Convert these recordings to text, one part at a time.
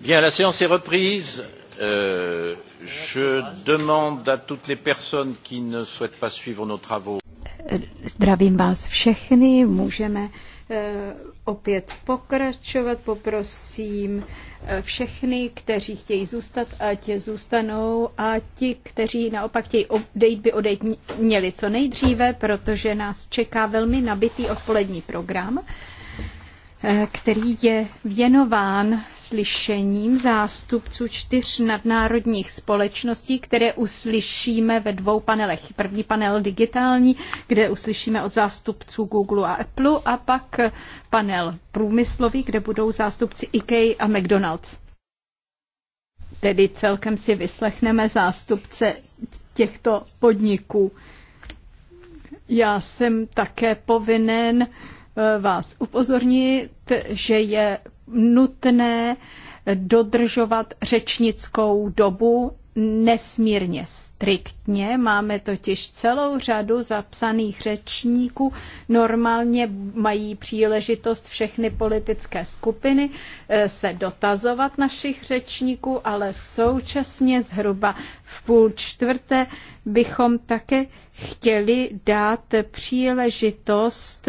Bien, la séance est reprise. Euh, je demande à toutes les personnes qui ne souhaitent pas suivre nos travaux. Zdravím vás všechny, můžeme eh, opět pokračovat. Poprosím eh, všechny, kteří chtějí zůstat, ať zůstanou a ti, kteří naopak chtějí odejít, by odejít měli co nejdříve, protože nás čeká velmi nabitý odpolední program. Eh, který je věnován slyšením zástupců čtyř nadnárodních společností, které uslyšíme ve dvou panelech. První panel digitální, kde uslyšíme od zástupců Google a Apple a pak panel průmyslový, kde budou zástupci IKEA a McDonald's. Tedy celkem si vyslechneme zástupce těchto podniků. Já jsem také povinen eh, vás upozornit, že je nutné dodržovat řečnickou dobu nesmírně striktně. Máme totiž celou řadu zapsaných řečníků. Normálně mají příležitost všechny politické skupiny eh, se dotazovat našich řečníků, ale současně zhruba v půl čtvrté bychom také chtěli dát příležitost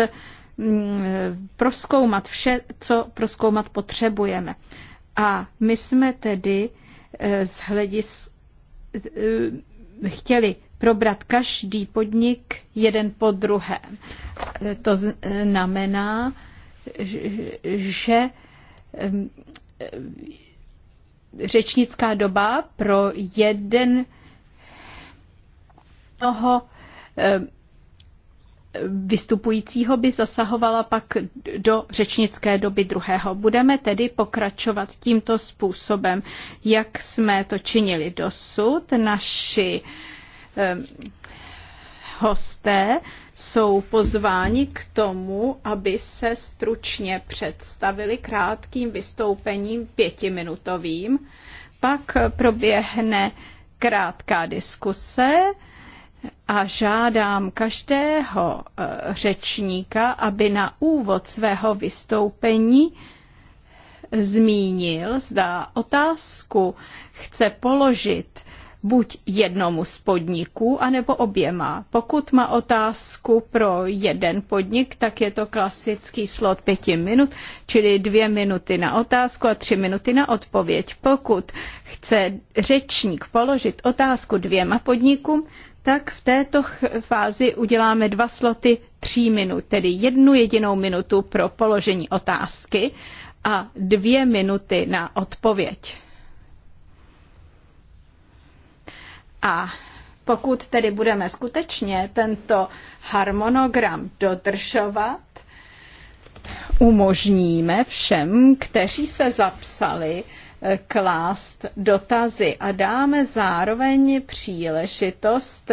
Mm, proskoumat vše, co proskoumat potřebujeme. A my jsme tedy eh, z hledis eh, chtěli probrat každý podnik jeden po druhém. Eh, to znamená, že řečnická doba pro jeden toho vystupujícího by zasahovala pak do řečnické doby druhého. Budeme tedy pokračovat tímto způsobem, jak jsme to činili dosud. Naši hosté jsou pozváni k tomu, aby se stručně představili krátkým vystoupením pětiminutovým. Pak proběhne krátká diskuse a žádám každého eh, řečníka, aby na úvod svého vystoupení zmínil, zda otázku chce položit buď jednomu z podniků, anebo oběma. Pokud má otázku pro jeden podnik, tak je to klasický slot pěti minut, čili dvě minuty na otázku a tři minuty na odpověď. Pokud chce řečník položit otázku dvěma podnikům, tak v této fázi uděláme dva sloty tří minut, tedy jednu jedinou minutu pro položení otázky a dvě minuty na odpověď. A pokud tedy budeme skutečně tento harmonogram dodržovat, umožníme všem, kteří se zapsali, klást dotazy a dáme zároveň příležitost,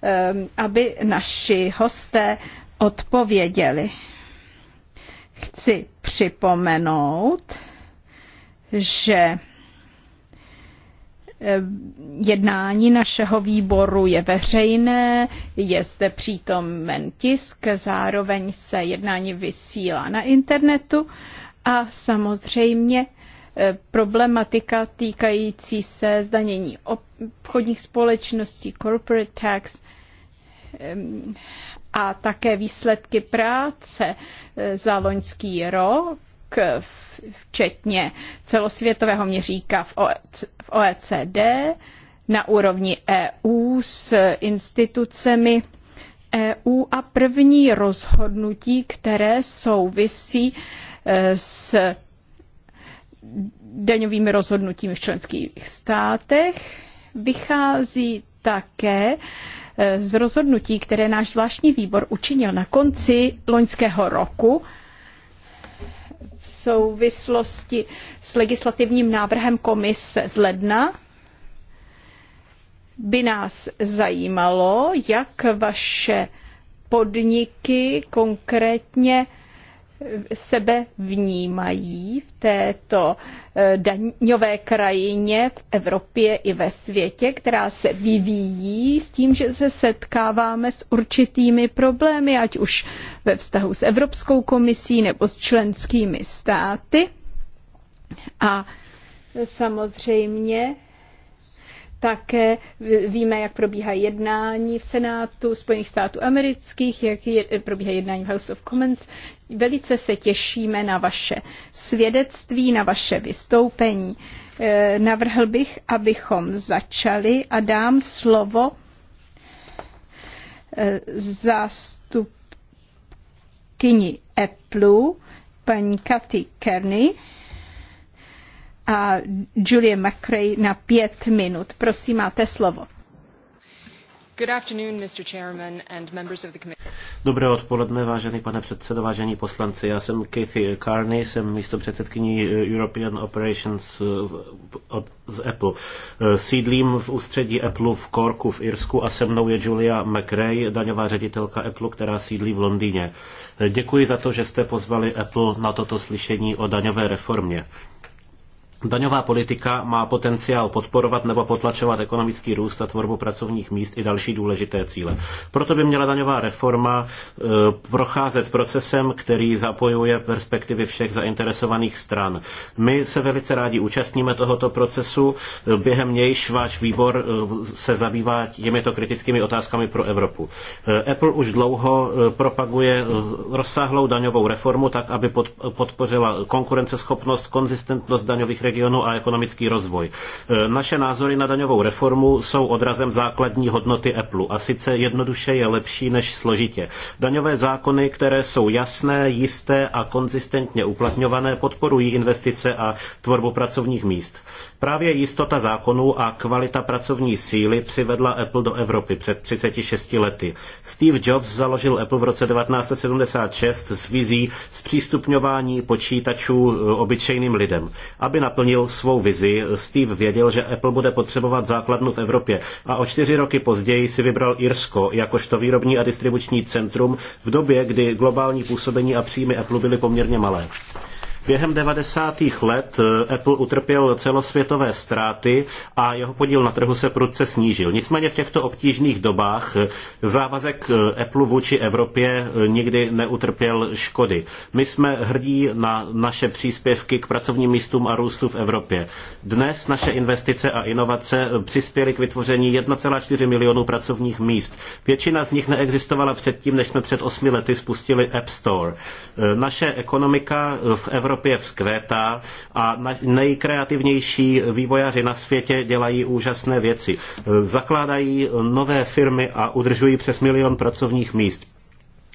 ehm, aby naši hosté odpověděli. Chci připomenout, že ehm, jednání našeho výboru je veřejné, je zde přítomen tisk, zároveň se jednání vysílá na internetu a samozřejmě Eh, problematika týkající se zdanění obchodních společností, corporate tax a také výsledky práce eh, za loňský rok, včetně celosvětového měříka v OECD, e na úrovni EU s institucemi EU a první rozhodnutí, které souvisí eh, s daňovými rozhodnutími v členských státech. Vychází také eh, z rozhodnutí, které náš zvláštní výbor učinil na konci loňského roku v souvislosti s legislativním návrhem komise z ledna by nás zajímalo, jak vaše podniky konkrétně sebe vnímají v této eh, daňové krajině v Evropě i ve světě, která se vyvíjí s tím, že se setkáváme s určitými problémy, ať už ve vztahu s Evropskou komisí nebo s členskými státy. A samozřejmě také víme, jak probíhají jednání v Senátu Spojených států amerických, jak je, probíhají jednání v House of Commons. Velice se těšíme na vaše svědectví, na vaše vystoupení. E, navrhl bych, abychom začali a dám slovo e, zástupkyni Apple, paní Katy Kerny a Julie McRae na pět minut. Prosím, máte slovo. Dobré odpoledne, vážený pane předsedo, vážení poslanci. Já jsem Kathy Carney, jsem místo předsedkyní eh, European Operations eh, z Apple. Eh, sídlím v ústředí Apple v Corku v Irsku a se mnou je Julia McRae, daňová ředitelka Apple, která sídlí v Londýně. Děkuji za to, že jste pozvali Apple na toto slyšení o daňové reformě. Daňová politika má potenciál podporovat nebo potlačovat ekonomický růst a tvorbu pracovních míst i další důležité cíle. Proto by měla daňová reforma e, procházet procesem, který zapojuje perspektivy všech zainteresovaných stran. My se velice rádi účastníme tohoto procesu, během nějž váš výbor e, se zabývá těmito kritickými otázkami pro Evropu. E, Apple už dlouho propaguje rozsáhlou daňovou reformu tak, aby podpořila konkurenceschopnost, konzistentnost daňových regionu a ekonomický rozvoj. E, naše názory na daňovou reformu jsou odrazem základní hodnoty Apple a sice jednoduše je lepší než složitě. Daňové zákony, které jsou jasné, jisté a konzistentně uplatňované, podporují investice a tvorbu pracovních míst. Právě jistota zákonů a kvalita pracovní síly přivedla Apple do Evropy před 36 lety. Steve Jobs založil Apple v roce 1976 s vizí zpřístupňování počítačů e, obyčejným lidem. Aby naplnil naplnil svou vizi. Steve věděl, že Apple bude potřebovat základnu v Evropě a o čtyři roky později si vybral Irsko jakožto výrobní a distribuční centrum v době, kdy globální působení a příjmy Apple byly poměrně malé. Během 90. let eh, Apple utrpěl celosvětové ztráty a jeho podíl na trhu se prudce snížil. Nicméně v těchto obtížných dobách eh, závazek eh, Apple vůči Evropě nikdy neutrpěl škody. My jsme hrdí na naše příspěvky k pracovním místům a růstu v Evropě. Dnes naše investice a inovace přispěly k vytvoření 1,4 milionů pracovních míst. Většina z nich neexistovala předtím, než jsme před osmi lety spustili App Store. Naše ekonomika v Evropě Evropě vzkvétá a nejkreativnější vývojáři na světě dělají úžasné věci. Zakládají nové firmy a udržují přes milion pracovních míst.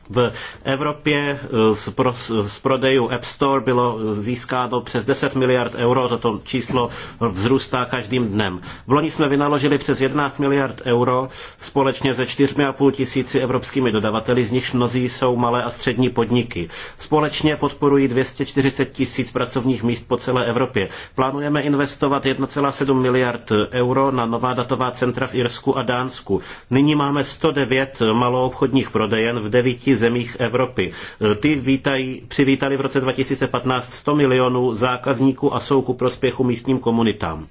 V Evropě eh, z, pro, z prodejů App Store bylo získáno přes 10 miliard euro, toto číslo vzrůstá každým dnem. V loni jsme vynaložili přes 11 miliard euro společně se 4,5 tisíci evropskými dodavateli, z nichž mnozí jsou malé a střední podniky. Společně podporují 240 tisíc pracovních míst po celé Evropě. Plánujeme investovat 1,7 miliard euro na nová datová centra v Irsku a Dánsku. Nyní máme 109 maloobchodních prodejen v 9 zemích Evropy. E, ty vítají, přivítali v roce 2015 100 milionů zákazníků a jsou ku prospěchu místním komunitám.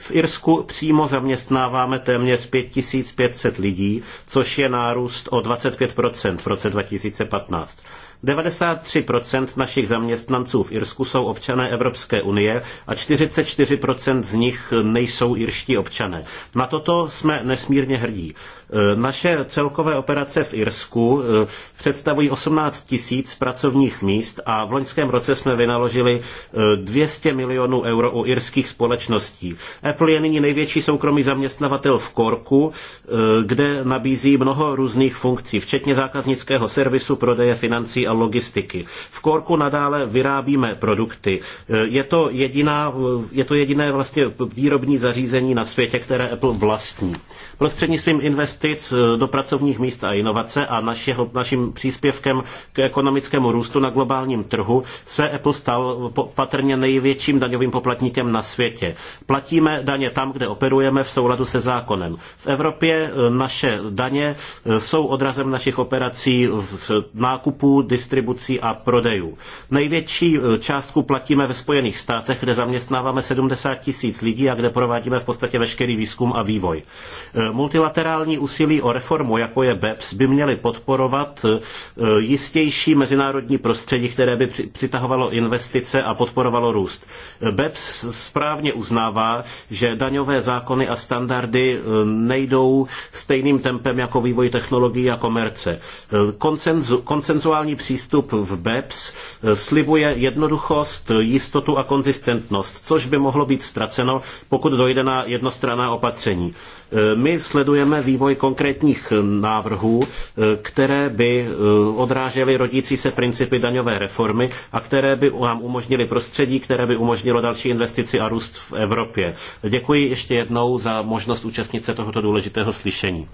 V Irsku přímo zaměstnáváme téměř 5500 lidí, což je nárůst o 25% v roce 2015. 93% našich zaměstnanců v Irsku jsou občané Evropské unie a 44% z nich nejsou irští občané. Na toto jsme nesmírně hrdí. Eh, naše celkové operace v Irsku eh, představují 18 tisíc pracovních míst a v loňském roce jsme vynaložili 200 eh, milionů euro u irských společností. Apple je nyní největší soukromý zaměstnavatel v Korku, kde nabízí mnoho různých funkcí, včetně zákaznického servisu, prodeje financí a logistiky. V Korku nadále vyrábíme produkty. Je to, jediná, je to jediné vlastně výrobní zařízení na světě, které Apple vlastní. Prostřednictvím investic eh, do pracovních míst a inovace a našeho, naším příspěvkem k ekonomickému růstu na globálním trhu se Apple stal patrně největším daňovým poplatníkem na světě. Platíme daně tam, kde operujeme v souladu se zákonem. V Evropě eh, naše daně eh, jsou odrazem našich operací v nákupu, distribucí a prodejů. Největší částku platíme ve Spojených státech, kde zaměstnáváme 70 tisíc lidí a kde provádíme v podstatě veškerý výzkum a vývoj. Multilaterální úsilí o reformu, jako je BEPS, by měly podporovat eh, jistější mezinárodní prostředí, které by přitahovalo investice a podporovalo růst. BEPS správně uznává, že daňové zákony a standardy eh, nejdou stejným tempem jako vývoj technologií a komerce. Eh, koncenzu, přístup v BEPS slibuje jednoduchost, jistotu a konzistentnost, což by mohlo být ztraceno, pokud dojde na jednostranná opatření. My sledujeme vývoj konkrétních návrhů, e, které by e, odrážely rodící se principy daňové reformy a které by nám umožnily prostředí, které by umožnilo další investici a růst v Evropě. Děkuji ještě jednou za možnost účastnit se tohoto důležitého slyšení.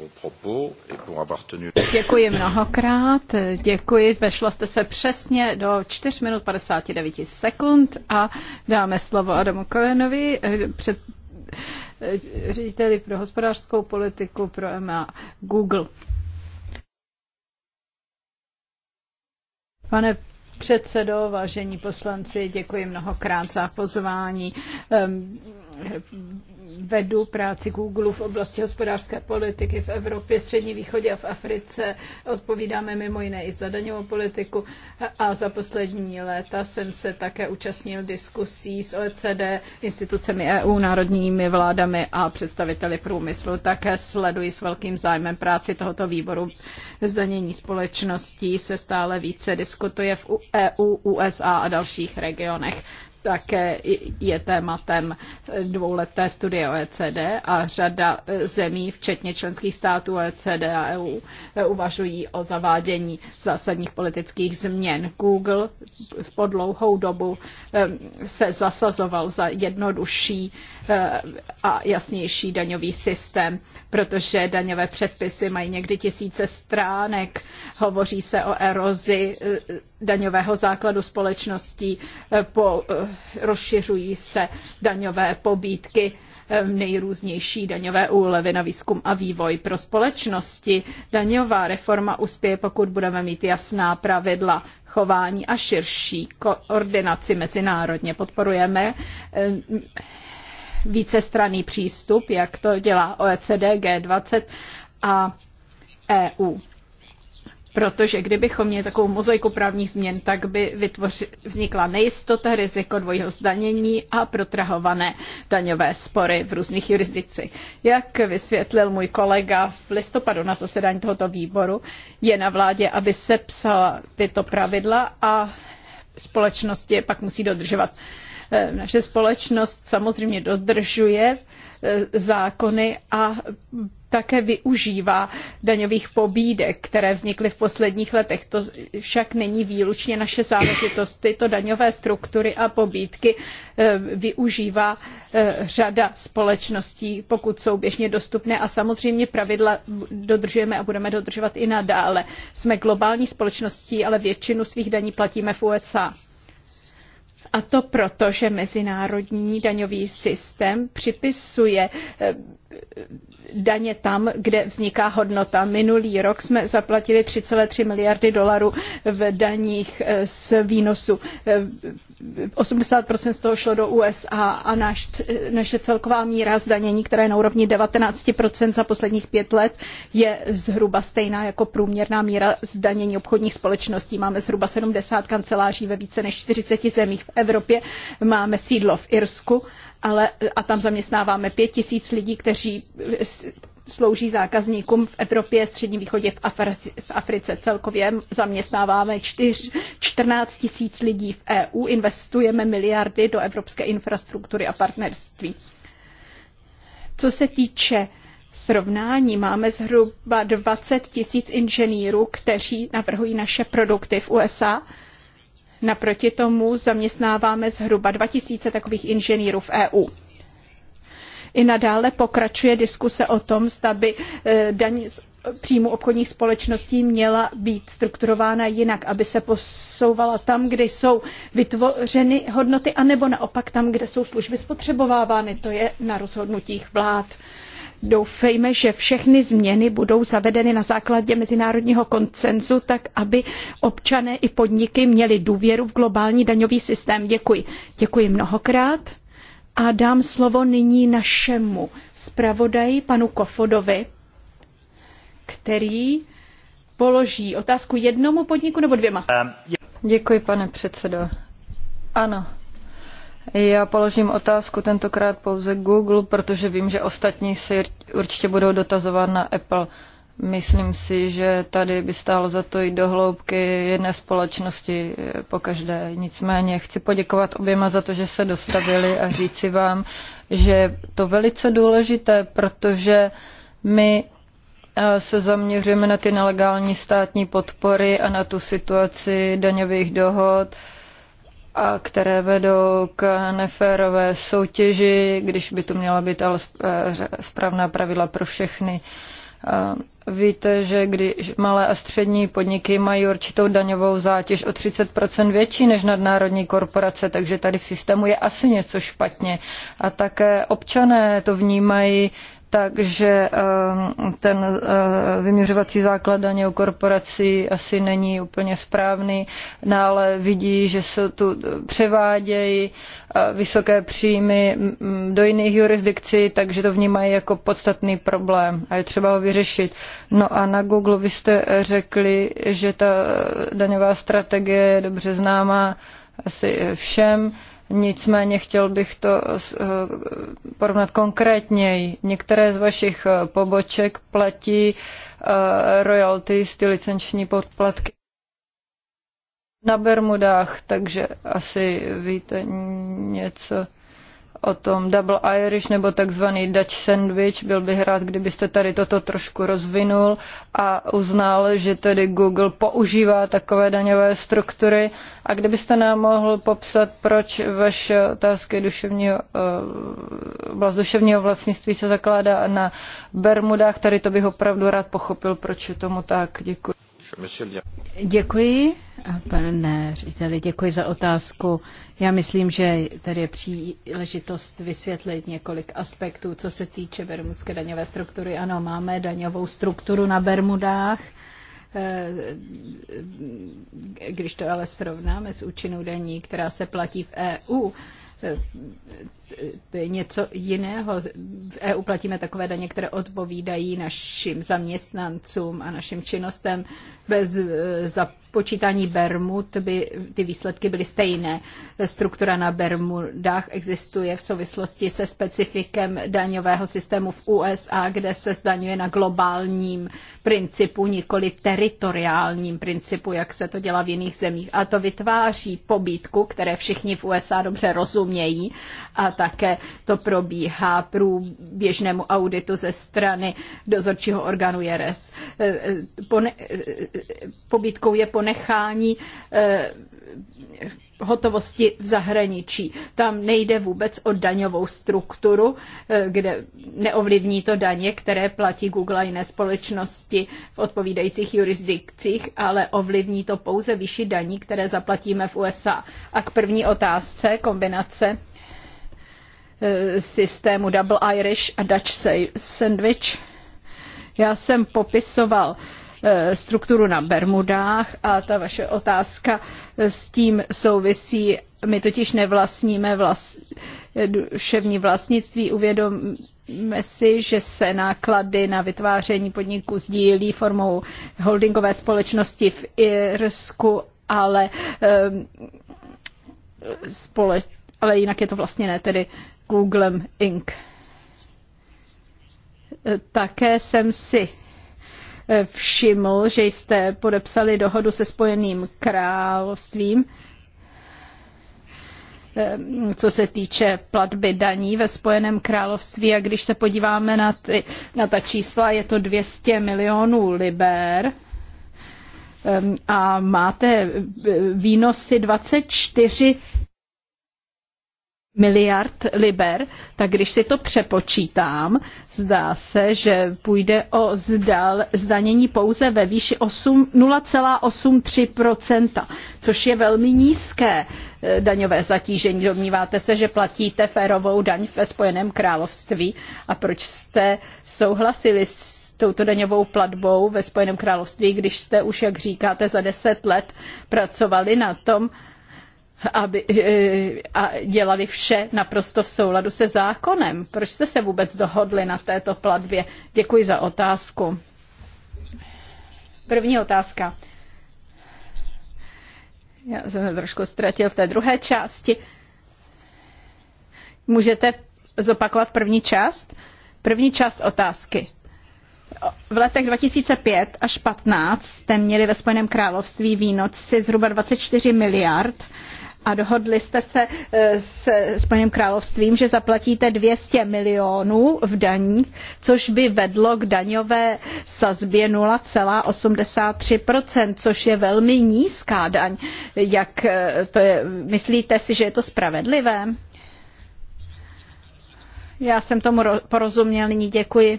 Děkuji mnohokrát, děkuji, vešla jste se přesně do 4 minut 59 sekund a dáme slovo Adamu Kojenovi, eh, před řediteli pro hospodářskou politiku pro MA Google. Pane předsedo, vážení poslanci, děkuji mnohokrát za pozvání vedu práci Google v oblasti hospodářské politiky v Evropě, Střední východě a v Africe. Odpovídáme mimo jiné i za daňovou politiku a za poslední léta jsem se také účastnil diskusí s OECD, institucemi EU, národními vládami a představiteli průmyslu. Také sleduji s velkým zájmem práci tohoto výboru. Zdanění společností se stále více diskutuje v EU, USA a dalších regionech také je tématem dvouleté studie OECD a řada zemí, včetně členských států OECD a EU, uvažují o zavádění zásadních politických změn. Google po dlouhou dobu se zasazoval za jednodušší a jasnější daňový systém, protože daňové předpisy mají někdy tisíce stránek, hovoří se o erozi daňového základu společností po rozšiřují se daňové pobídky nejrůznější daňové úlevy na výzkum a vývoj pro společnosti. Daňová reforma uspěje, pokud budeme mít jasná pravidla chování a širší koordinaci mezinárodně. Podporujeme vícestranný přístup, jak to dělá OECD, G20 a EU protože kdybychom měli takovou mozaiku právních změn, tak by vytvoři, vznikla nejistota, riziko dvojího zdanění a protrahované daňové spory v různých jurisdicích. Jak vysvětlil můj kolega v listopadu na zasedání tohoto výboru, je na vládě, aby se psala tyto pravidla a společnosti pak musí dodržovat. E, naše společnost samozřejmě dodržuje e, zákony a také využívá daňových pobídek, které vznikly v posledních letech. To však není výlučně naše záležitost. Tyto daňové struktury a pobídky eh, využívá eh, řada společností, pokud jsou běžně dostupné a samozřejmě pravidla dodržujeme a budeme dodržovat i nadále. Jsme globální společností, ale většinu svých daní platíme v USA. A to proto, že mezinárodní daňový systém připisuje eh, daně tam, kde vzniká hodnota. Minulý rok jsme zaplatili 3,3 miliardy dolarů v daních eh, z výnosu. 80% eh, z toho šlo do USA a naš, eh, naše celková míra zdanění, která je na úrovni 19% za posledních pět let, je zhruba stejná jako průměrná míra zdanění obchodních společností. Máme zhruba 70 kanceláří ve více než 40 zemích v Evropě, máme sídlo v Irsku ale, a tam zaměstnáváme pět tisíc lidí, kteří slouží zákazníkům v Evropě, Středním východě, v Africe, v Africe celkově. Zaměstnáváme 4, 14 tisíc lidí v EU, investujeme miliardy do evropské infrastruktury a partnerství. Co se týče srovnání, máme zhruba 20 tisíc inženýrů, kteří navrhují naše produkty v USA Naproti tomu zaměstnáváme zhruba 2000 takových inženýrů v EU. I nadále pokračuje diskuse o tom, zda by e, daň z příjmu obchodních společností měla být strukturována jinak, aby se posouvala tam, kde jsou vytvořeny hodnoty, anebo naopak tam, kde jsou služby spotřebovávány. To je na rozhodnutích vlád doufejme, že všechny změny budou zavedeny na základě mezinárodního koncenzu, tak aby občané i podniky měli důvěru v globální daňový systém. Děkuji. Děkuji mnohokrát. A dám slovo nyní našemu zpravodaji, panu Kofodovi, který položí otázku jednomu podniku nebo dvěma. Děkuji, pane předsedo. Ano, já položím otázku tentokrát pouze Google, protože vím, že ostatní se určitě budou dotazovat na Apple. Myslím si, že tady by stálo za to i do hloubky jedné společnosti eh, po každé. Nicméně chci poděkovat oběma za to, že se dostavili a říci vám, že je to velice důležité, protože my eh, se zaměřujeme na ty nelegální státní podpory a na tu situaci daňových dohod, a které vedou k neférové soutěži, když by to měla být ale eh, správná pravidla pro všechny. Eh, víte, že když malé a střední podniky mají určitou daňovou zátěž o 30 větší než nadnárodní korporace, takže tady v systému je asi něco špatně. A také občané to vnímají takže ehm, ten eh, vyměřovací základ daně o korporaci asi není úplně správný, no, ale vidí, že se tu převádějí eh, vysoké příjmy do jiných jurisdikcí, takže to vnímají jako podstatný problém a je třeba ho vyřešit. No a na Google vy jste řekli, že ta daňová strategie je dobře známá asi všem Nicméně chtěl bych to eh, porovnat konkrétněji. Některé z vašich eh, poboček platí eh, royalties, ty licenční podplatky na Bermudách, takže asi víte něco o tom Double Irish nebo takzvaný Dutch Sandwich. Byl bych rád, kdybyste tady toto trošku rozvinul a uznal, že tedy Google používá takové daňové struktury. A kdybyste nám mohl popsat, proč vaše otázky duševního, vlast eh, duševního vlastnictví se zakládá na Bermudách, tady to bych opravdu rád pochopil, proč je tomu tak. Děkuji. Děkuji, pane řediteli, děkuji za otázku. Já myslím, že tady je příležitost vysvětlit několik aspektů, co se týče bermudské daňové struktury. Ano, máme daňovou strukturu na Bermudách, eh, když to ale srovnáme s účinnou daní, která se platí v EU, to je něco jiného. V EU platíme takové daně, které odpovídají našim zaměstnancům a našim činnostem bez eh, zap počítání Bermud by ty výsledky byly stejné. Struktura na Bermudách existuje v souvislosti se specifikem daňového systému v USA, kde se zdaňuje na globálním principu, nikoli teritoriálním principu, jak se to dělá v jiných zemích. A to vytváří pobídku, které všichni v USA dobře rozumějí a také to probíhá průběžnému auditu ze strany dozorčího orgánu JRS. E, e, Pobítkou e, pobídkou je pone ponechání eh, hotovosti v zahraničí. Tam nejde vůbec o daňovou strukturu, eh, kde neovlivní to daně, které platí Google a jiné společnosti v odpovídajících jurisdikcích, ale ovlivní to pouze vyšší daní, které zaplatíme v USA. A k první otázce kombinace eh, systému Double Irish a Dutch Sandwich. Já jsem popisoval Eh, strukturu na Bermudách a ta vaše otázka s tím souvisí. My totiž nevlastníme vlast, duševní vlastnictví. Uvědomme si, že se náklady na vytváření podniku sdílí formou holdingové společnosti v Irsku, ale, eh, spole, ale jinak je to vlastně ne tedy Googlem Inc. Eh, také jsem si Eh, všiml, že jste podepsali dohodu se Spojeným královstvím, eh, co se týče platby daní ve Spojeném království. A když se podíváme na, ty, na ta čísla, je to 200 milionů liber a máte výnosy 24 miliard liber, tak když si to přepočítám, zdá se, že půjde o zdal, zdanění pouze ve výši 0,83%, což je velmi nízké eh, daňové zatížení. Domníváte se, že platíte férovou daň ve Spojeném království a proč jste souhlasili s touto daňovou platbou ve Spojeném království, když jste už, jak říkáte, za deset let pracovali na tom, aby, eh, a dělali vše naprosto v souladu se zákonem. Proč jste se vůbec dohodli na této platbě? Děkuji za otázku. První otázka. Já jsem se trošku ztratil v té druhé části. Můžete zopakovat první část? První část otázky. V letech 2005 až 15 jste měli ve Spojeném království výnoci zhruba 24 miliard a dohodli jste se eh, s paním královstvím, že zaplatíte 200 milionů v daních, což by vedlo k daňové sazbě 0,83%, což je velmi nízká daň. Jak eh, to je, myslíte si, že je to spravedlivé? Já jsem tomu porozuměl, nyní děkuji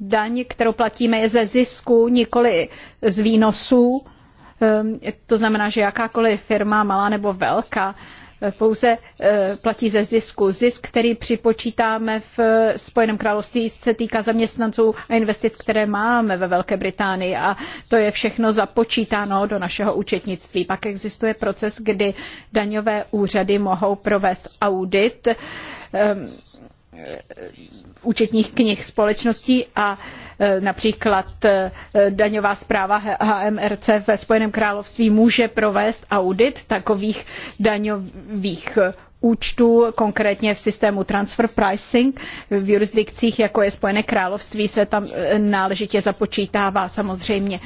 daň, kterou platíme, je ze zisku, nikoli z výnosů. Ehm, to znamená, že jakákoliv firma, malá nebo velká, eh, pouze eh, platí ze zisku. Zisk, který připočítáme v eh, Spojeném království, se týká zaměstnanců a investic, které máme ve Velké Británii a to je všechno započítáno do našeho účetnictví. Pak existuje proces, kdy daňové úřady mohou provést audit ehm, Eh, účetních knih společností a eh, například eh, daňová zpráva HMRC ve Spojeném království může provést audit takových daňových účtů, konkrétně v systému transfer pricing v jurisdikcích, jako je Spojené království, se tam náležitě započítává samozřejmě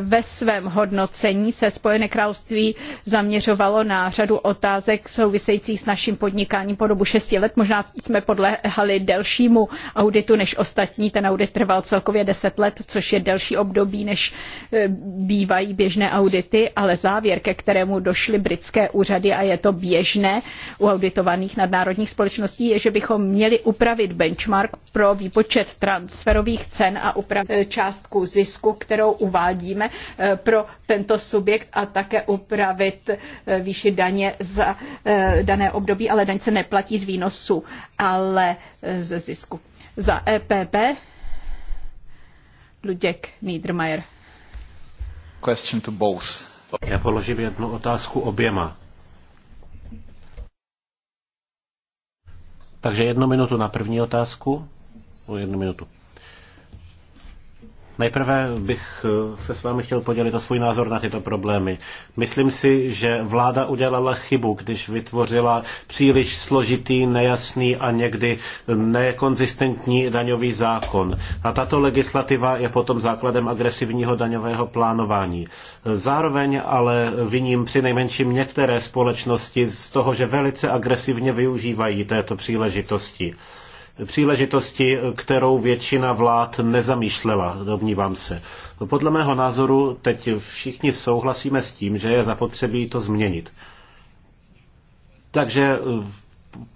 ve svém hodnocení se Spojené království zaměřovalo na řadu otázek souvisejících s naším podnikáním po dobu šesti let. Možná jsme podléhali delšímu auditu než ostatní. Ten audit trval celkově deset let, což je delší období, než e, bývají běžné audity, ale závěr, ke kterému došly britské úřady, a je to běžné u auditovaných nadnárodních společností, je, že bychom měli upravit benchmark pro výpočet transferových cen a upravit částku zisku, kterou uvádí zavádíme eh, pro tento subjekt a také upravit eh, výši daně za eh, dané období, ale daň se neplatí z výnosu, ale ze zisku. Za EPP Luděk Niedermayer. Question to both. Já položím jednu otázku oběma. Takže jednu minutu na první otázku. O jednu minutu. Nejprve bych eh, se s vámi chtěl podělit o svůj názor na tyto problémy. Myslím si, že vláda udělala chybu, když vytvořila příliš složitý, nejasný a někdy nekonzistentní daňový zákon. A tato legislativa je potom základem agresivního daňového plánování. Zároveň ale viním při nejmenším některé společnosti z toho, že velice agresivně využívají této příležitosti příležitosti, kterou většina vlád nezamýšlela, domnívám se. Podle mého názoru teď všichni souhlasíme s tím, že je zapotřebí to změnit. Takže eh,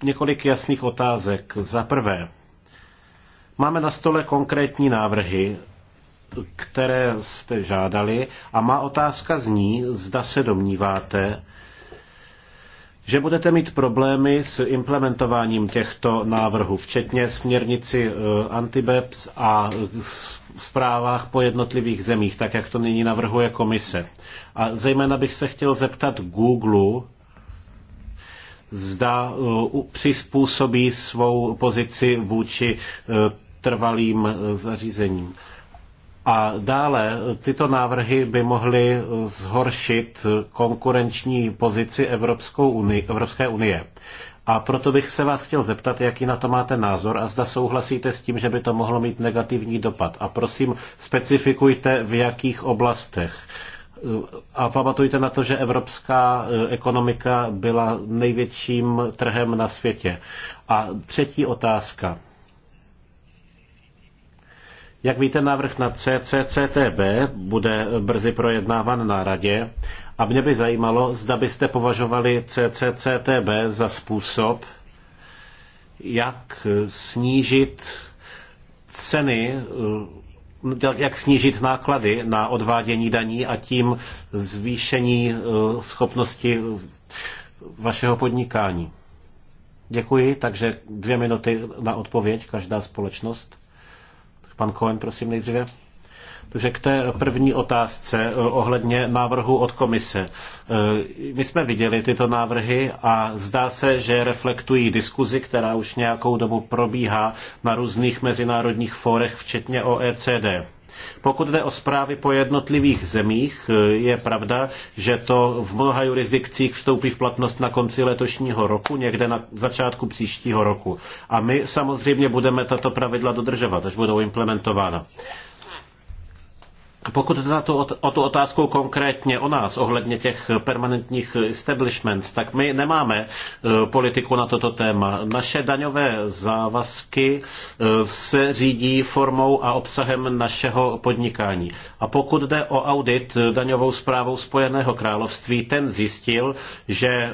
několik jasných otázek. Za prvé, máme na stole konkrétní návrhy, které jste žádali a má otázka zní, zda se domníváte, že budete mít problémy s implementováním těchto návrhů, včetně směrnici eh, Antibeps a eh, zprávách po jednotlivých zemích, tak jak to nyní navrhuje komise. A zejména bych se chtěl zeptat Google, zda eh, přizpůsobí svou pozici vůči trvalým zařízením. A dále tyto návrhy by mohly zhoršit konkurenční pozici Evropskou unii, Evropské unie. A proto bych se vás chtěl zeptat, jaký na to máte názor a zda souhlasíte s tím, že by to mohlo mít negativní dopad. A prosím, specifikujte, v jakých oblastech. A pamatujte na to, že evropská eh, ekonomika byla největším trhem na světě. A třetí otázka. Jak víte, návrh na CCCTB bude brzy projednáván na radě a mě by zajímalo, zda byste považovali CCCTB za způsob, jak snížit ceny, jak snížit náklady na odvádění daní a tím zvýšení eh, schopnosti vašeho podnikání. Děkuji, takže dvě minuty na odpověď, každá společnost. Pan Cohen, prosím, nejdříve. Takže k té první otázce eh, ohledně návrhu od komise. Eh, my jsme viděli tyto návrhy a zdá se, že reflektují diskuzi, která už nějakou dobu probíhá na různých mezinárodních fórech, včetně OECD. Pokud jde o zprávy po jednotlivých zemích, je pravda, že to v mnoha jurisdikcích vstoupí v platnost na konci letošního roku, někde na začátku příštího roku. A my samozřejmě budeme tato pravidla dodržovat, až budou implementována. Pokud na o tu otázku konkrétně o nás, ohledně těch permanentních establishments, tak my nemáme e, politiku na toto téma. Naše daňové závazky e, se řídí formou a obsahem našeho podnikání. A pokud jde o audit e, daňovou zprávou Spojeného království, ten zjistil, že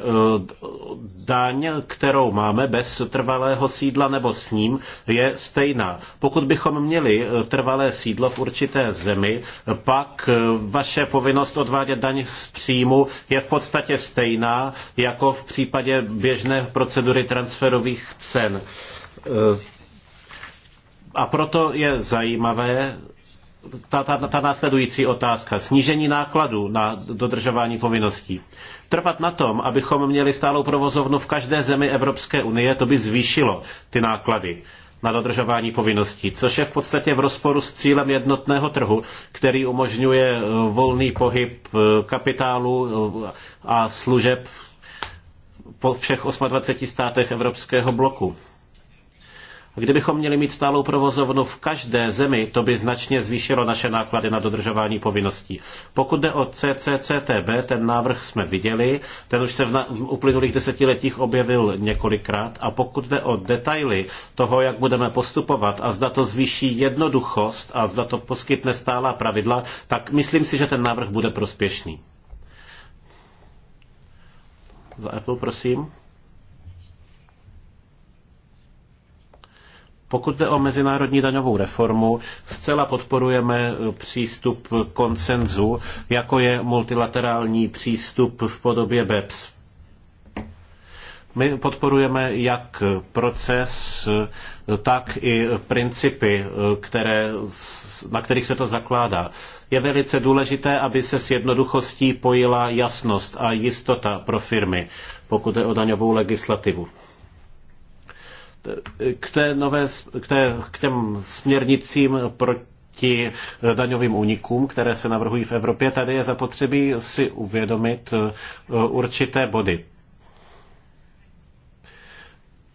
daň, kterou máme bez trvalého sídla nebo s ním, je stejná. Pokud bychom měli trvalé sídlo v určité zemi, pak eh, vaše povinnost odvádět daň z příjmu je v podstatě stejná jako v případě běžné procedury transferových cen. Eh, a proto je zajímavé, ta, ta, ta následující otázka. Snížení nákladů na dodržování povinností. Trvat na tom, abychom měli stálou provozovnu v každé zemi Evropské unie, to by zvýšilo ty náklady na dodržování povinností, což je v podstatě v rozporu s cílem jednotného trhu, který umožňuje eh, volný pohyb eh, kapitálu eh, a služeb po všech 28 státech Evropského bloku. Kdybychom měli mít stálou provozovnu v každé zemi, to by značně zvýšilo naše náklady na dodržování povinností. Pokud jde o CCCTB, ten návrh jsme viděli, ten už se v, na, v uplynulých desetiletích objevil několikrát a pokud jde o detaily toho, jak budeme postupovat a zda to zvýší jednoduchost a zda to poskytne stálá pravidla, tak myslím si, že ten návrh bude prospěšný. Za Apple, prosím. Pokud jde o mezinárodní daňovou reformu, zcela podporujeme eh, přístup konsenzu, jako je multilaterální přístup v podobě BEPS. My podporujeme jak proces, eh, tak i principy, eh, které, na kterých se to zakládá. Je velice důležité, aby se s jednoduchostí pojila jasnost a jistota pro firmy, pokud je o daňovou legislativu k té nové, k, té, k těm směrnicím proti daňovým únikům, které se navrhují v Evropě, tady je zapotřebí si uvědomit eh, určité body.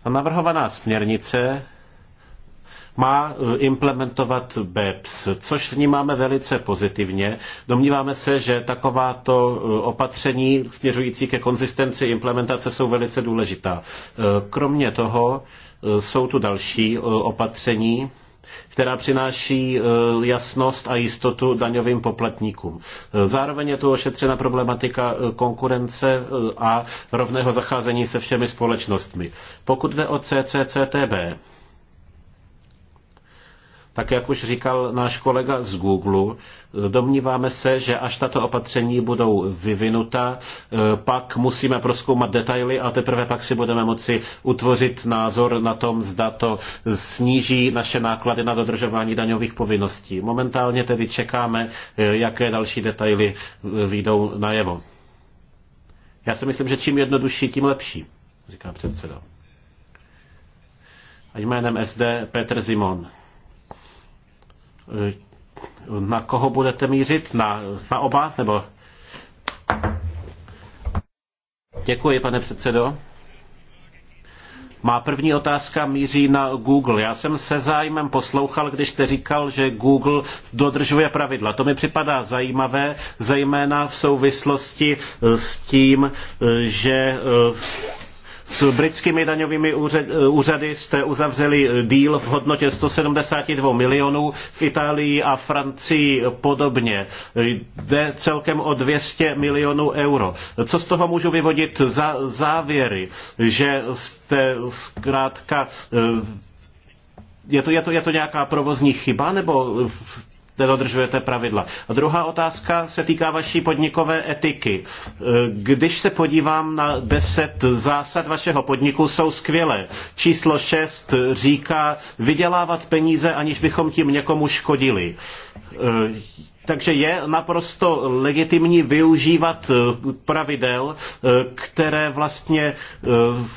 Ta navrhovaná směrnice má eh, implementovat BEPS, což vnímáme velice pozitivně. Domníváme se, že takováto eh, opatření směřující ke konzistenci implementace jsou velice důležitá. Kromě toho, Eh, jsou tu další eh, opatření, která přináší eh, jasnost a jistotu daňovým poplatníkům. Zároveň je tu ošetřena problematika konkurence a rovného zacházení se všemi společnostmi. Pokud jde o CCCTB, tak jak už říkal náš kolega z Google, domníváme se, že až tato opatření budou vyvinuta, eh, pak musíme proskoumat detaily a teprve pak si budeme moci utvořit názor na tom, zda to sníží naše náklady na dodržování daňových povinností. Momentálně tedy čekáme, eh, jaké další detaily eh, výjdou najevo. Já si myslím, že čím jednodušší, tím lepší, říká předseda. A jménem SD Petr Zimon. Eh, na koho budete mířit? Na, na oba? Nebo? Děkuji, pane předsedo. Má první otázka míří na Google. Já jsem se zájmem poslouchal, když jste říkal, že Google dodržuje pravidla. To mi připadá zajímavé, zejména v souvislosti eh, s tím, eh, že s britskými daňovými úřady jste uzavřeli díl v hodnotě 172 milionů, v Itálii a Francii podobně. Jde celkem o 200 milionů euro. Co z toho můžu vyvodit za závěry, že jste zkrátka eh, je to, je, to, je to nějaká provozní chyba, nebo nedodržujete pravidla. A druhá otázka se týká vaší podnikové etiky. Když se podívám na deset zásad vašeho podniku, jsou skvělé. Číslo šest říká vydělávat peníze, aniž bychom tím někomu škodili takže je naprosto legitimní využívat eh, pravidel, eh, které vlastně eh,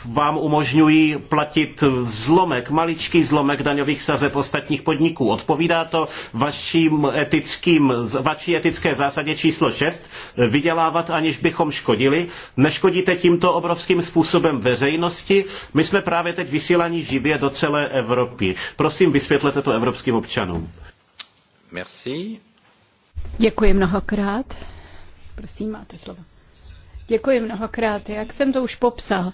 vám umožňují platit zlomek, maličký zlomek daňových sazeb ostatních podniků. Odpovídá to vaším etickým, vaší etické zásadě číslo 6, vydělávat aniž bychom škodili. Neškodíte tímto obrovským způsobem veřejnosti. My jsme právě teď vysílaní živě do celé Evropy. Prosím, vysvětlete to evropským občanům. Merci. Děkuji mnohokrát. Prosím, máte slovo. Děkuji mnohokrát. Jak jsem to už popsal,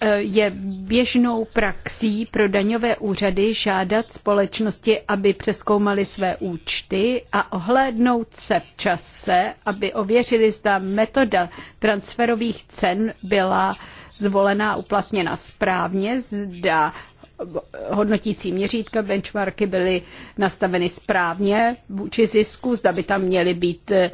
eh, je běžnou praxí pro daňové úřady žádat společnosti, aby přeskoumali své účty a ohlédnout se v čase, aby ověřili, zda metoda transferových cen byla zvolená uplatněna správně, zda hodnotící měřítka, benchmarky byly nastaveny správně vůči zisku, zda by tam měly být eh,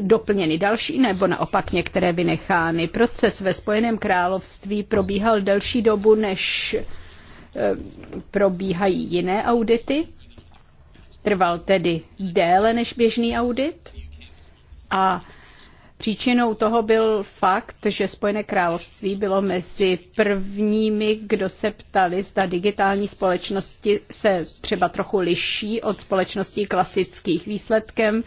doplněny další nebo naopak některé vynechány. Proces ve Spojeném království probíhal delší dobu, než eh, probíhají jiné audity. Trval tedy déle než běžný audit a Příčinou toho byl fakt, že Spojené království bylo mezi prvními, kdo se ptali, zda digitální společnosti se třeba trochu liší od společností klasických. Výsledkem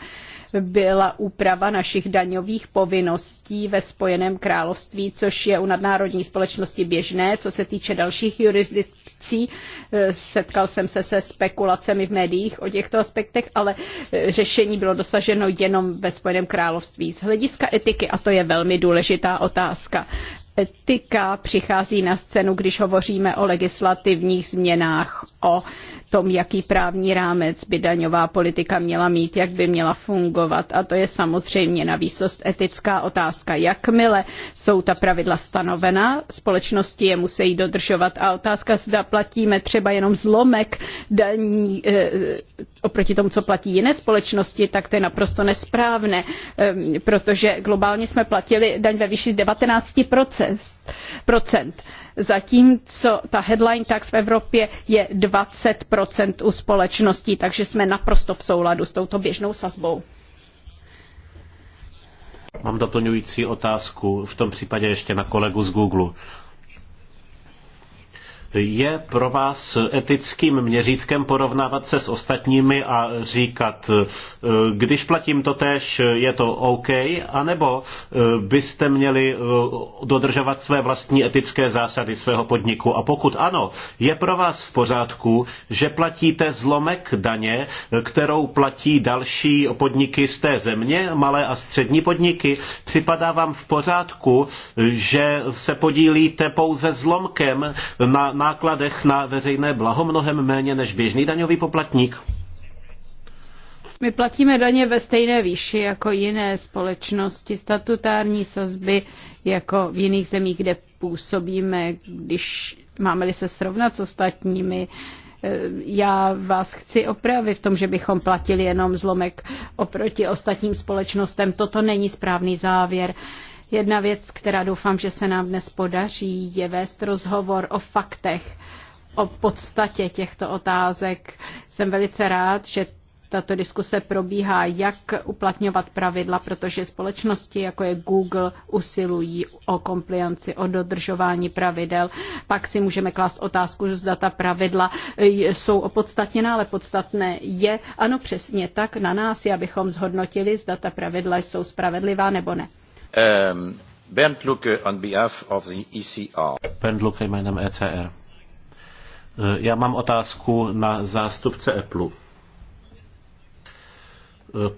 byla úprava našich daňových povinností ve Spojeném království, což je u nadnárodní společnosti běžné. Co se týče dalších jurisdikcí, eh, setkal jsem se se spekulacemi v médiích o těchto aspektech, ale eh, řešení bylo dosaženo jenom ve Spojeném království. Z hlediska etiky, a to je velmi důležitá otázka, etika přichází na scénu, když hovoříme o legislativních změnách, o tom, jaký právní rámec by daňová politika měla mít, jak by měla fungovat. A to je samozřejmě na výsost etická otázka. Jakmile jsou ta pravidla stanovena, společnosti je musí dodržovat. A otázka, zda platíme třeba jenom zlomek daní eh, oproti tomu, co platí jiné společnosti, tak to je naprosto nesprávné, ehm, protože globálně jsme platili daň ve výši 19%, procent zatímco ta headline tax v Evropě je 20 u společností, takže jsme naprosto v souladu s touto běžnou sazbou. Mám doplňující otázku, v tom případě ještě na kolegu z Google. Je pro vás etickým měřítkem porovnávat se s ostatními a říkat, e, když platím to tež, je to OK, anebo e, byste měli e, dodržovat své vlastní etické zásady svého podniku? A pokud ano, je pro vás v pořádku, že platíte zlomek daně, kterou platí další podniky z té země, malé a střední podniky? Připadá vám v pořádku, že se podílíte pouze zlomkem na nákladech na veřejné blaho mnohem méně než běžný daňový poplatník? My platíme daně ve stejné výši jako jiné společnosti, statutární sazby jako v jiných zemích, kde působíme, když máme-li se srovnat s ostatními. Eh, já vás chci opravit v tom, že bychom platili jenom zlomek oproti ostatním společnostem. Toto není správný závěr. Jedna věc, která doufám, že se nám dnes podaří, je vést rozhovor o faktech, o podstatě těchto otázek. Jsem velice rád, že tato diskuse probíhá, jak uplatňovat pravidla, protože společnosti, jako je Google, usilují o komplianci, o dodržování pravidel. Pak si můžeme klást otázku, zda ta pravidla e, jsou opodstatněná, ale podstatné je, ano přesně tak, na nás je, abychom zhodnotili, zda ta pravidla jsou spravedlivá nebo ne. Um, Bernd Lucke on behalf of the ECR. Bernd Lucke jménem ECR. Uh, já mám otázku na zástupce Apple.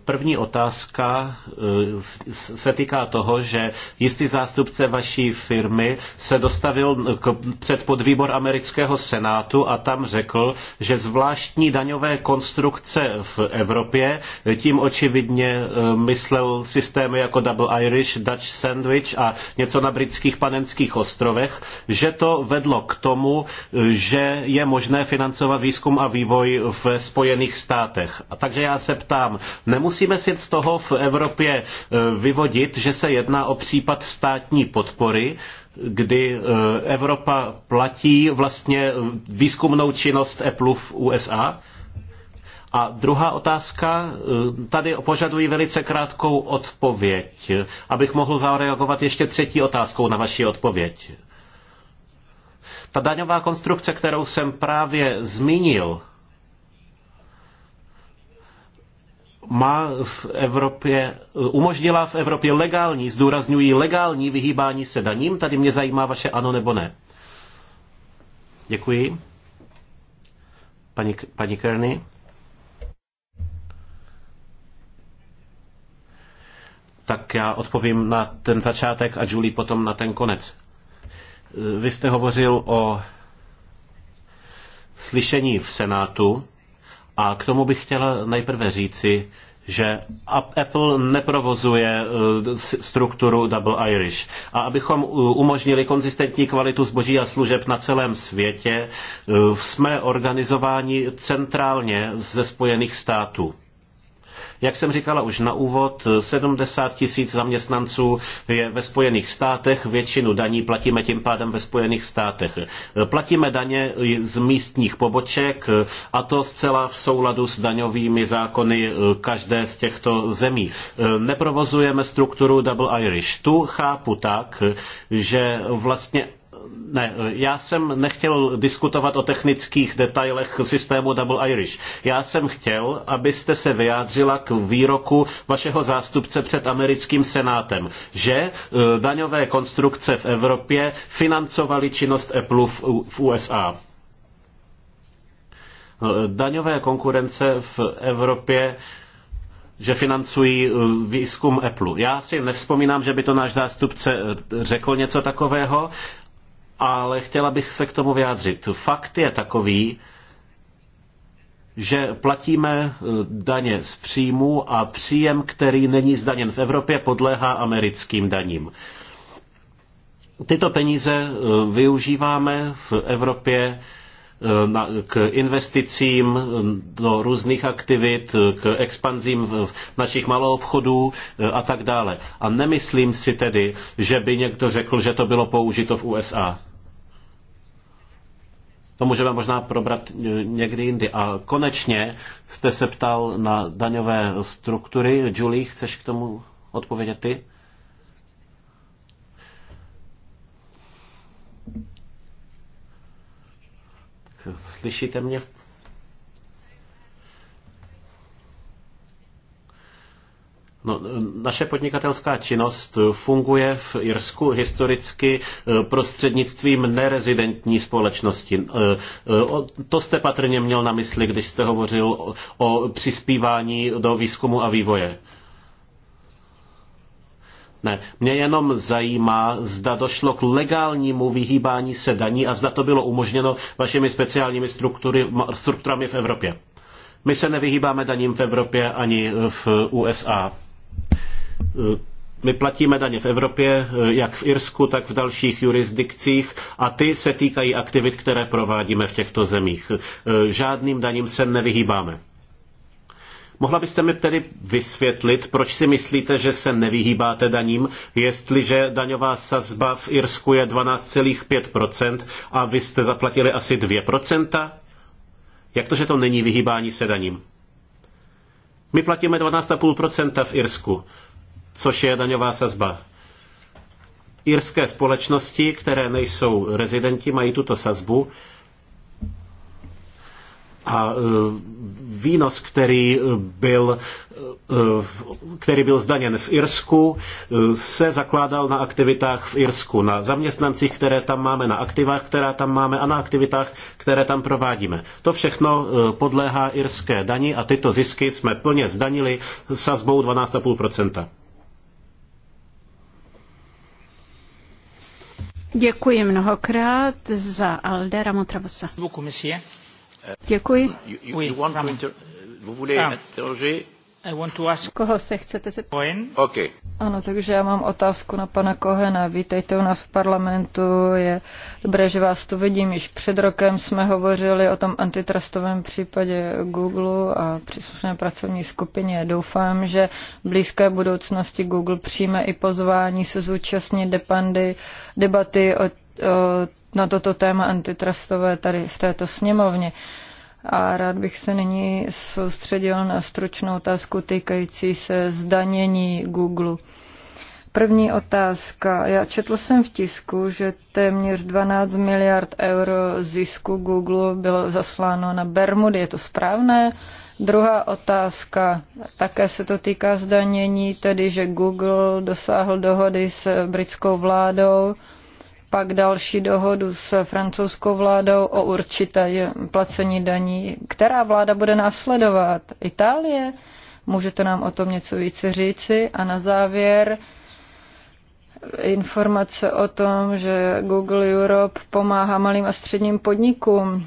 První otázka eh, se týká toho, že jistý zástupce vaší firmy se dostavil před podvýbor amerického senátu a tam řekl, že zvláštní daňové konstrukce v Evropě, tím očividně eh, myslel systémy jako Double Irish, Dutch Sandwich a něco na britských panenských ostrovech, že to vedlo k tomu, eh, že je možné financovat výzkum a vývoj v Spojených státech. A takže já se ptám, Nemusíme si z toho v Evropě e, vyvodit, že se jedná o případ státní podpory, kdy e, Evropa platí vlastně e, výzkumnou činnost Apple v USA? A druhá otázka, tady požaduji velice krátkou odpověď, abych mohl zareagovat ještě třetí otázkou na vaši odpověď. Ta daňová konstrukce, kterou jsem právě zmínil, má v Evropě, umožnila v Evropě legální, zdůrazňují legální vyhýbání se daním. Tady mě zajímá vaše ano nebo ne. Děkuji. Paní, paní Kerny. Tak já odpovím na ten začátek a Julie potom na ten konec. Vy jste hovořil o slyšení v Senátu a k tomu bych chtěla nejprve říci, že Apple neprovozuje eh, strukturu Double Irish. A abychom eh, umožnili konzistentní kvalitu zboží a služeb na celém světě, eh, jsme organizováni centrálně ze Spojených států. Jak jsem říkala už na úvod, 70 tisíc zaměstnanců je ve Spojených státech, většinu daní platíme tím pádem ve Spojených státech. Platíme daně z místních poboček a to zcela v souladu s daňovými zákony eh, každé z těchto zemí. Eh, neprovozujeme strukturu Double Irish. Tu chápu tak, že vlastně ne, já jsem nechtěl diskutovat o technických detailech systému Double Irish. Já jsem chtěl, abyste se vyjádřila k výroku vašeho zástupce před americkým senátem, že e, daňové konstrukce v Evropě financovaly činnost Apple v USA. E, daňové konkurence v Evropě že financují e, výzkum Apple. Já si nevzpomínám, že by to náš zástupce řekl něco takového ale chtěla bych se k tomu vyjádřit. Fakt je takový, že platíme eh, daně z příjmu a příjem, který není zdaněn v Evropě, podléhá americkým daním. Tyto peníze eh, využíváme v Evropě eh, k investicím do různých aktivit, k expanzím v, v našich maloobchodů a tak dále. A nemyslím si tedy, že by někdo řekl, že to bylo použito v USA. To můžeme možná probrat e, někdy jindy. A konečně jste se ptal na daňové struktury. Julie, chceš k tomu odpovědět ty? Slyšíte mě? No, naše podnikatelská činnost funguje v Irsku historicky eh, prostřednictvím nerezidentní společnosti. Eh, eh, to jste patrně měl na mysli, když jste hovořil o přispívání do výzkumu a vývoje. Ne, mě jenom zajímá, zda došlo k legálnímu vyhýbání se daní a zda to bylo umožněno vašimi speciálními struktury, strukturami v Evropě. My se nevyhýbáme daním v Evropě ani v USA my platíme daně v Evropě, eh, jak v Irsku, tak v dalších jurisdikcích a ty se týkají aktivit, které provádíme v těchto zemích. Eh, žádným daním se nevyhýbáme. Mohla byste mi tedy vysvětlit, proč si myslíte, že se nevyhýbáte daním, jestliže daňová sazba v Irsku je 12,5% a vy jste zaplatili asi 2%? Jak to, že to není vyhýbání se daním? My platíme 12,5% v Irsku což je daňová sazba. Irské společnosti, které nejsou rezidenti, mají tuto sazbu a e, výnos, který byl, e, který byl zdaněn v Irsku, e, se zakládal na aktivitách v Irsku, na zaměstnancích, které tam máme, na aktivách, která tam máme a na aktivitách, které tam provádíme. To všechno podléhá irské dani a tyto zisky jsme plně zdanili sazbou 12,5%. Děkuji mnohokrát za aldera Ramotravosa. Děkuji. You, you, you Koho se chcete zeptat? Okay. Ano, takže já mám otázku na pana Kohena. Vítejte u nás v parlamentu. Je dobré, že vás tu vidím. Již před rokem jsme hovořili o tom antitrustovém případě Google a příslušné pracovní skupině. Doufám, že v blízké budoucnosti Google přijme i pozvání se zúčastnit depandy, debaty o na toto téma antitrustové tady v této sněmovně. A rád bych se nyní soustředil na stručnou otázku týkající se zdanění Google. První otázka. Já četl jsem v tisku, že téměř 12 miliard euro zisku Google bylo zasláno na Bermudy. Je to správné? Druhá otázka. Také se to týká zdanění, tedy že Google dosáhl dohody s britskou vládou pak další dohodu s francouzskou vládou o určité placení daní. Která vláda bude následovat? Itálie? Můžete nám o tom něco více říci? A na závěr informace o tom, že Google Europe pomáhá malým a středním podnikům.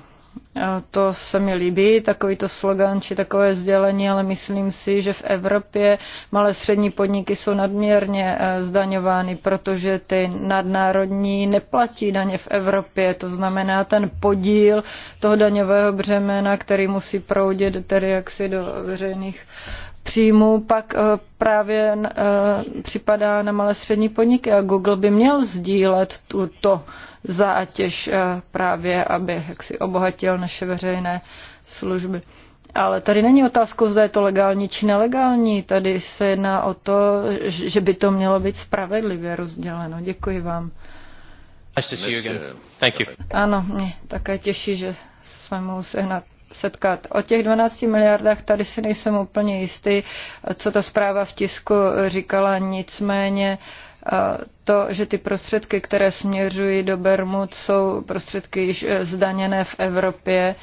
To se mi líbí, takovýto slogan či takové sdělení, ale myslím si, že v Evropě malé střední podniky jsou nadměrně eh, zdaňovány, protože ty nadnárodní neplatí daně v Evropě. To znamená ten podíl toho daňového břemena, který musí proudit tedy jaksi do veřejných příjmů, pak eh, právě eh, připadá na malé střední podniky a Google by měl sdílet tu, to zátěž eh, právě, aby jaksi obohatil naše veřejné služby. Ale tady není otázka zda je to legální či nelegální. Tady se jedná o to, že by to mělo být spravedlivě rozděleno. Děkuji vám. Thank you. Ano, mě také těší, že se s vámi mohu sehnat setkat. O těch 12 miliardách tady si nejsem úplně jistý, co ta zpráva v tisku říkala, nicméně uh, to, že ty prostředky, které směřují do Bermud, jsou prostředky již e, zdaněné v Evropě.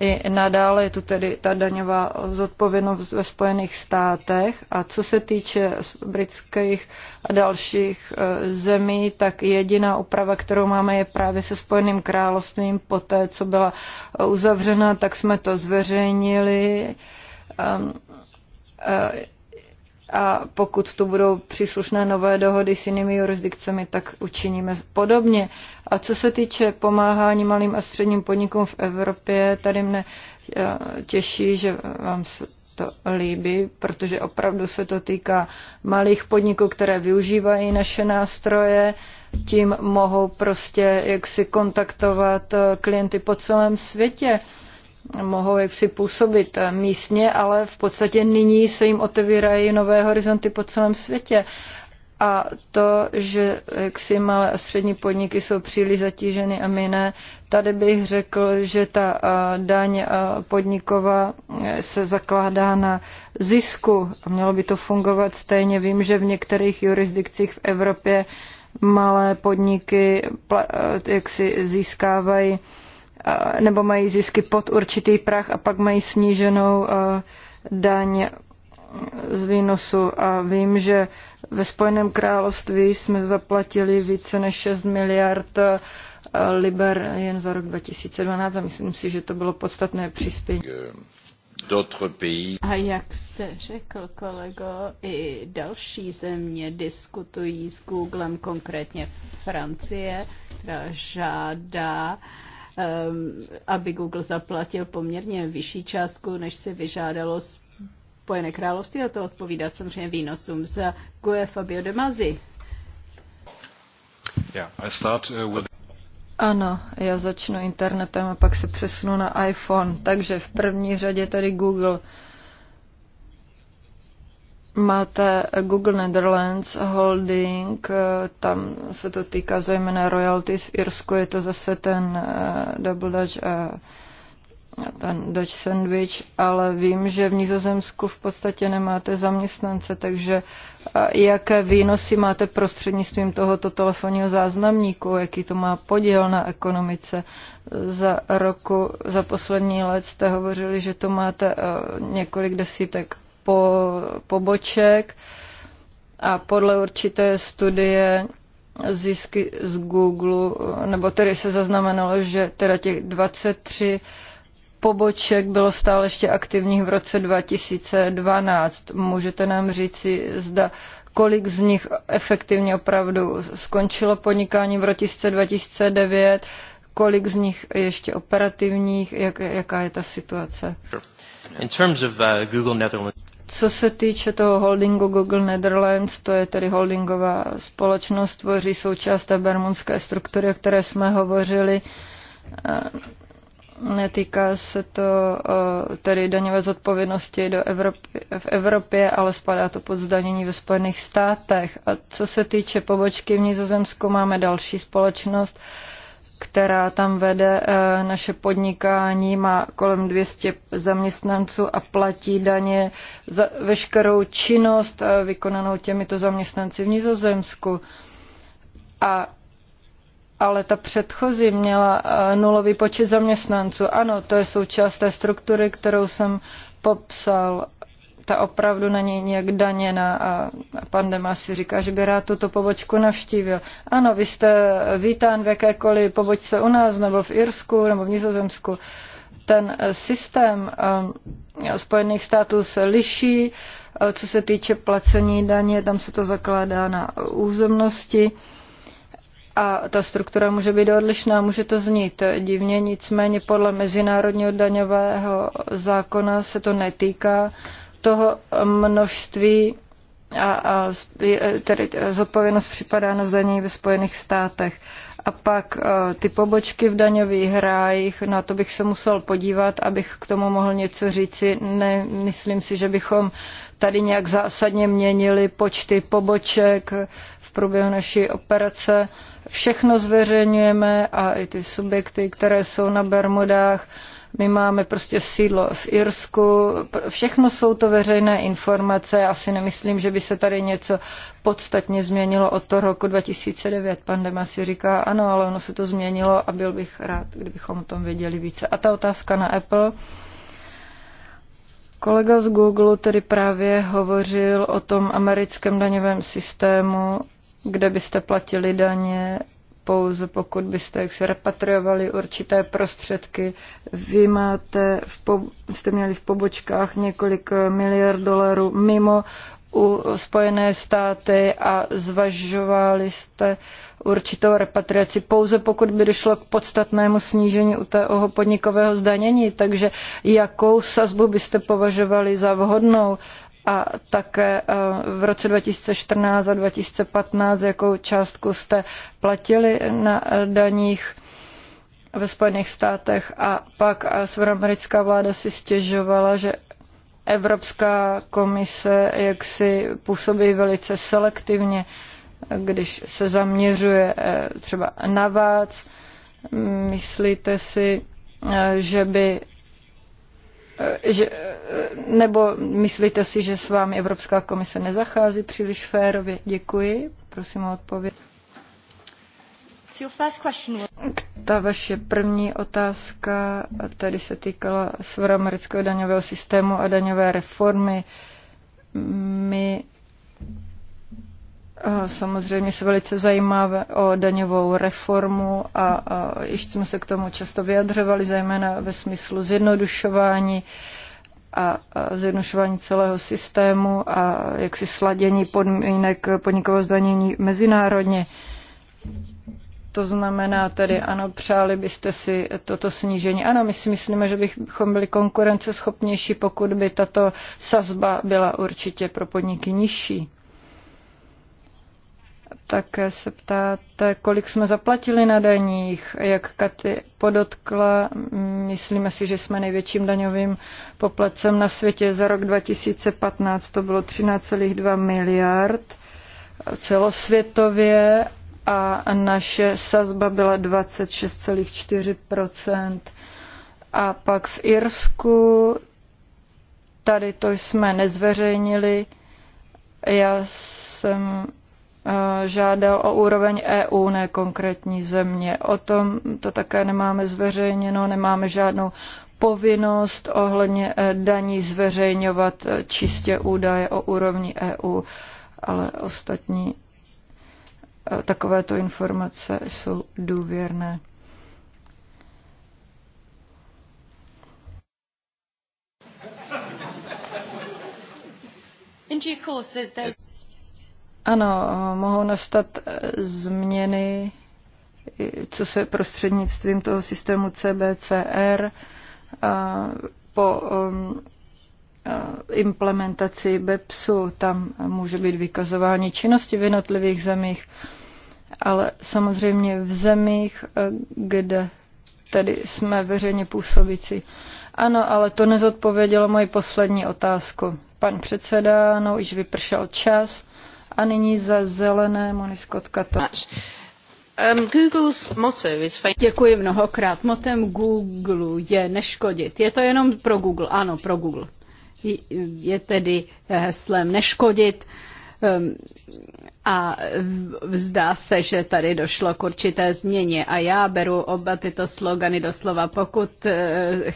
I nadále je tu tedy ta daňová zodpovědnost ve Spojených státech. A co se týče britských a dalších e, zemí, tak jediná úprava, kterou máme, je právě se Spojeným královstvím. Poté, co byla e, uzavřena, tak jsme to zveřejnili ehm, a pokud tu budou příslušné nové dohody s jinými jurisdikcemi, tak učiníme podobně. A co se týče pomáhání malým a středním podnikům v Evropě, tady mne eh, těší, že vám se to líbí, protože opravdu se to týká malých podniků, které využívají naše nástroje, tím mohou prostě jaksi kontaktovat eh, klienty po celém světě mohou jaksi působit eh, místně, ale v podstatě nyní se jim otevírají nové horizonty po celém světě. A to, že jaksi malé a střední podniky jsou příliš zatíženy a my ne, tady bych řekl, že ta eh, daň eh, podniková se zakládá na zisku a mělo by to fungovat stejně. Vím, že v některých jurisdikcích v Evropě malé podniky jaksi získávají Eh, nebo mají zisky pod určitý prach a pak mají sníženou eh, daň z výnosu. A vím, že ve Spojeném království jsme zaplatili více než 6 miliard eh, liber jen za rok 2012 a myslím si, že to bylo podstatné přispění. A jak jste řekl, kolego, i další země diskutují s Googlem, konkrétně Francie, která žádá uh, Ehm, aby Google zaplatil poměrně vyšší částku, než se vyžádalo Spojené království a to odpovídá samozřejmě výnosům za GUE Fabio De Masi. Ano, já začnu internetem a pak se přesunu na iPhone. Takže v první řadě tady Google. Máte Google Netherlands Holding, eh, tam se to týká zejména royalties. V Irsku je to zase ten eh, Double Dutch a eh, ten Dutch Sandwich, ale vím, že v Nizozemsku v podstatě nemáte zaměstnance, takže jaké výnosy máte prostřednictvím tohoto telefonního záznamníku, jaký to má podíl na ekonomice. Za roku, za poslední let jste hovořili, že to máte několik desítek po, poboček a podle určité studie zisky z Google, nebo tedy se zaznamenalo, že teda těch 23 poboček bylo stále ještě aktivních v roce 2012. Můžete nám říci, zda kolik z nich efektivně opravdu skončilo podnikání v roce 2009, kolik z nich ještě operativních, jak, jaká je ta situace? In terms of, uh, Google Netherlands. Co se týče toho holdingu Google Netherlands, to je tedy holdingová společnost, tvoří součást té bermundské struktury, o které jsme hovořili. Eh, netýká se to eh, tedy daňové zodpovědnosti do Evropy, v Evropě, ale spadá to pod zdanění ve Spojených státech. A co se týče pobočky v Nizozemsku, máme další společnost, která tam vede eh, naše podnikání, má kolem 200 zaměstnanců a platí daně za veškerou činnost eh, vykonanou těmito zaměstnanci v Nizozemsku. A ale ta předchozí měla eh, nulový počet zaměstnanců. Ano, to je součást té struktury, kterou jsem popsal ta opravdu není nějak daněna a pan Dema si říká, že by rád tuto pobočku navštívil. Ano, vy jste vítán v jakékoliv pobočce u nás, nebo v Irsku, nebo v Nizozemsku. Ten eh, systém eh, Spojených států se liší, eh, co se týče placení daně, tam se to zakládá na územnosti a ta struktura může být odlišná, může to znít divně, nicméně podle mezinárodního daňového zákona se to netýká toho množství a, a e, tedy e, zodpovědnost připadá na zdanění ve Spojených státech. A pak e, ty pobočky v daňových rájích, na to bych se musel podívat, abych k tomu mohl něco říci. myslím si, že bychom tady nějak zásadně měnili počty poboček v průběhu naší operace. Všechno zveřejňujeme a i ty subjekty, které jsou na Bermudách, my máme prostě sídlo v Irsku. Všechno jsou to veřejné informace. Asi nemyslím, že by se tady něco podstatně změnilo od toho roku 2009. Pan Dema si říká, ano, ale ono se to změnilo a byl bych rád, kdybychom o tom věděli více. A ta otázka na Apple. Kolega z Google tedy právě hovořil o tom americkém daňovém systému, kde byste platili daně pouze pokud byste jak se repatriovali určité prostředky. Vy máte v po, jste měli v pobočkách několik miliard dolarů mimo u Spojené státy a zvažovali jste určitou repatriaci pouze pokud by došlo k podstatnému snížení u toho podnikového zdanění. Takže jakou sazbu byste považovali za vhodnou? a také eh, v roce 2014 a 2015, jakou částku jste platili na eh, daních ve Spojených státech a pak eh, severoamerická vláda si stěžovala, že Evropská komise jaksi působí velice selektivně, když se zaměřuje třeba na vás. Myslíte si, že by Eh, že, eh, nebo myslíte si, že s vámi Evropská komise nezachází příliš férově? Děkuji, prosím o odpověď. Ta vaše první otázka tady se týkala severoamerického daňového systému a daňové reformy. My Samozřejmě se velice zajímá o daňovou reformu a, a ještě jsme se k tomu často vyjadřovali, zejména ve smyslu zjednodušování a, a zjednodušování celého systému a jaksi sladění podmínek podnikového zdanění mezinárodně. To znamená tedy, ano, přáli byste si toto snížení. Ano, my si myslíme, že bychom byli konkurenceschopnější, pokud by tato sazba byla určitě pro podniky nižší. Také se ptáte, kolik jsme zaplatili na daních. Jak Katy podotkla, myslíme si, že jsme největším daňovým poplatcem na světě. Za rok 2015 to bylo 13,2 miliard celosvětově a naše sazba byla 26,4 A pak v Irsku, tady to jsme nezveřejnili, já jsem žádal o úroveň EU, ne konkrétní země. O tom to také nemáme zveřejněno, nemáme žádnou povinnost ohledně e, daní zveřejňovat e, čistě údaje o úrovni EU, ale ostatní e, takovéto informace jsou důvěrné. In due course, there's, there's... Ano, eh, mohou nastat eh, změny, co se prostřednictvím toho systému CBCR a eh, po implementaci BEPSu, tam může být vykazování činnosti v jednotlivých zemích, ale samozřejmě v zemích, kde tedy jsme veřejně působící. Ano, ale to nezodpovědělo moji poslední otázku. Pan předseda, no, již vypršel čas. A nyní za zelené Moniskotka um, Tomáš. Děkuji mnohokrát. Motem Google je neškodit. Je to jenom pro Google? Ano, pro Google. Je tedy heslem neškodit. Um, a zdá se, že tady došlo k určité změně a já beru oba tyto slogany doslova. Pokud eh,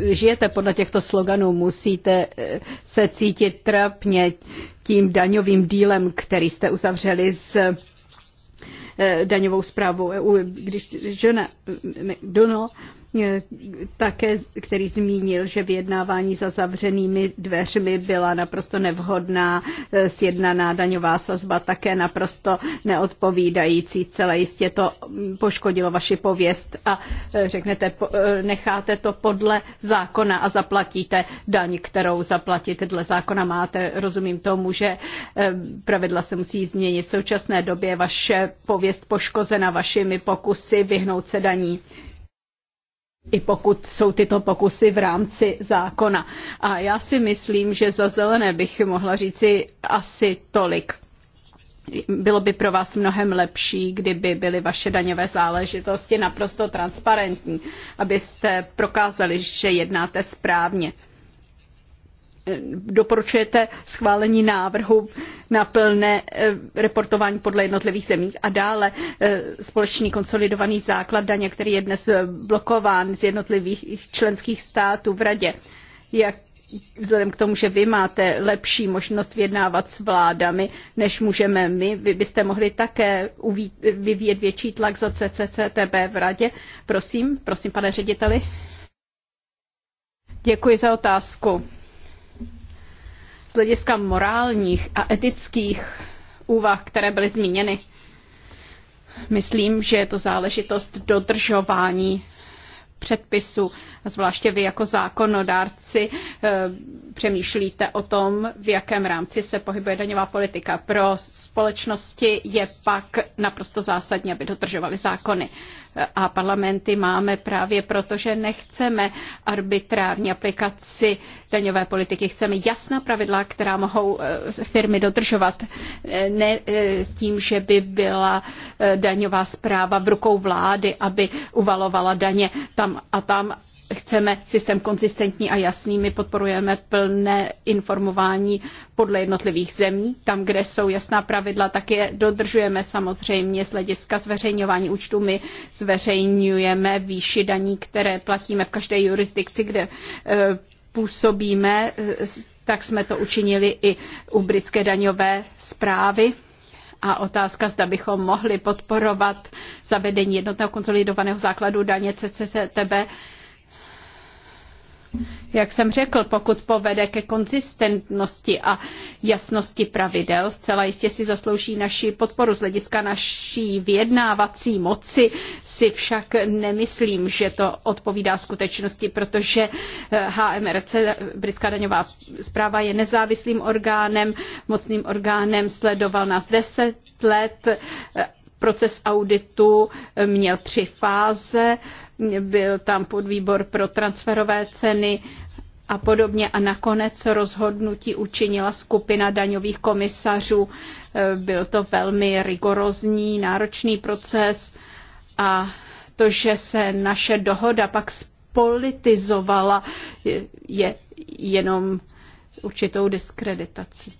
žijete podle těchto sloganů, musíte eh, se cítit trapně tím daňovým dílem, který jste uzavřeli s eh, daňovou zprávou EU, když žena McDonald Eh, také, který zmínil, že vyjednávání za zavřenými dveřmi byla naprosto nevhodná, eh, sjednaná daňová sazba také naprosto neodpovídající. Celé jistě to mm, poškodilo vaši pověst a eh, řeknete, necháte to podle zákona a zaplatíte daň, kterou zaplatit dle zákona máte. Rozumím tomu, že pravidla se musí změnit. V současné době vaše pověst poškozena vašimi pokusy vyhnout se daní i pokud jsou tyto pokusy v rámci zákona. A já si myslím, že za zelené bych mohla říci asi tolik bylo by pro vás mnohem lepší, kdyby byly vaše daňové záležitosti naprosto transparentní, abyste prokázali, že jednáte správně. Eh, doporučujete schválení návrhu na plné eh, reportování podle jednotlivých zemí a dále eh, společný konsolidovaný základ daně, který je dnes blokován z jednotlivých členských států v radě. Jak vzhledem k tomu, že vy máte lepší možnost vyjednávat s vládami, než můžeme my, vy byste mohli také vyvíjet větší tlak za CCCTB v radě. Prosím, prosím, pane řediteli. Děkuji za otázku z hlediska morálních a etických úvah, které byly zmíněny. Myslím, že je to záležitost dodržování předpisu, zvláště vy jako zákonodárci eh, přemýšlíte o tom, v jakém rámci se pohybuje daňová politika. Pro společnosti je pak naprosto zásadní, aby dodržovali zákony a parlamenty máme právě proto, že nechceme arbitrární aplikaci daňové politiky. Chceme jasná pravidla, která mohou eh, firmy dodržovat. Eh, ne eh, s tím, že by byla daňová zpráva v rukou vlády, aby uvalovala daně tam a tam chceme systém konzistentní a jasný. My podporujeme plné informování podle jednotlivých zemí. Tam, kde jsou jasná pravidla, tak je dodržujeme samozřejmě z hlediska zveřejňování účtů. My zveřejňujeme výši daní, které platíme v každé jurisdikci, kde eh, působíme. Eh, tak jsme to učinili i u britské daňové zprávy a otázka, zda bychom mohli podporovat zavedení jednotného konsolidovaného základu daně CCCTB jak jsem řekl, pokud povede ke konzistentnosti a jasnosti pravidel, zcela jistě si zaslouží naši podporu. Z hlediska naší vyjednávací moci si však nemyslím, že to odpovídá skutečnosti, protože HMRC, eh, Britská daňová zpráva, je nezávislým orgánem, mocným orgánem, sledoval nás deset let, eh, proces auditu eh, měl tři fáze, byl tam podvýbor pro transferové ceny a podobně. A nakonec rozhodnutí učinila skupina daňových komisařů. Byl to velmi rigorózní, náročný proces a to, že se naše dohoda pak spolitizovala, je jenom určitou diskreditací.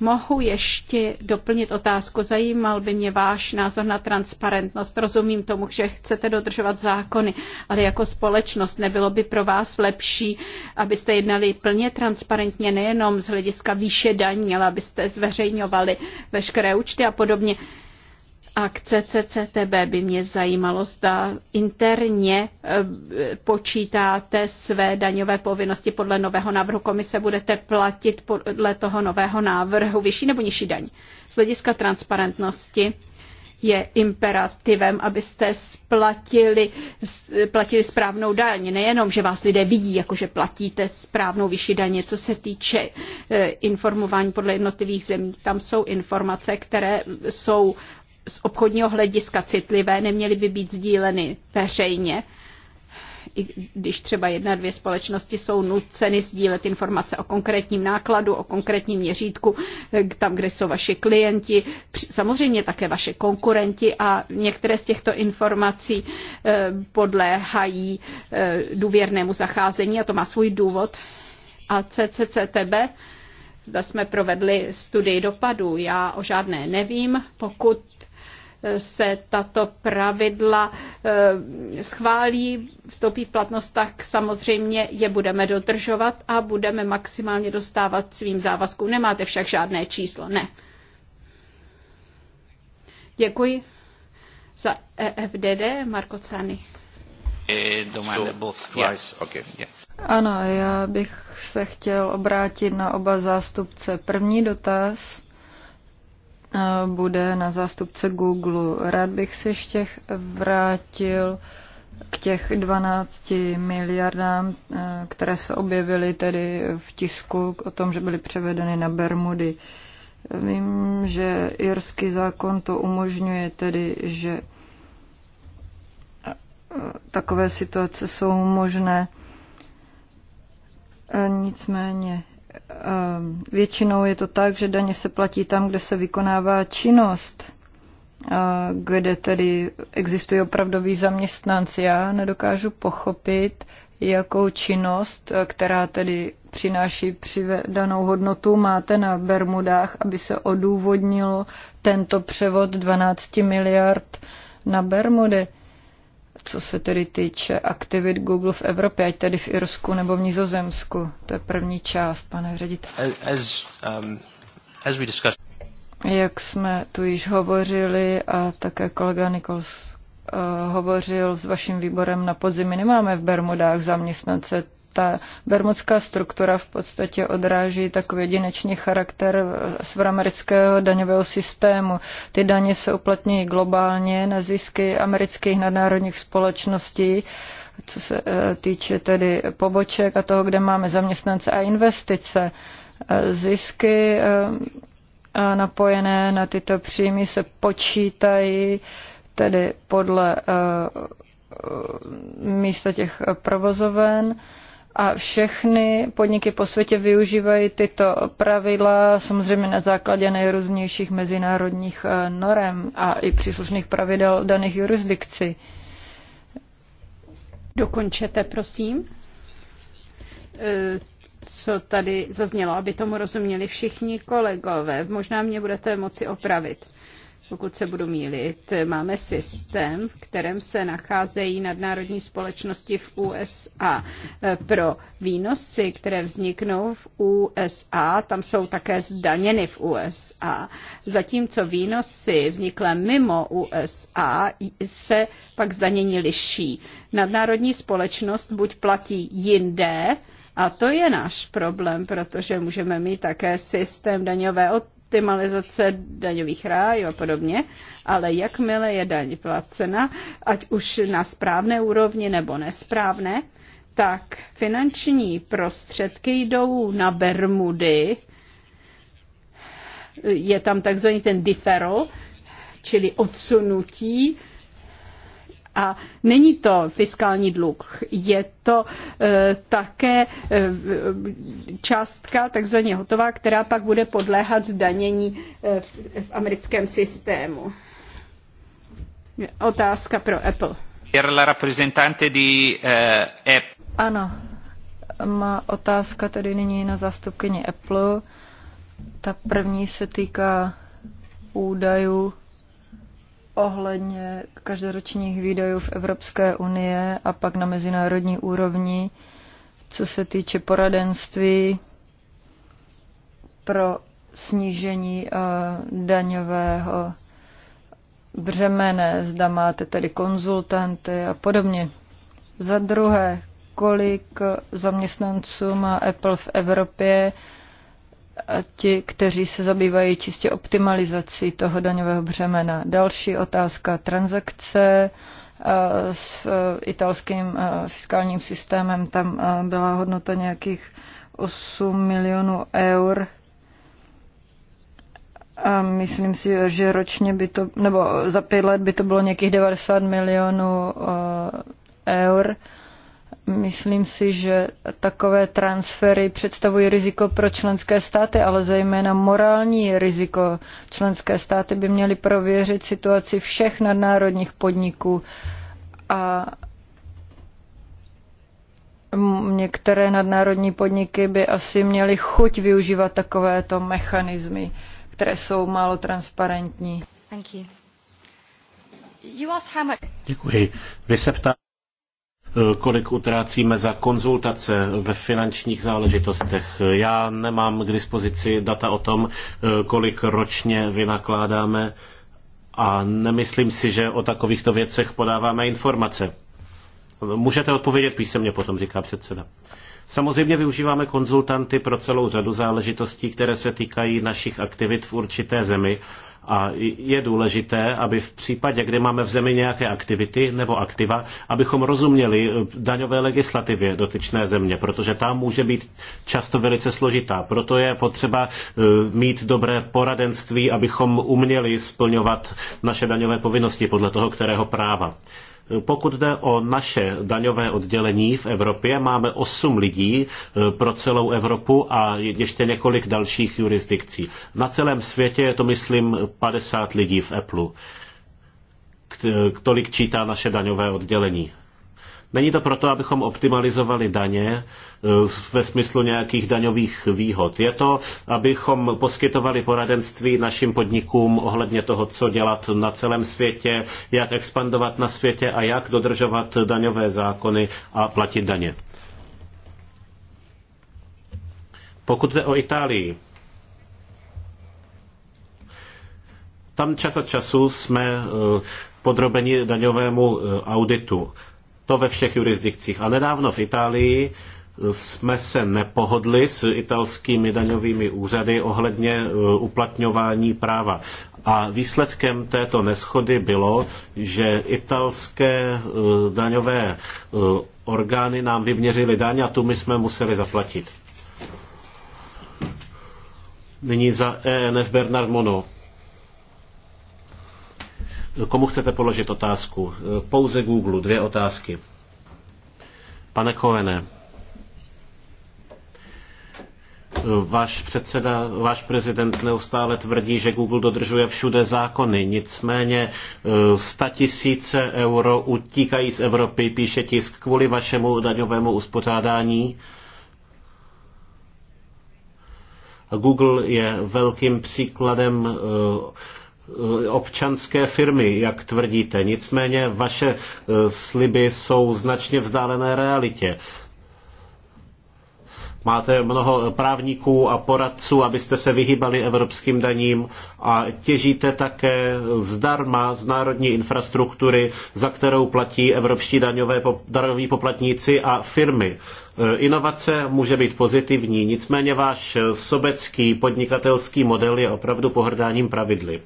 Mohu ještě doplnit otázku. Zajímal by mě váš názor na transparentnost. Rozumím tomu, že chcete dodržovat zákony, ale jako společnost nebylo by pro vás lepší, abyste jednali plně transparentně, nejenom z hlediska výše daní, ale abyste zveřejňovali veškeré účty a podobně akce CCTB by mě zajímalo, zda interně eh, počítáte své daňové povinnosti podle nového návrhu komise, budete platit podle toho nového návrhu vyšší nebo nižší daň. Z hlediska transparentnosti je imperativem, abyste splatili, platili správnou daň. Nejenom, že vás lidé vidí, jako že platíte správnou vyšší daně, co se týče eh, informování podle jednotlivých zemí. Tam jsou informace, které jsou z obchodního hlediska citlivé, neměly by být sdíleny veřejně. I když třeba jedna, dvě společnosti jsou nuceny sdílet informace o konkrétním nákladu, o konkrétním měřítku, eh, tam, kde jsou vaši klienti, samozřejmě také vaše konkurenti a některé z těchto informací eh, podléhají eh, důvěrnému zacházení a to má svůj důvod. A CCCTB zda jsme provedli studii dopadu. Já o žádné nevím. Pokud se tato pravidla eh, schválí, vstoupí v platnost, tak samozřejmě je budeme dodržovat a budeme maximálně dostávat svým závazkům. Nemáte však žádné číslo, ne. Děkuji za EFDD, Marko Cany. Eh, ano, já bych se chtěl obrátit na oba zástupce. První dotaz bude na zástupce Google. Rád bych se ještě vrátil k těch 12 miliardám, e, které se objevily tedy v tisku o tom, že byly převedeny na Bermudy. Vím, že irský zákon to umožňuje tedy, že e, takové situace jsou možné. E, nicméně Eh, většinou je to tak, že daně se platí tam, kde se vykonává činnost, eh, kde tedy existují opravdoví zaměstnanci. Já nedokážu pochopit, jakou činnost, eh, která tedy přináší přidanou hodnotu, máte na Bermudách, aby se odůvodnilo tento převod 12 miliard na Bermudy co se tedy týče aktivit Google v Evropě, ať tedy v Irsku nebo v Nizozemsku. To je první část, pane ředitel. As, um, as we Jak jsme tu již hovořili a také kolega Nikols uh, hovořil s vaším výborem na podzim, my nemáme v Bermudách zaměstnance, ta bermudská struktura v podstatě odráží takový jedinečný charakter svoramerického daňového systému. Ty daně se uplatňují globálně na zisky amerických nadnárodních společností co se eh, týče tedy poboček a toho, kde máme zaměstnance a investice. Eh, zisky eh, napojené na tyto příjmy se počítají tedy podle místa těch provozoven a všechny podniky po světě využívají tyto pravidla samozřejmě na základě nejrůznějších mezinárodních eh, norem a i příslušných pravidel daných jurisdikcí. Dokončete, prosím eh, co tady zaznělo, aby tomu rozuměli všichni kolegové. Možná mě budete moci opravit pokud se budu mílit, máme systém, v kterém se nacházejí nadnárodní společnosti v USA. Pro výnosy, které vzniknou v USA, tam jsou také zdaněny v USA. Zatímco výnosy vzniklé mimo USA se pak zdanění liší. Nadnárodní společnost buď platí jinde, a to je náš problém, protože můžeme mít také systém daňové od optimalizace daňových rájů a podobně, ale jakmile je daň placena, ať už na správné úrovni nebo nesprávné, tak finanční prostředky jdou na Bermudy, je tam takzvaný ten deferral, čili odsunutí a není to fiskální dluh, je to e, také e, částka takzvaně hotová, která pak bude podléhat zdanění e, v americkém systému. Otázka pro Apple. Ano, má otázka tedy nyní na zástupkyni Apple. Ta první se týká údajů ohledně každoročních výdajů v Evropské unie a pak na mezinárodní úrovni, co se týče poradenství pro snížení eh, daňového břemene, zda máte tedy konzultanty a podobně. Za druhé, kolik zaměstnanců má Apple v Evropě ti, kteří se zabývají čistě optimalizací toho daňového břemena. Další otázka transakce s e, italským e, fiskálním systémem. Tam e, byla hodnota nějakých 8 milionů eur. A myslím si, že ročně by to, nebo za pět let by to bylo nějakých 90 milionů eur. Myslím si, že takové transfery představují riziko pro členské státy, ale zejména morální riziko. Členské státy by měly prověřit situaci všech nadnárodních podniků a některé nadnárodní podniky by asi měly chuť využívat takovéto mechanismy, které jsou málo transparentní. Děkuji. Vy se ptáte, Eh, kolik utrácíme za konzultace ve finančních záležitostech. Já nemám k dispozici data o tom, eh, kolik ročně vynakládáme a nemyslím si, že o takovýchto věcech podáváme informace. Můžete odpovědět písemně potom, říká předseda. Samozřejmě využíváme konzultanty pro celou řadu záležitostí, které se týkají našich aktivit v určité zemi a je důležité, aby v případě, kdy máme v zemi nějaké aktivity nebo aktiva, abychom rozuměli eh, daňové legislativě dotyčné země, protože tam může být často velice složitá. Proto je potřeba eh, mít dobré poradenství, abychom uměli splňovat naše daňové povinnosti podle toho, kterého práva. Pokud jde o naše daňové oddělení v Evropě, máme 8 lidí eh, pro celou Evropu a ještě několik dalších jurisdikcí. Na celém světě je to, myslím, 50 lidí v Apple. Eh, tolik čítá naše daňové oddělení. Není to proto, abychom optimalizovali daně e, ve smyslu nějakých daňových výhod. Je to, abychom poskytovali poradenství našim podnikům ohledně toho, co dělat na celém světě, jak expandovat na světě a jak dodržovat daňové zákony a platit daně. Pokud jde o Itálii, tam čas od času jsme e, podrobeni daňovému e, auditu. To ve všech jurisdikcích. A nedávno v Itálii jsme se nepohodli s italskými daňovými úřady ohledně e, uplatňování práva. A výsledkem této neschody bylo, že italské e, daňové e, orgány nám vyměřily daň a tu my jsme museli zaplatit. Nyní za ENF Bernard Mono. Komu chcete položit otázku? Pouze Google, dvě otázky. Pane Koene, váš předseda, váš prezident neustále tvrdí, že Google dodržuje všude zákony, nicméně 100 eh, tisíce euro utíkají z Evropy, píše tisk, kvůli vašemu daňovému uspořádání. Google je velkým příkladem eh, Eh, občanské firmy, jak tvrdíte. Nicméně vaše eh, sliby jsou značně vzdálené realitě. Máte mnoho právníků a poradců, abyste se vyhýbali evropským daním a těžíte také zdarma z národní infrastruktury, za kterou platí evropští daňové, daňoví poplatníci a firmy. Eh, inovace může být pozitivní, nicméně váš sobecký podnikatelský model je opravdu pohrdáním pravidly.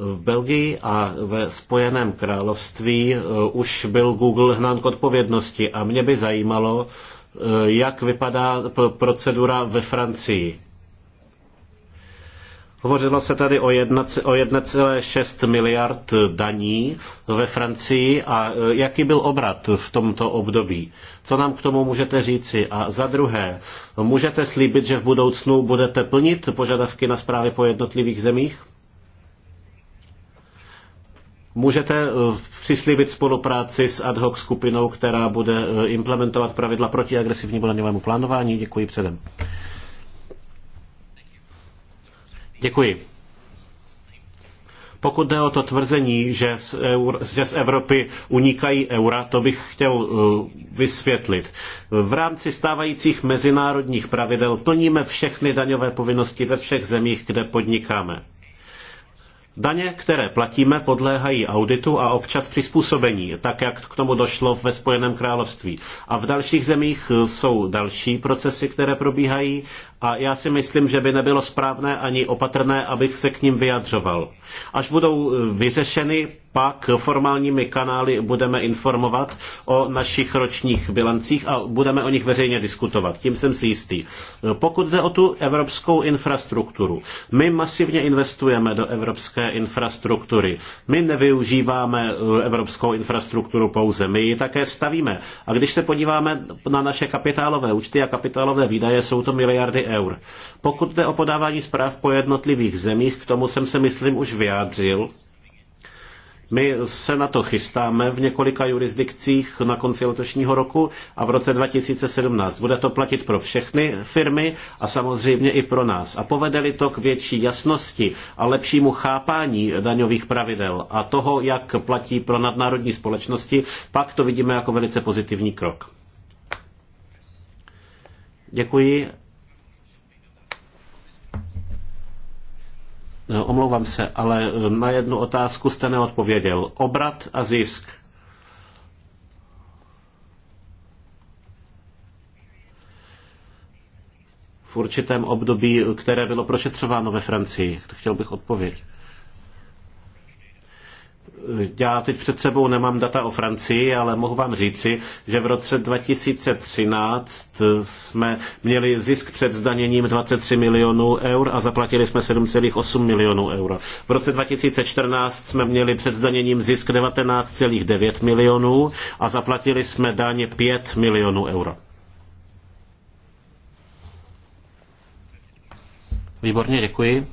V Belgii a ve Spojeném království eh, už byl Google hnán k odpovědnosti a mě by zajímalo, eh, jak vypadá procedura ve Francii. Hovořilo se tady o 1,6 miliard daní ve Francii a eh, jaký byl obrat v tomto období? Co nám k tomu můžete říci? A za druhé, můžete slíbit, že v budoucnu budete plnit požadavky na zprávy po jednotlivých zemích? Můžete eh, přislíbit spolupráci s ad hoc skupinou, která bude eh, implementovat pravidla proti agresivnímu daňovému plánování? Děkuji předem. Děkuji. Pokud jde o to tvrzení, že z, eur, že z Evropy unikají eura, to bych chtěl uh, vysvětlit. V rámci stávajících mezinárodních pravidel plníme všechny daňové povinnosti ve všech zemích, kde podnikáme. Daně, které platíme, podléhají auditu a občas přizpůsobení, tak jak k tomu došlo ve Spojeném království. A v dalších zemích jsou další procesy, které probíhají a já si myslím, že by nebylo správné ani opatrné, abych se k ním vyjadřoval. Až budou eh, vyřešeny, pak formálními kanály budeme informovat o našich ročních bilancích a budeme o nich veřejně diskutovat. Tím jsem si jistý. Eh, pokud jde o tu evropskou infrastrukturu, my masivně investujeme do evropské infrastruktury. My nevyužíváme eh, evropskou infrastrukturu pouze, my ji také stavíme. A když se podíváme na naše kapitálové účty a kapitálové výdaje, jsou to miliardy eur. Pokud jde o podávání zpráv po jednotlivých zemích, k tomu jsem se, myslím, už vyjádřil. My se na to chystáme v několika jurisdikcích na konci letošního roku a v roce 2017. Bude to platit pro všechny firmy a samozřejmě i pro nás. A povedeli to k větší jasnosti a lepšímu chápání daňových pravidel a toho, jak platí pro nadnárodní společnosti, pak to vidíme jako velice pozitivní krok. Děkuji Eh, omlouvám se, ale eh, na jednu otázku jste neodpověděl. Obrat a zisk. v určitém období, které bylo prošetřováno ve Francii. Chtěl bych odpověď já teď před sebou nemám data o Francii, ale mohu vám říci, že v roce 2013 jsme měli zisk před zdaněním 23 milionů eur a zaplatili jsme 7,8 milionů eur. V roce 2014 jsme měli před zdaněním zisk 19,9 milionů a zaplatili jsme daně 5 milionů euro. Výborně, děkuji.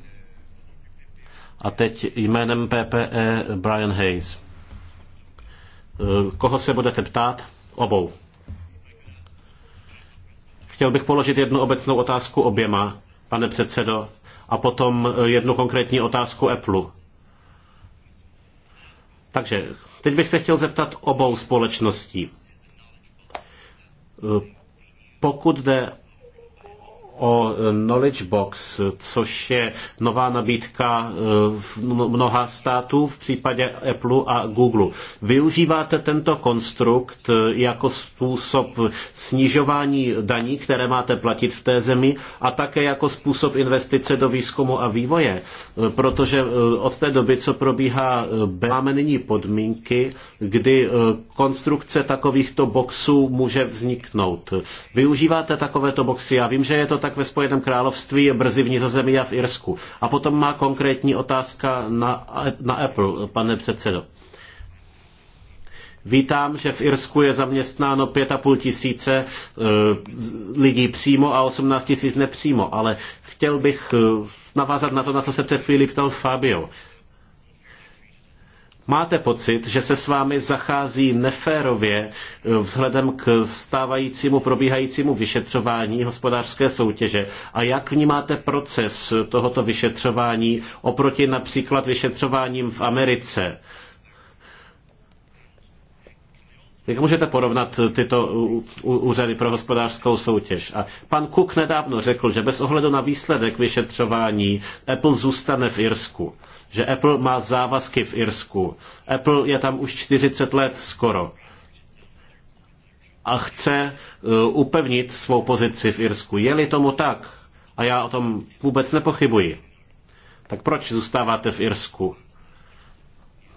A teď jménem PPE Brian Hayes. E, koho se budete ptát? Obou. Chtěl bych položit jednu obecnou otázku oběma, pane předsedo, a potom jednu konkrétní otázku Apple. Takže teď bych se chtěl zeptat obou společností. E, pokud jde o eh, Knowledge Box, což je nová nabídka v eh, mnoha států v případě Apple a Google. Využíváte tento konstrukt eh, jako způsob snižování daní, které máte platit v té zemi a také jako způsob investice do výzkumu a vývoje, protože od té doby, co probíhá, máme nyní podmínky, kdy konstrukce takovýchto boxů může vzniknout. Využíváte takovéto boxy? Já vím, že je to tak ve Spojeném království, je brzy v Nizozemí a v Irsku. A potom má konkrétní otázka na, na Apple, pane předsedo. Vítám, že v Irsku je zaměstnáno 5,5 tisíce e, lidí přímo a 18 tisíc nepřímo, ale chtěl bych e, navázat na to, na co se před chvíli ptal Fabio. Máte pocit, že se s vámi zachází neférově eh, vzhledem k stávajícímu probíhajícímu vyšetřování hospodářské soutěže? A jak vnímáte proces tohoto vyšetřování oproti například vyšetřováním v Americe? Jak můžete porovnat tyto úřady pro hospodářskou soutěž? A pan Cook nedávno řekl, že bez ohledu na výsledek vyšetřování Apple zůstane v Irsku že Apple má závazky v Irsku. Apple je tam už 40 let skoro a chce eh, upevnit svou pozici v Irsku. Je-li tomu tak, a já o tom vůbec nepochybuji, tak proč zůstáváte v Irsku?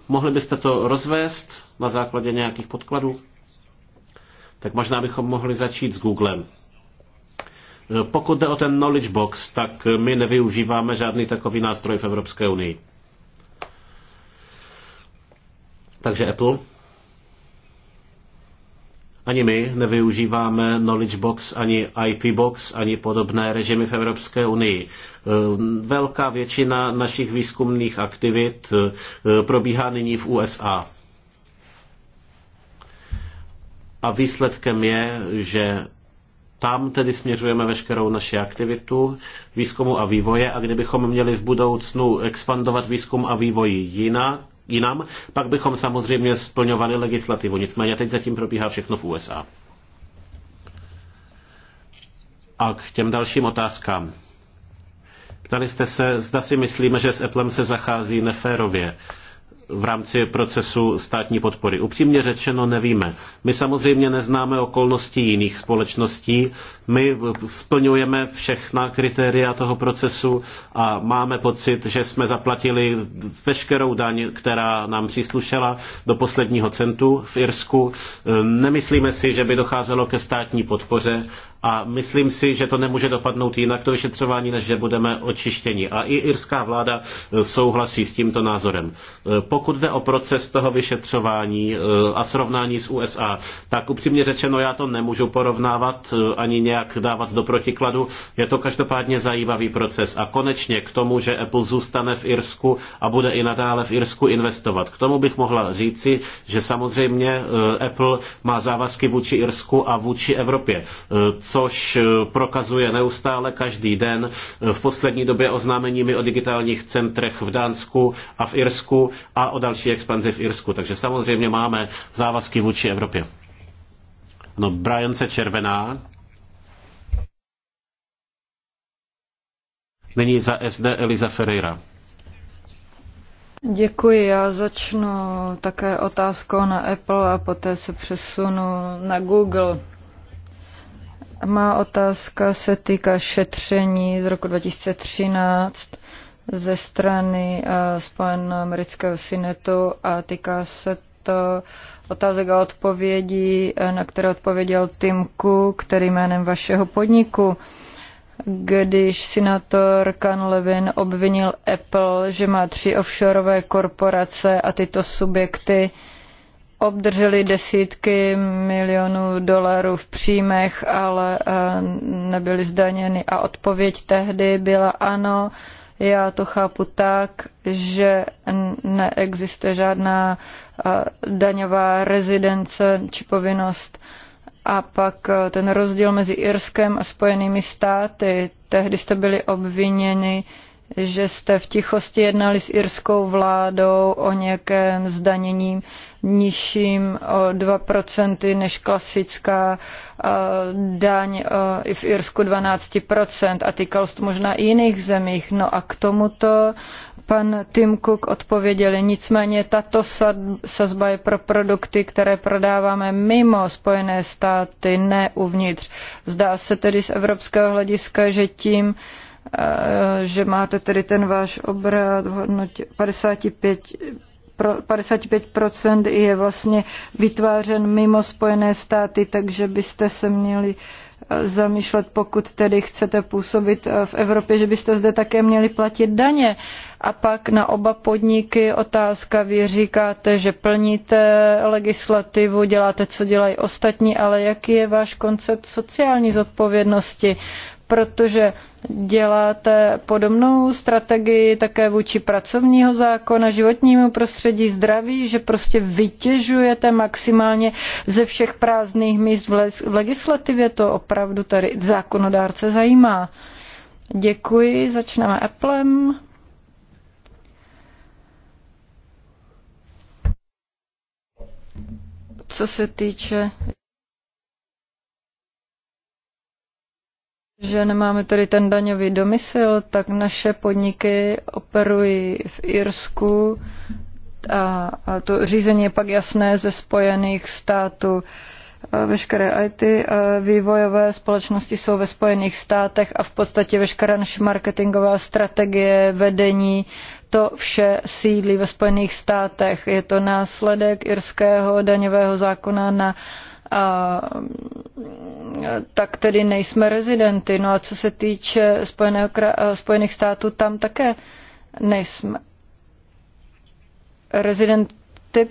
Mohli byste to rozvést na základě nějakých podkladů? Tak možná bychom mohli začít s Googlem. Eh, pokud jde o ten knowledge box, tak eh, my nevyužíváme žádný takový nástroj v Evropské unii. Takže Apple. Ani my nevyužíváme Knowledge Box, ani IP Box, ani podobné režimy v Evropské unii. E, velká většina našich výzkumných aktivit e, probíhá nyní v USA. A výsledkem je, že tam tedy směřujeme veškerou naši aktivitu výzkumu a vývoje a kdybychom měli v budoucnu expandovat výzkum a vývoj jinak, jinam, pak bychom samozřejmě splňovali legislativu. Nicméně teď zatím probíhá všechno v USA. A k těm dalším otázkám. Ptali jste se, zda si myslíme, že s Applem se zachází neférově. Uh, v rámci procesu státní podpory. Upřímně řečeno nevíme. My samozřejmě neznáme okolnosti jiných společností, my splňujeme všechna kritéria toho procesu a máme pocit, že jsme zaplatili veškerou daň, která nám příslušela do posledního centu v Irsku. Nemyslíme si, že by docházelo ke státní podpoře a myslím si, že to nemůže dopadnout jinak to vyšetřování, než že budeme očištěni. A i irská vláda souhlasí s tímto názorem. Pokud pokud jde o proces toho vyšetřování eh, a srovnání s USA, tak upřímně řečeno já to nemůžu porovnávat eh, ani nějak dávat do protikladu. Je to každopádně zajímavý proces. A konečně k tomu, že Apple zůstane v Irsku a bude i nadále v Irsku investovat. K tomu bych mohla říci, že samozřejmě eh, Apple má závazky vůči Irsku a vůči Evropě, což prokazuje neustále každý den v poslední době oznámeními o digitálních centrech v Dánsku a v Irsku a o další expanzi v Irsku. Takže samozřejmě máme závazky vůči Evropě. No, Brian se červená. Nyní za SD Eliza Ferreira. Děkuji. Já začnu také otázkou na Apple a poté se přesunu na Google. Má otázka se týká šetření z roku 2013 ze strany amerického eh, synetu a týká se to otázek a odpovědí, eh, na které odpověděl Tim Cook, který jménem vašeho podniku když senátor Kan Levin obvinil Apple, že má tři offshoreové korporace a tyto subjekty obdrželi desítky milionů dolarů v příjmech, ale eh, nebyly zdaněny. A odpověď tehdy byla ano, já to chápu tak, že neexistuje žádná eh, daňová rezidence či povinnost. A pak eh, ten rozdíl mezi Irskem a Spojenými státy. Tehdy jste byli obviněni že jste v tichosti jednali s irskou vládou o nějakém zdanění nižším o 2% než klasická eh, daň eh, i v Irsku 12% a týkal se možná i jiných zemích. No a k tomuto pan Tim Cook odpověděl, nicméně tato sazba je pro produkty, které prodáváme mimo Spojené státy, ne uvnitř. Zdá se tedy z evropského hlediska, že tím Eh, že máte tedy ten váš obrat v hodnotě 55 55% je vlastně vytvářen mimo Spojené státy, takže byste se měli eh, zamýšlet, pokud tedy chcete působit eh, v Evropě, že byste zde také měli platit daně. A pak na oba podniky otázka, vy říkáte, že plníte legislativu, děláte, co dělají ostatní, ale jaký je váš koncept sociální zodpovědnosti? Uh, protože děláte podobnou strategii také vůči pracovního zákona, životnímu prostředí, zdraví, že prostě vytěžujete maximálně ze všech prázdných míst v legislativě. To opravdu tady zákonodárce zajímá. Děkuji, začneme Applem. Co se týče že nemáme tady ten daňový domysl, tak naše podniky operují v Irsku a, a to řízení je pak jasné ze Spojených států. Veškeré IT vývojové společnosti jsou ve Spojených státech a v podstatě veškerá naše marketingová strategie, vedení, to vše sídlí ve Spojených státech. Je to následek irského daňového zákona na uh, a, tak tedy nejsme rezidenty. No a co se týče Spojeného, Spojených států, tam také nejsme rezidenty,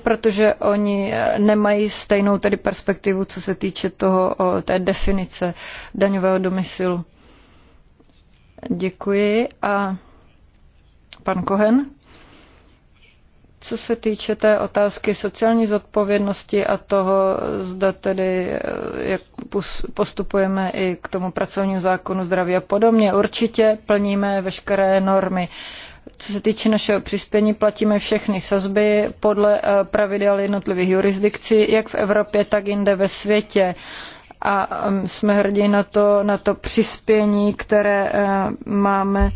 protože oni e, nemají stejnou tedy perspektivu, co se týče toho, té definice daňového domysilu. Děkuji a pan Kohen. Co se týče té otázky sociální zodpovědnosti a toho, zda tedy eh, jak postupujeme i k tomu pracovnímu zákonu zdraví a podobně, určitě plníme veškeré normy. Co se týče našeho přispění, platíme všechny sazby podle eh, pravidel jednotlivých jurisdikcí, jak v Evropě, tak jinde ve světě a eh, jsme hrdí na to, na to přispění, které máme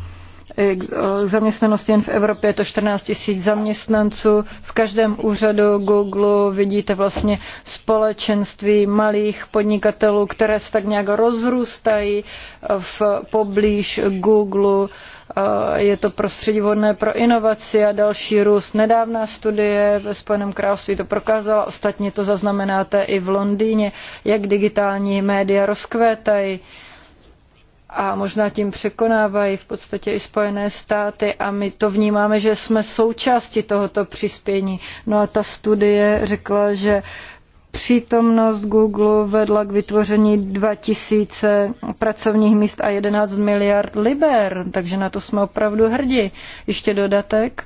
zaměstnanosti jen v Evropě je to 14 000 zaměstnanců. V každém úřadu Google vidíte vlastně společenství malých podnikatelů, které se tak nějak rozrůstají v poblíž Google. E, je to prostředí vhodné pro inovaci a další růst. Nedávná studie ve Spojeném království to prokázala, ostatně to zaznamenáte i v Londýně, jak digitální média rozkvétají a možná tím překonávají v podstatě i Spojené státy a my to vnímáme, že jsme součástí tohoto přispění. No a ta studie řekla, že přítomnost Google vedla k vytvoření 2000 pracovních míst a 11 miliard liber, takže na to jsme opravdu hrdí. Ještě dodatek?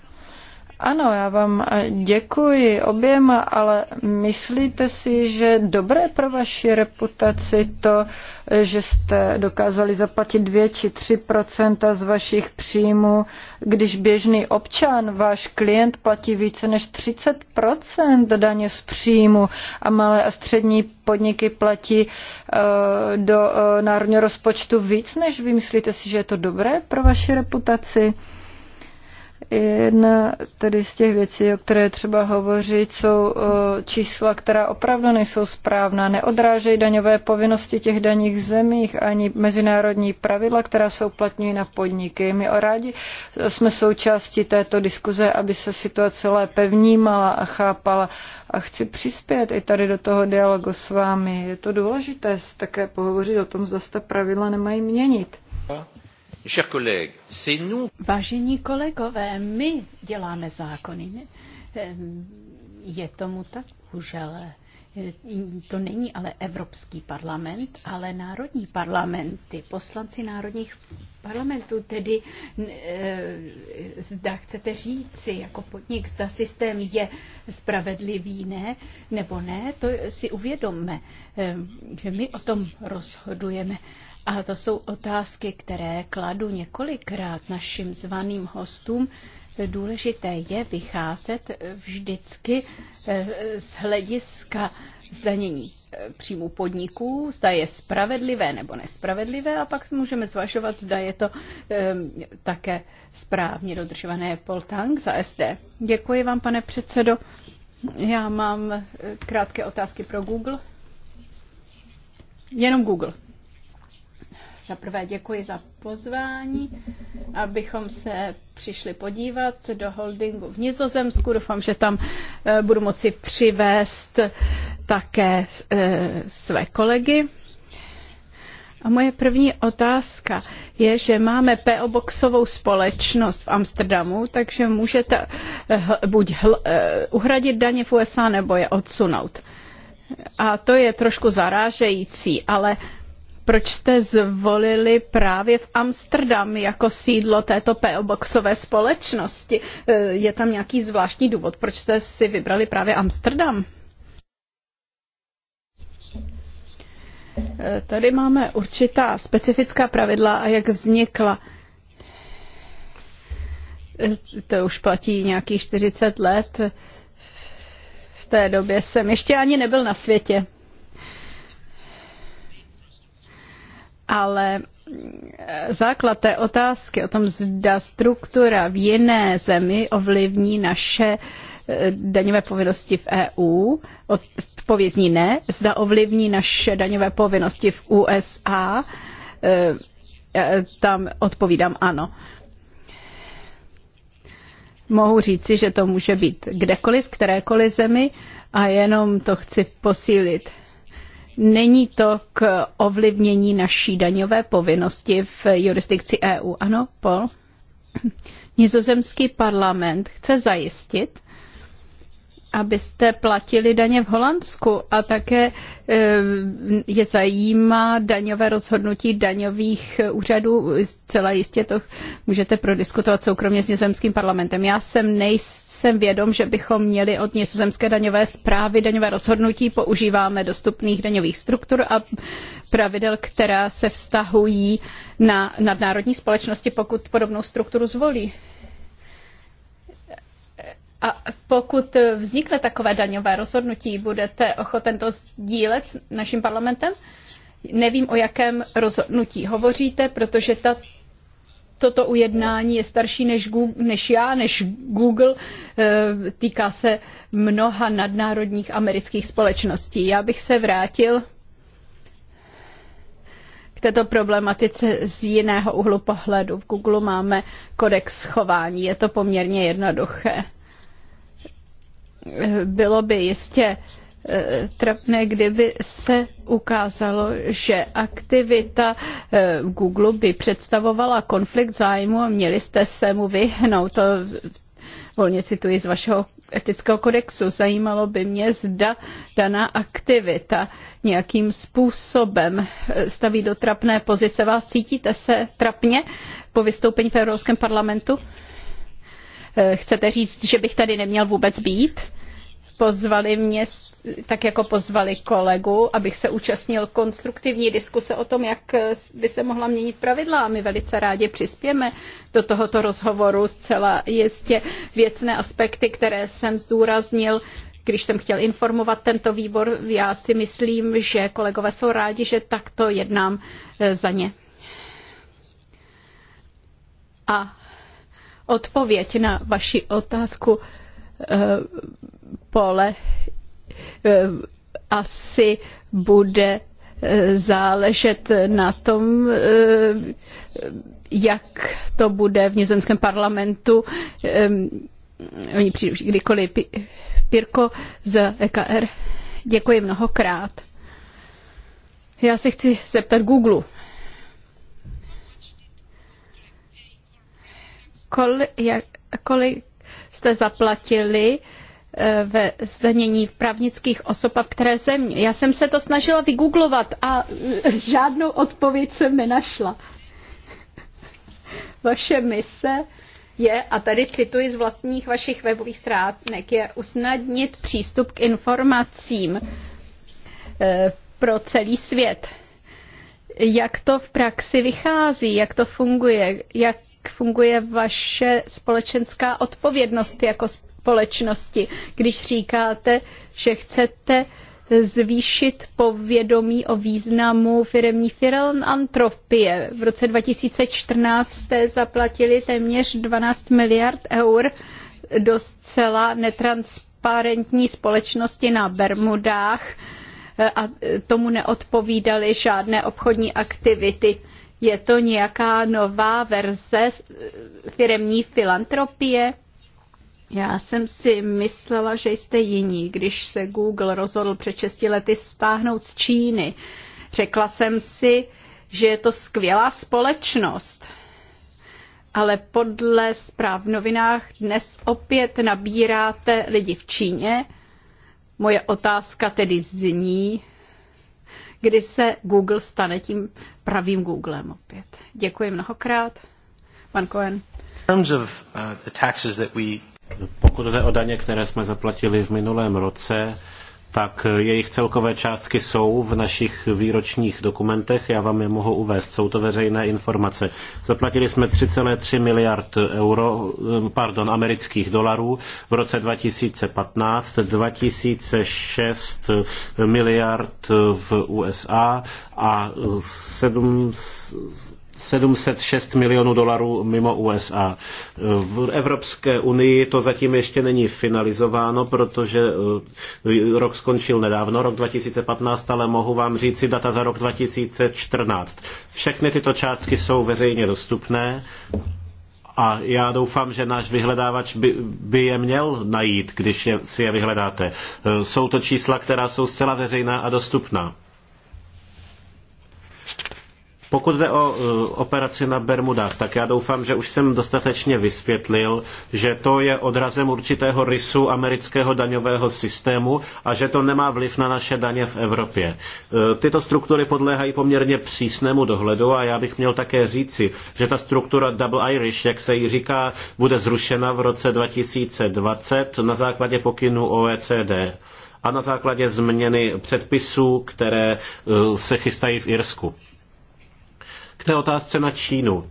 Ano, já vám eh, děkuji oběma, ale myslíte si, že dobré pro vaši reputaci to, eh, že jste dokázali zaplatit 2 či 3 z vašich příjmů, když běžný občan, váš klient platí více než 30 daně z příjmu a malé a střední podniky platí eh, do národního rozpočtu víc, než vy myslíte si, že je to dobré pro vaši reputaci? Jedna tedy z těch věcí, o které třeba hovořit, jsou čísla, která opravdu nejsou správná, neodrážejí daňové povinnosti těch daních zemích ani mezinárodní pravidla, která se uplatňují na podniky. My o rádi jsme součástí této diskuze, aby se situace lépe vnímala a chápala a chci přispět i tady do toho dialogu s vámi. Je to důležité také pohovořit o tom, zda se ta pravidla nemají měnit. Vážení kolegové, my děláme zákony. Ehm, je tomu tak, bohužel. To není ale Evropský parlament, ale národní parlamenty, poslanci národních parlamentů. Tedy eh, zda chcete říci jako podnik, zda systém je spravedlivý, ne, nebo ne, to si uvědomme. Ehm, že My o tom rozhodujeme a to jsou otázky, které kladu několikrát našim zvaným hostům. Důležité je vycházet vždycky eh, z hlediska zdanění eh, příjmu podniků, zda je spravedlivé nebo nespravedlivé a pak můžeme zvažovat, zda je to ehm, také správně dodržované Poltang za SD. Děkuji vám, pane předsedo. Já mám eh, krátké otázky pro Google. Jenom Google. Za prvé děkuji za pozvání, abychom se přišli podívat do holdingu v Nizozemsku. Doufám, že tam eh, budu moci přivést také eh, své kolegy. A moje první otázka je, že máme PO Boxovou společnost v Amsterdamu, takže můžete eh, buď uhradit daně v USA nebo je odsunout. A to je trošku zarážející, ale proč jste zvolili právě v Amsterdam jako sídlo této PO boxové společnosti. E, je tam nějaký zvláštní důvod, proč jste si vybrali právě Amsterdam? E, tady máme určitá specifická pravidla a jak vznikla. E, to už platí nějakých 40 let. V té době jsem ještě ani nebyl na světě. ale eh, základ té otázky o tom, zda struktura v jiné zemi ovlivní naše eh, daňové povinnosti v EU, odpověď ne, zda ovlivní naše daňové povinnosti v USA, eh, tam odpovídám ano. Mohu říci, že to může být kdekoliv, v kterékoliv zemi a jenom to chci posílit. Není to k ovlivnění naší daňové povinnosti v jurisdikci EU. Ano, Paul? Nizozemský parlament chce zajistit, abyste platili daně v Holandsku a také eh, je zajímá daňové rozhodnutí daňových úřadů. Zcela jistě to můžete prodiskutovat soukromně s nizozemským parlamentem. Já jsem nejs jsem vědom, že bychom měli od nizozemské daňové zprávy daňové rozhodnutí, používáme dostupných daňových struktur a pravidel, která se vztahují na nadnárodní společnosti, pokud podobnou strukturu zvolí. A pokud vznikne takové daňové rozhodnutí, budete ochoten to sdílet s naším parlamentem? Nevím, o jakém rozhodnutí hovoříte, protože ta toto ujednání je starší než, Google, než já, než Google, eh, týká se mnoha nadnárodních amerických společností. Já bych se vrátil k této problematice z jiného úhlu pohledu. V Google máme kodex chování, je to poměrně jednoduché. Eh, bylo by jistě trapné, kdyby se ukázalo, že aktivita eh, Google by představovala konflikt zájmu a měli jste se mu vyhnout. To volně cituji z vašeho etického kodexu. Zajímalo by mě, zda daná aktivita nějakým způsobem eh, staví do trapné pozice. Vás cítíte se trapně po vystoupení v Evropském parlamentu? Eh, chcete říct, že bych tady neměl vůbec být? pozvali mě, tak jako pozvali kolegu, abych se účastnil konstruktivní diskuse o tom, jak eh, by se mohla měnit pravidla. A my velice rádi přispějeme do tohoto rozhovoru zcela jistě věcné aspekty, které jsem zdůraznil, když jsem chtěl informovat tento výbor, já si myslím, že kolegové jsou rádi, že takto jednám eh, za ně. A odpověď na vaši otázku eh, pole eh, asi bude eh, záležet na tom, eh, jak to bude v nizozemském parlamentu. Ehm, oni přijdu kdykoliv. Pirko z EKR, děkuji mnohokrát. Já se chci zeptat Google. Kolik, jak, kolik jste zaplatili uh, Eh, ve zdanění právnických osob a v které země. Já jsem se to snažila vygooglovat a eh, žádnou odpověď jsem nenašla. Vaše mise je, a tady cituji z vlastních vašich webových stránek, je usnadnit přístup k informacím eh, pro celý svět. Jak to v praxi vychází, jak to funguje, jak funguje vaše společenská odpovědnost jako společnosti, když říkáte, že chcete zvýšit povědomí o významu firemní filantropie. V roce 2014 jste zaplatili téměř 12 miliard eur do zcela netransparentní společnosti na Bermudách a tomu neodpovídaly žádné obchodní aktivity. Je to nějaká nová verze firemní filantropie? Já jsem si myslela, že jste jiní, když se Google rozhodl před 6 lety stáhnout z Číny. Řekla jsem si, že je to skvělá společnost. Ale podle zpráv v novinách dnes opět nabíráte lidi v Číně. Moje otázka tedy zní, kdy se Google stane tím pravým Googlem opět. Děkuji mnohokrát. Pan Cohen. Uh, pokud jde o daně, které jsme zaplatili v minulém roce, tak jejich celkové částky jsou v našich výročních dokumentech, já vám je mohu uvést, jsou to veřejné informace. Zaplatili jsme 3,3 miliard euro, pardon, amerických dolarů v roce 2015, 2006 miliard v USA a 7, 706 milionů dolarů mimo USA. V Evropské unii to zatím ještě není finalizováno, protože eh, rok skončil nedávno, rok 2015, ale mohu vám říct si data za rok 2014. Všechny tyto částky jsou veřejně dostupné a já doufám, že náš vyhledávač by, by je měl najít, když je, si je vyhledáte. Eh, jsou to čísla, která jsou zcela veřejná a dostupná. Pokud jde o e, operaci na Bermudách, tak já doufám, že už jsem dostatečně vysvětlil, že to je odrazem určitého rysu amerického daňového systému a že to nemá vliv na naše daně v Evropě. E, tyto struktury podléhají poměrně přísnému dohledu a já bych měl také říci, že ta struktura Double Irish, jak se jí říká, bude zrušena v roce 2020 na základě pokynu OECD a na základě změny předpisů, které e, se chystají v Irsku té otázce na Čínu.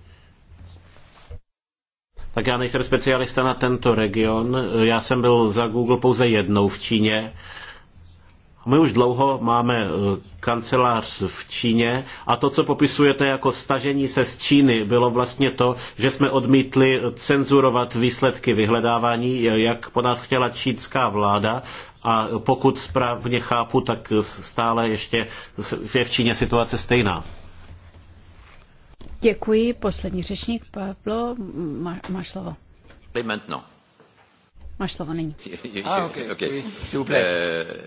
Tak já nejsem specialista na tento region. Já jsem byl za Google pouze jednou v Číně. My už dlouho máme e, kancelář v Číně a to, co popisujete jako stažení se z Číny, bylo vlastně to, že jsme odmítli cenzurovat výsledky vyhledávání, e, jak po nás chtěla čínská vláda. A pokud správně chápu, tak stále ještě je v Číně situace stejná. Děkuji. Poslední řečník, Pablo, má, máš slovo. Maintenant. No. Máš slovo nyní. Ah, ok. okay. S'il vous plaît. Euh,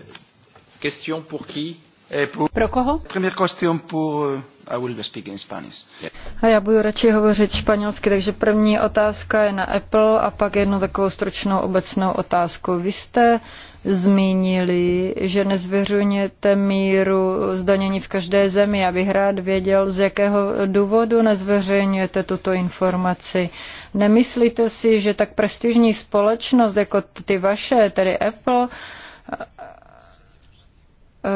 question pour qui? Eh, Pro koho? Première question pour... Euh, I will speak in Spanish. A já budu radši hovořit španělsky, takže první otázka je na Apple a pak jednu takovou stručnou obecnou otázku. Vy jste zmínili, že nezveřejňujete míru zdanění v každé zemi. Já bych rád věděl, z jakého důvodu nezveřejňujete tuto informaci. Nemyslíte si, že tak prestižní společnost jako ty vaše, tedy Apple,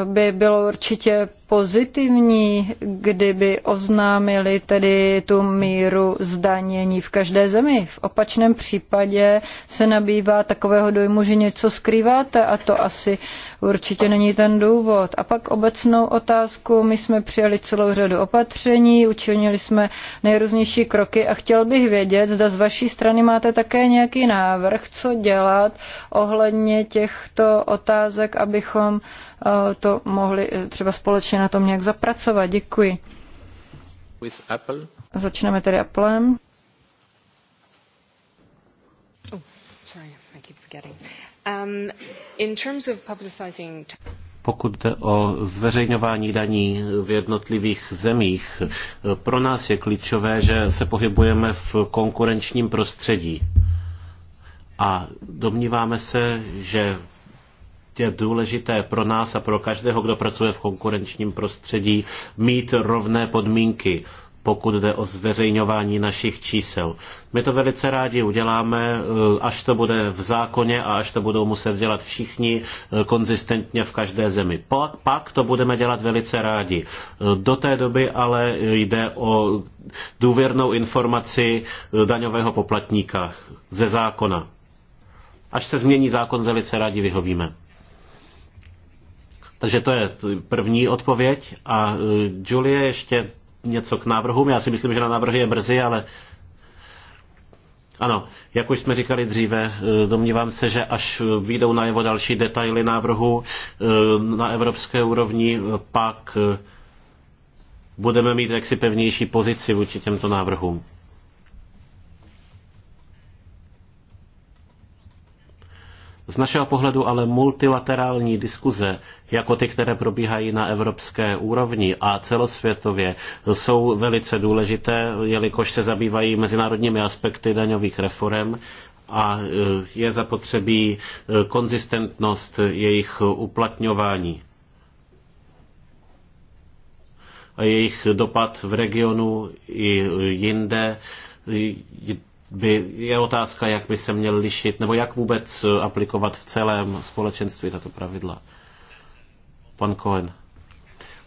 by bylo určitě pozitivní, kdyby oznámili tedy tu míru zdanění v každé zemi. V opačném případě se nabývá takového dojmu, že něco skrýváte a to asi určitě není ten důvod. A pak obecnou otázku, my jsme přijali celou řadu opatření, učinili jsme nejrůznější kroky a chtěl bych vědět, zda z vaší strany máte také nějaký návrh, co dělat ohledně těchto otázek, abychom eh, to mohli eh, třeba společně na tom nějak zapracovat. Děkuji. With Apple. Začneme tedy Applem. Oh, sorry, I keep forgetting. Um, pokud jde o zveřejňování daní v jednotlivých zemích, pro nás je klíčové, že se pohybujeme v konkurenčním prostředí. A domníváme se, že je důležité pro nás a pro každého, kdo pracuje v konkurenčním prostředí, mít rovné podmínky pokud jde o zveřejňování našich čísel. My to velice rádi uděláme, eh, až to bude v zákoně a až to budou muset dělat všichni eh, konzistentně v každé zemi. Pak to budeme dělat velice rádi. Eh, do té doby ale jde o důvěrnou informaci daňového poplatníka ze zákona. Až se změní zákon, velice rádi vyhovíme. Takže to je první odpověď. A Julie ještě něco k návrhům. Já si myslím, že na návrhy je brzy, ale ano, jak už jsme říkali dříve, eh, domnívám se, že až výjdou na jeho další detaily návrhu eh, na evropské úrovni, pak eh, budeme mít jaksi pevnější pozici vůči těmto návrhům. Z našeho pohledu ale multilaterální diskuze, jako ty, které probíhají na evropské úrovni a celosvětově, jsou velice důležité, jelikož se zabývají mezinárodními aspekty daňových reform a e, je zapotřebí e, konzistentnost jejich uplatňování a jejich dopad v regionu i jinde by, je otázka, jak by se měl lišit, nebo jak vůbec aplikovat v celém společenství tato pravidla. Pan Cohen.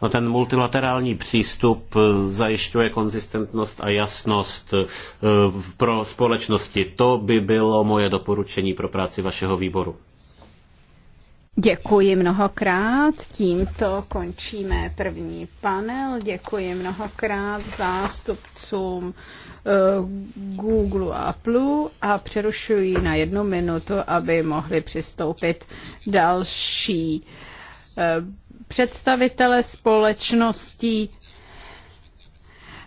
No ten multilaterální přístup eh, zajišťuje konzistentnost a jasnost eh, pro společnosti. To by bylo moje doporučení pro práci vašeho výboru. Děkuji mnohokrát. Tímto končíme první panel. Děkuji mnohokrát zástupcům eh, Google a Apple a přerušuji na jednu minutu, aby mohli přistoupit další eh, představitele společností.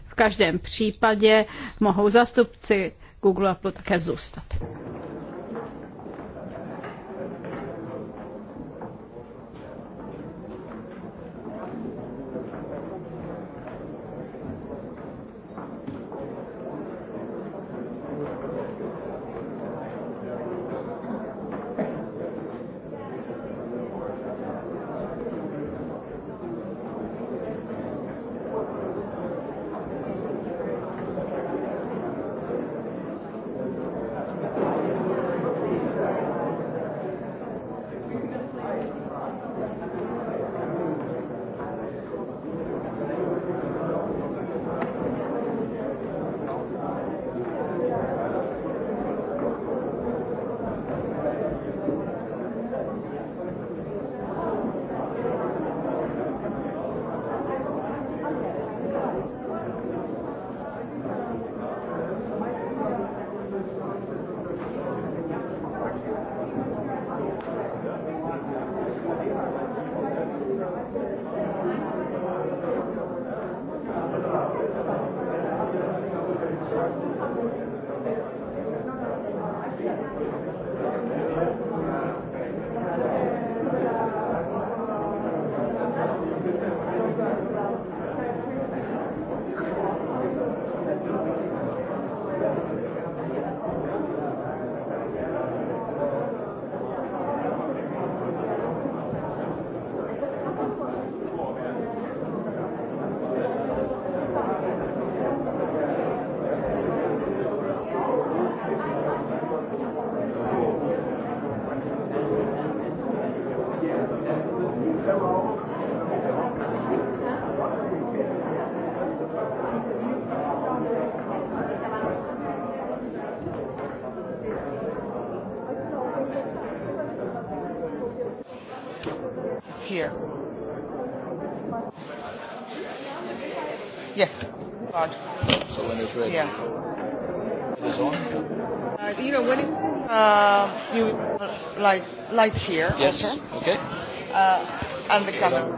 V každém případě mohou zástupci Google a Apple také zůstat. ready. Yeah. It is on. Uh, you know, when uh, you uh, like light here. Yes. Okay. Okay. Uh, and the camera. Okay.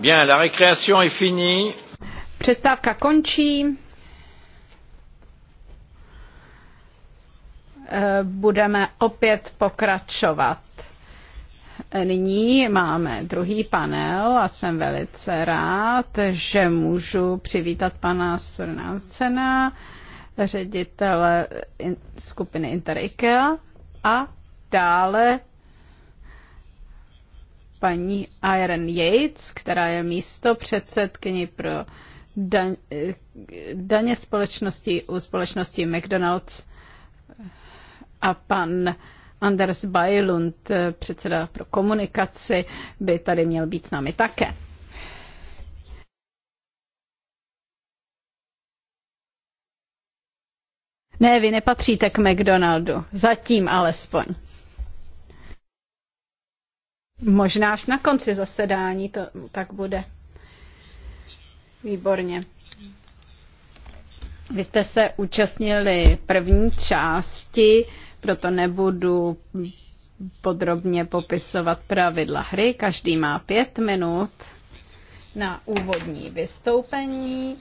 Bien, la récréation est finie. Přestávka končí. Eh, budeme opět pokračovat. Eh, nyní máme druhý panel a jsem velice rád, že můžu přivítat pana Sornácena, ředitele skupiny Interikea a dále paní Iron Yates, která je místo předsedkyni pro daň, daně společnosti u společnosti McDonald's a pan Anders Bajlund, předseda pro komunikaci, by tady měl být s námi také. Ne, vy nepatříte k McDonaldu. Zatím alespoň. Možná až na konci zasedání to tak bude. Výborně. Vy jste se účastnili první části, proto nebudu podrobně popisovat pravidla hry. Každý má pět minut na úvodní vystoupení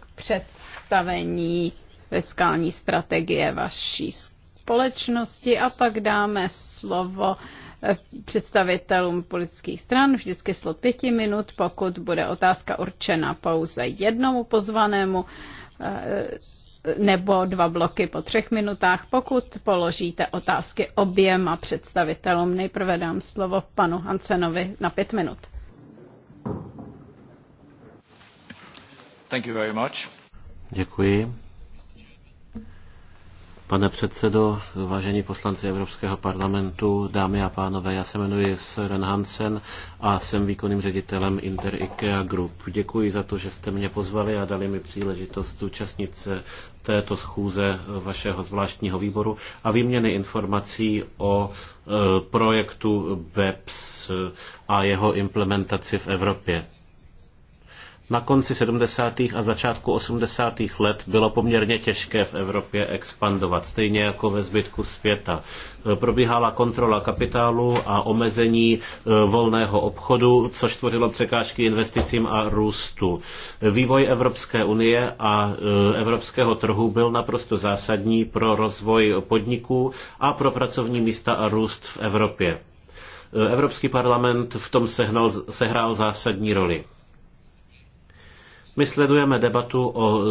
k představení fiskální strategie vaší společnosti a pak dáme slovo představitelům politických stran vždycky slot pěti minut, pokud bude otázka určena pouze jednomu pozvanému eh, nebo dva bloky po třech minutách, pokud položíte otázky oběma představitelům. Nejprve dám slovo panu Hansenovi na pět minut. Thank you very much. Děkuji. Pane předsedo, vážení poslanci Evropského parlamentu, dámy a pánové, já se jmenuji Sören Hansen a jsem výkonným ředitelem Inter IKEA Group. Děkuji za to, že jste mě pozvali a dali mi příležitost zúčastnit se této schůze vašeho zvláštního výboru a výměny informací o e, projektu BEPS a jeho implementaci v Evropě. Na konci 70. a začátku 80. let bylo poměrně těžké v Evropě expandovat, stejně jako ve zbytku světa. Probíhala kontrola kapitálu a omezení e, volného obchodu, což tvořilo překážky investicím a růstu. Vývoj Evropské unie a e, evropského trhu byl naprosto zásadní pro rozvoj podniků a pro pracovní místa a růst v Evropě. E, Evropský parlament v tom sehnal, sehrál zásadní roli. My sledujeme debatu o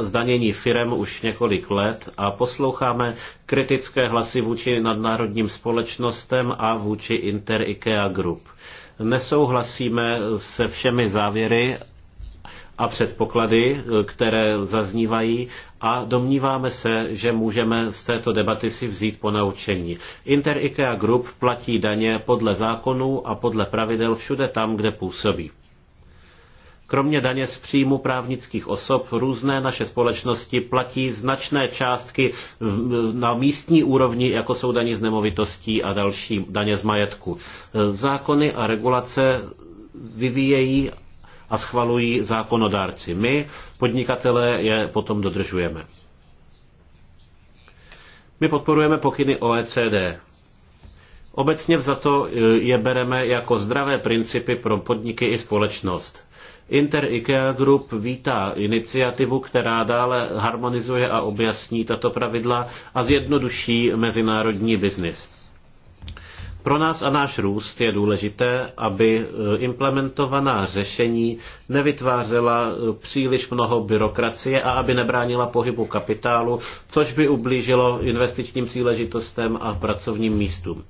zdanění firem už několik let a posloucháme kritické hlasy vůči nadnárodním společnostem a vůči Inter IKEA Group. Nesouhlasíme se všemi závěry a předpoklady, které zaznívají a domníváme se, že můžeme z této debaty si vzít po naučení. Inter IKEA Group platí daně podle zákonů a podle pravidel všude tam, kde působí. Kromě daně z příjmu právnických osob různé naše společnosti platí značné částky na místní úrovni, jako jsou daně z nemovitostí a další daně z majetku. Zákony a regulace vyvíjejí a schvalují zákonodárci. My, podnikatelé, je potom dodržujeme. My podporujeme pokyny OECD. Obecně vzato e, je bereme jako zdravé principy pro podniky i společnost. Inter IKEA Group vítá iniciativu, která dále harmonizuje a objasní tato pravidla a zjednoduší mezinárodní biznis. Pro nás a náš růst je důležité, aby eh, implementovaná řešení nevytvářela eh, příliš mnoho byrokracie a aby nebránila pohybu kapitálu, což by ublížilo investičním příležitostem a pracovním místům.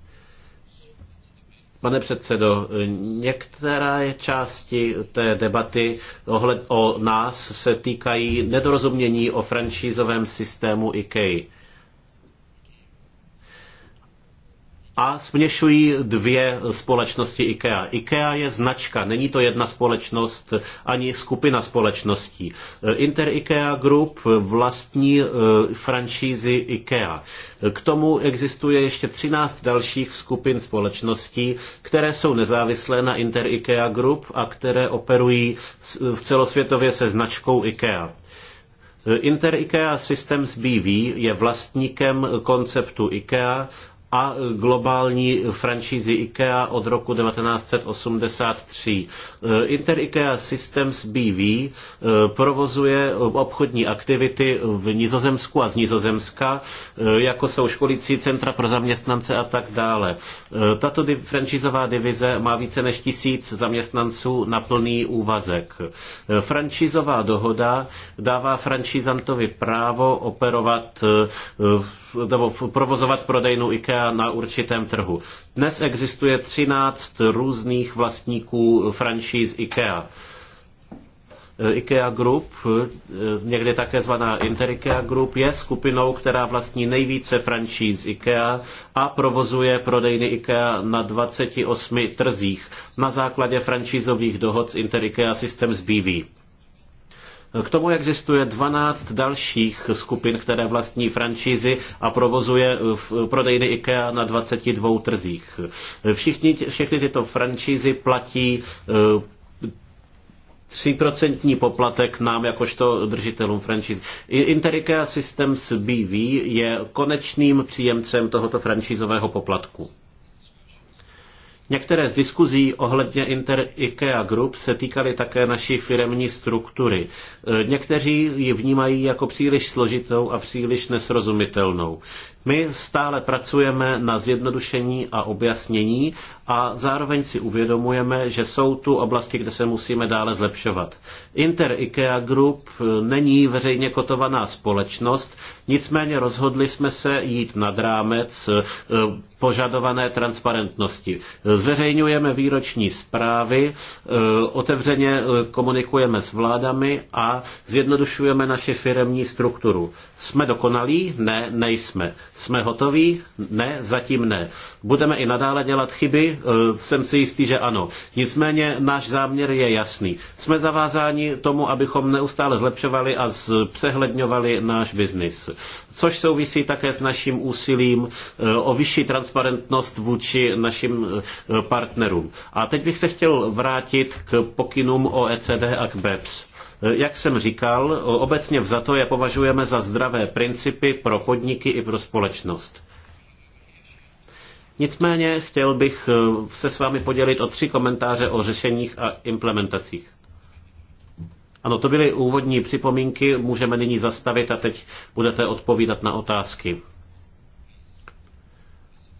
Pane předsedo, některé části té debaty ohled o nás se týkají nedorozumění o franšízovém systému IKEA. a směšují dvě společnosti IKEA. IKEA je značka, není to jedna společnost ani skupina společností. Inter IKEA Group vlastní e, franšízy IKEA. K tomu existuje ještě 13 dalších skupin společností, které jsou nezávislé na Inter IKEA Group a které operují v celosvětově se značkou IKEA. Inter IKEA Systems BV je vlastníkem konceptu IKEA a globální franšízy IKEA od roku 1983. Eh, Inter IKEA Systems BV eh, provozuje obchodní aktivity v Nizozemsku a z Nizozemska, eh, jako jsou školící centra pro zaměstnance a tak dále. Tato franšízová divize má více než tisíc zaměstnanců na plný úvazek. Franšízová dohoda dává franšízantovi právo operovat v nebo provozovat prodejnu IKEA na určitém trhu. Dnes existuje 13 různých vlastníků franšíz IKEA. Eh, IKEA Group, eh, někdy také zvaná InterIKEA Group, je skupinou, která vlastní nejvíce franšíz IKEA a provozuje prodejny IKEA na 28 trzích na základě franšízových dohod s InterIKEA Systems BV. K tomu existuje 12 dalších skupin, které vlastní franšízy a provozuje eh, eh, prodejny IKEA na 22 trzích. Všichni, všechny tyto franšízy platí 3% eh, poplatek nám jakožto držitelům franšíz. Interica Systems BV je konečným příjemcem tohoto franšízového poplatku. Některé z diskuzí ohledně Inter IKEA Group se týkaly také naší firemní struktury. E, někteří ji vnímají jako příliš složitou a příliš nesrozumitelnou. My stále pracujeme na zjednodušení a objasnění a zároveň si uvědomujeme, že jsou tu oblasti, kde se musíme dále zlepšovat. Inter IKEA Group eh, není veřejně kotovaná společnost, nicméně rozhodli jsme se jít nad rámec eh, požadované transparentnosti. Zveřejňujeme výroční zprávy, eh, otevřeně komunikujeme s vládami a zjednodušujeme naši firemní strukturu. Jsme dokonalí? Ne, nejsme. Jsme hotoví? Ne, zatím ne. Budeme i nadále dělat chyby? Eh, jsem si jistý, že ano. Nicméně náš záměr je jasný. Jsme zavázáni tomu, abychom neustále zlepšovali a přehledňovali náš biznis. Což souvisí také s naším úsilím eh, o vyšší transparentnost vůči našim eh, partnerům. A teď bych se chtěl vrátit k pokynům OECD a k BEPS. Eh, jak jsem říkal, obecně vzato je považujeme za zdravé principy pro podniky i pro společnost. Nicméně chtěl bych eh, se s vámi podělit o tři komentáře o řešeních a implementacích. Ano, to byly úvodní připomínky, můžeme nyní zastavit a teď budete odpovídat na otázky.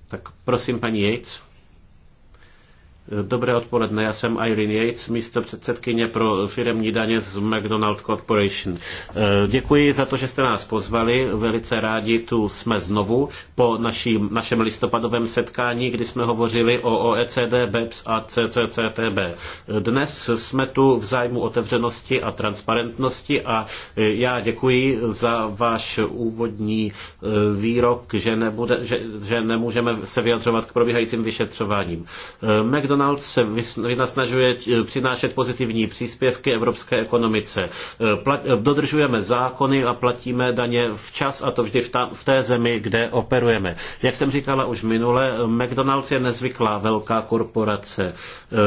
Tak prosím, paní Yates. Dobré odpoledne, já jsem Irene Yates, místo předsedkyně pro firemní daně z McDonald Corporation. Eh, děkuji za to, že jste nás pozvali, velice rádi tu jsme znovu po naší, našem listopadovém setkání, kdy jsme hovořili o OECD, BEPS a CCCTB. Dnes jsme tu v zájmu otevřenosti a transparentnosti a eh, já děkuji za váš úvodní eh, výrok, že, nebude, že, že nemůžeme se vyjadřovat k probíhajícím vyšetřováním. McDonald's McDonald se vynasnažuje eh, přinášet pozitivní příspěvky evropské ekonomice. Eh, eh, dodržujeme zákony a platíme daně včas a to vždy v té zemi, kde operujeme. Jak jsem říkala už minule, McDonald's je nezvyklá velká korporace.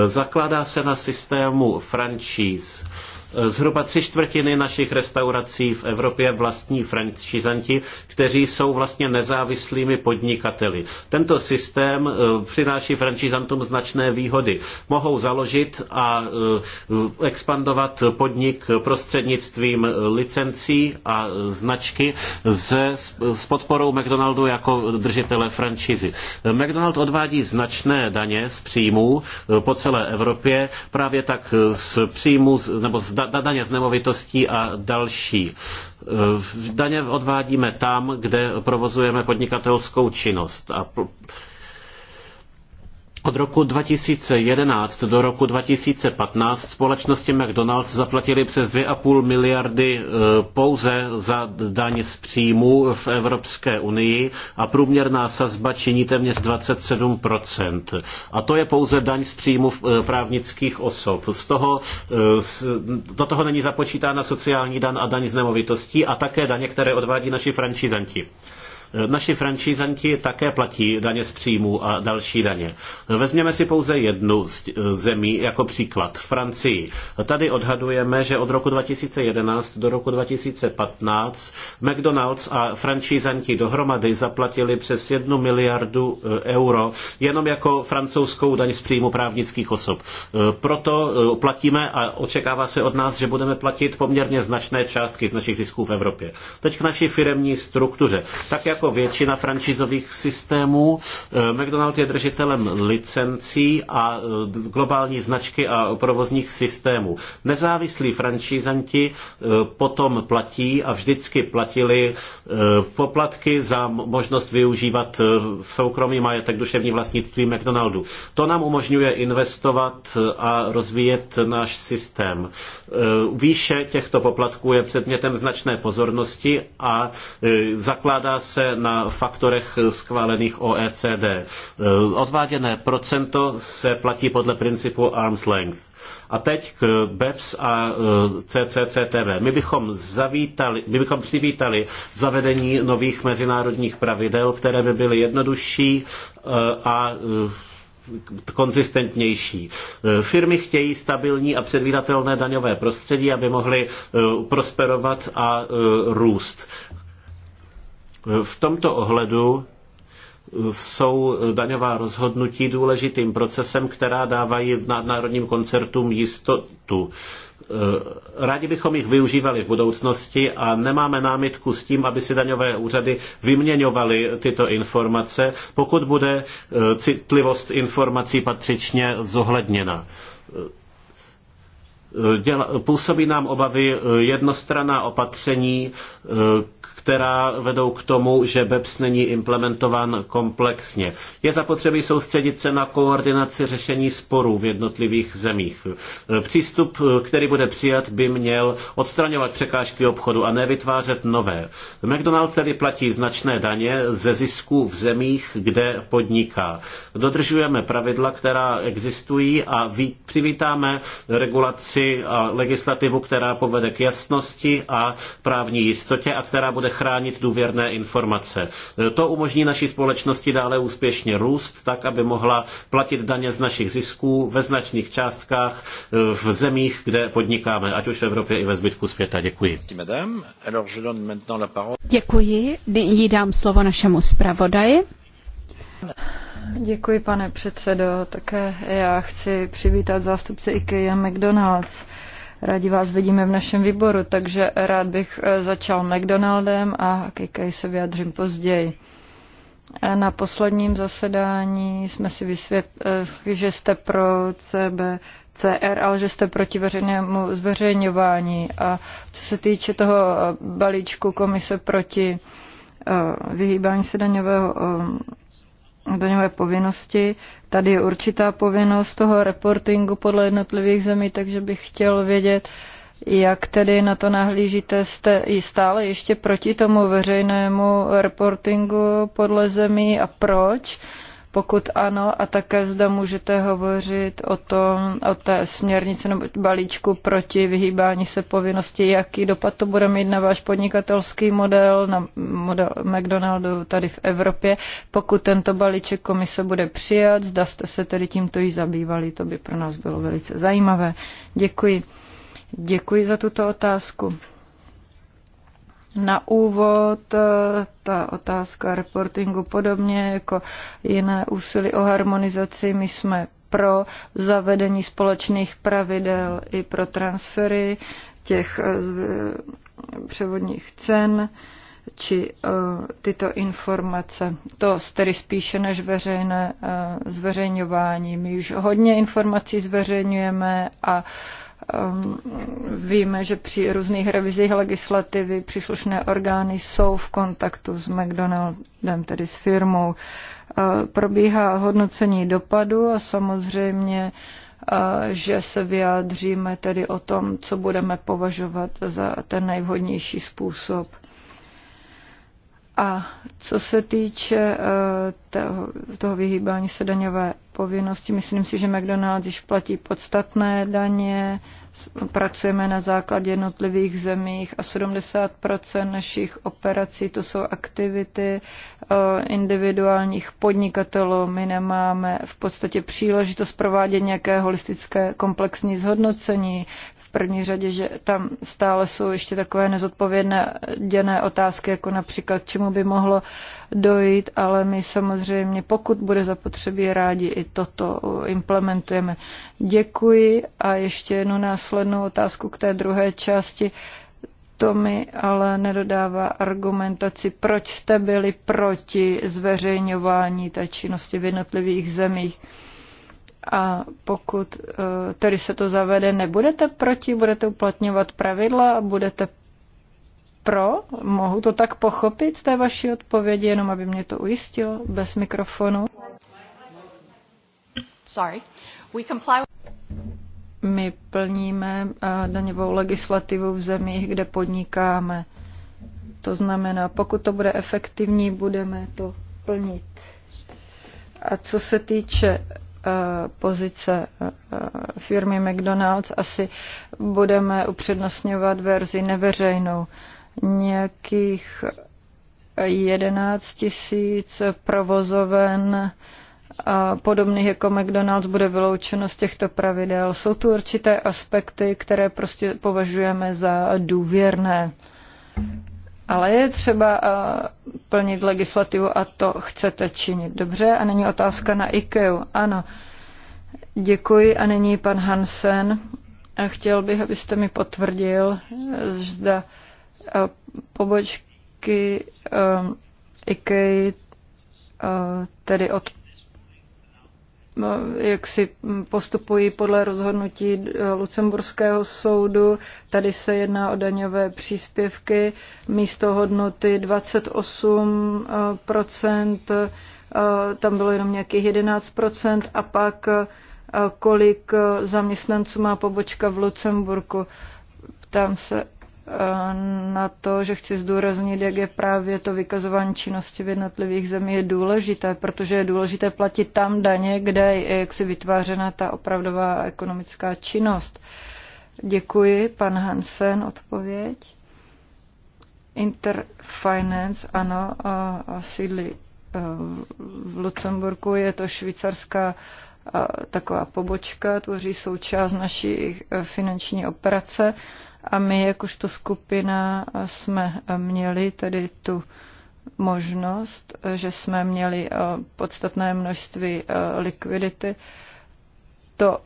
Zakládá se na systému franchise Eh, zhruba tři čtvrtiny našich restaurací v Evropě vlastní franšizanti, kteří jsou vlastně nezávislými podnikateli. Tento systém eh, přináší franšizantům značné výhody. Mohou založit a eh, expandovat podnik prostřednictvím licencí a značky ze s podporou McDonaldu jako držitele franšízy. McDonald odvádí značné daně z příjmů po celé Evropě, právě tak z příjmů nebo z daně z nemovitostí a další. E, daně odvádíme tam, kde provozujeme podnikatelskou činnost. A od roku 2011 do roku 2015 společnosti McDonald's zaplatili přes 2,5 miliardy e, pouze za daň z příjmů v Evropské unii a průměrná sazba činí téměř 27%. A to je pouze daň z příjmů e, právnických osob. Z toho, e, do toho není započítána sociální dan a daň z nemovitostí a také daně, které odvádí naši franšizanti. Naši franšízanti také platí daně z příjmů a další daně. Vezměme si pouze jednu z eh, zemí jako příklad. Francii. Tady odhadujeme, že od roku 2011 do roku 2015 McDonald's a franšízanti dohromady zaplatili přes jednu miliardu eh, euro jenom jako francouzskou daň z příjmu právnických osob. Eh, proto platíme a očekává se od nás, že budeme platit poměrně značné částky z našich zisků v Evropě. Teď k naší firemní struktuře. Tak jak jako většina franšízových systémů. Eh, McDonald je držitelem licencí a eh, globální značky a provozních systémů. Nezávislí franšízanti eh, potom platí a vždycky platili poplatky za možnost využívat soukromý majetek duševní vlastnictví McDonaldu. To nám umožňuje investovat a rozvíjet náš systém. Výše těchto poplatků je předmětem značné pozornosti a zakládá se na faktorech schválených OECD. Eh, odváděné procento se platí podle principu arm's length. A teď k BEPS a eh, CCCTV. My bychom, zavítali, my bychom přivítali zavedení nových mezinárodních pravidel, které by byly jednodušší eh, a konzistentnější. Firmy chtějí stabilní a předvídatelné daňové prostředí, aby mohly prosperovat a růst. V tomto ohledu jsou daňová rozhodnutí důležitým procesem, která dávají národním koncertům jistotu. Rádi bychom jich využívali v budoucnosti a nemáme námitku s tím, aby si daňové úřady vyměňovaly tyto informace, pokud bude eh, citlivost informací patřičně zohledněna. Eh, působí nám obavy eh, jednostranná opatření, která vedou k tomu, že BEPS není implementován komplexně. Je zapotřebí soustředit se na koordinaci řešení sporů v jednotlivých zemích. Přístup, který bude přijat, by měl odstraňovat překážky obchodu a nevytvářet nové. McDonald's tedy platí značné daně ze zisků v zemích, kde podniká. Dodržujeme pravidla, která existují a přivítáme regulaci a legislativu, která povede k jasnosti a právní jistotě a která bude bude chránit důvěrné informace. To umožní naší společnosti dále úspěšně růst, tak aby mohla platit daně z našich zisků ve značných částkách eh, v zemích, kde podnikáme, ať už v Evropě i ve zbytku světa. Děkuji. Děkuji. Jí dám slovo našemu zpravodaji. Děkuji, pane předsedo. Také já chci přivítat zástupce IKEA McDonald's. Rádi vás vidíme v našem výboru, takže rád bych eh, začal McDonaldem a KK se vyjadřím později. Eh, na posledním zasedání jsme si vysvětlili, eh, že jste pro CB, CR, ale že jste proti veřejnému zveřejňování. A co se týče toho balíčku komise proti vyhýbání se daňového daňové povinnosti. Tady je určitá povinnost toho reportingu podle jednotlivých zemí, takže bych chtěl vědět, jak tedy na to nahlížíte? Jste i stále ještě proti tomu veřejnému reportingu podle zemí a proč? Pokud ano, a také zda můžete hovořit o tom, o té směrnici nebo balíčku proti vyhýbání se povinnosti, jaký dopad to bude mít na váš podnikatelský model, na model McDonaldu tady v Evropě, pokud tento balíček komise bude přijat, zda jste se tedy tímto již zabývali, to by pro nás bylo velice zajímavé. Děkuji. Děkuji za tuto otázku. Na úvod eh, ta otázka reportingu podobně jako jiné úsilí o harmonizaci, my jsme pro zavedení společných pravidel i pro transfery těch eh, převodních cen či eh, tyto informace. To tedy spíše než veřejné zveřejňování. My už hodně informací zveřejňujeme a Um, víme, že při různých revizích legislativy příslušné orgány jsou v kontaktu s McDonaldem, tedy s firmou. Uh, probíhá hodnocení dopadu a samozřejmě uh, že se vyjádříme tedy o tom, co budeme považovat za ten nejvhodnější způsob. A co se týče eh, toho, toho vyhýbání se daňové povinnosti, myslím si, že McDonald's již platí podstatné daně, pracujeme na základě jednotlivých zemích a 70 našich operací to jsou aktivity eh, individuálních podnikatelů. My nemáme v podstatě příležitost provádět nějaké holistické komplexní zhodnocení v první řadě, že tam stále jsou ještě takové nezodpovědné děné otázky, jako například čemu by mohlo dojít, ale my samozřejmě, pokud bude zapotřebí, rádi i toto implementujeme. Děkuji a ještě jednu následnou otázku k té druhé části. To mi ale nedodává argumentaci, proč jste byli proti zveřejňování té činnosti v jednotlivých zemích. A pokud eh, tedy se to zavede, nebudete proti, budete uplatňovat pravidla a budete pro? Mohu to tak pochopit z té vaší odpovědi, jenom aby mě to ujistilo, bez mikrofonu? Sorry. We comply... My plníme eh, daňovou legislativu v zemích, kde podnikáme. To znamená, pokud to bude efektivní, budeme to plnit. A co se týče Eh, pozice eh, eh, firmy McDonald's, asi budeme upřednostňovat verzi neveřejnou. Nějakých 11 tisíc provozoven podobných jako McDonald's bude vyloučeno z těchto pravidel. Jsou tu určité aspekty, které prostě považujeme za důvěrné. Ale je třeba eh, plnit legislativu a to chcete činit. Dobře, a není otázka na IKEA. Ano, děkuji a není pan Hansen. A chtěl bych, abyste mi potvrdil, eh, zda eh, pobočky IKEA tedy od No, jak si postupují podle rozhodnutí Lucemburského soudu. Tady se jedná o daňové příspěvky místo hodnoty 28 eh, tam bylo jenom nějakých 11 a pak eh, kolik eh, zaměstnanců má pobočka v Lucemburku. Ptám se, Eh, na to, že chci zdůraznit, jak je právě to vykazování činnosti v jednotlivých zemích je důležité, protože je důležité platit tam daně, kde je jaksi vytvářena ta opravdová ekonomická činnost. Děkuji, pan Hansen, odpověď. Interfinance, ano, a, eh, a sídlí eh, v Lucemburku, je to švýcarská taková pobočka, tvoří součást naší finanční operace a my jakožto skupina jsme měli tedy tu možnost, že jsme měli eh, podstatné množství eh, likvidity. To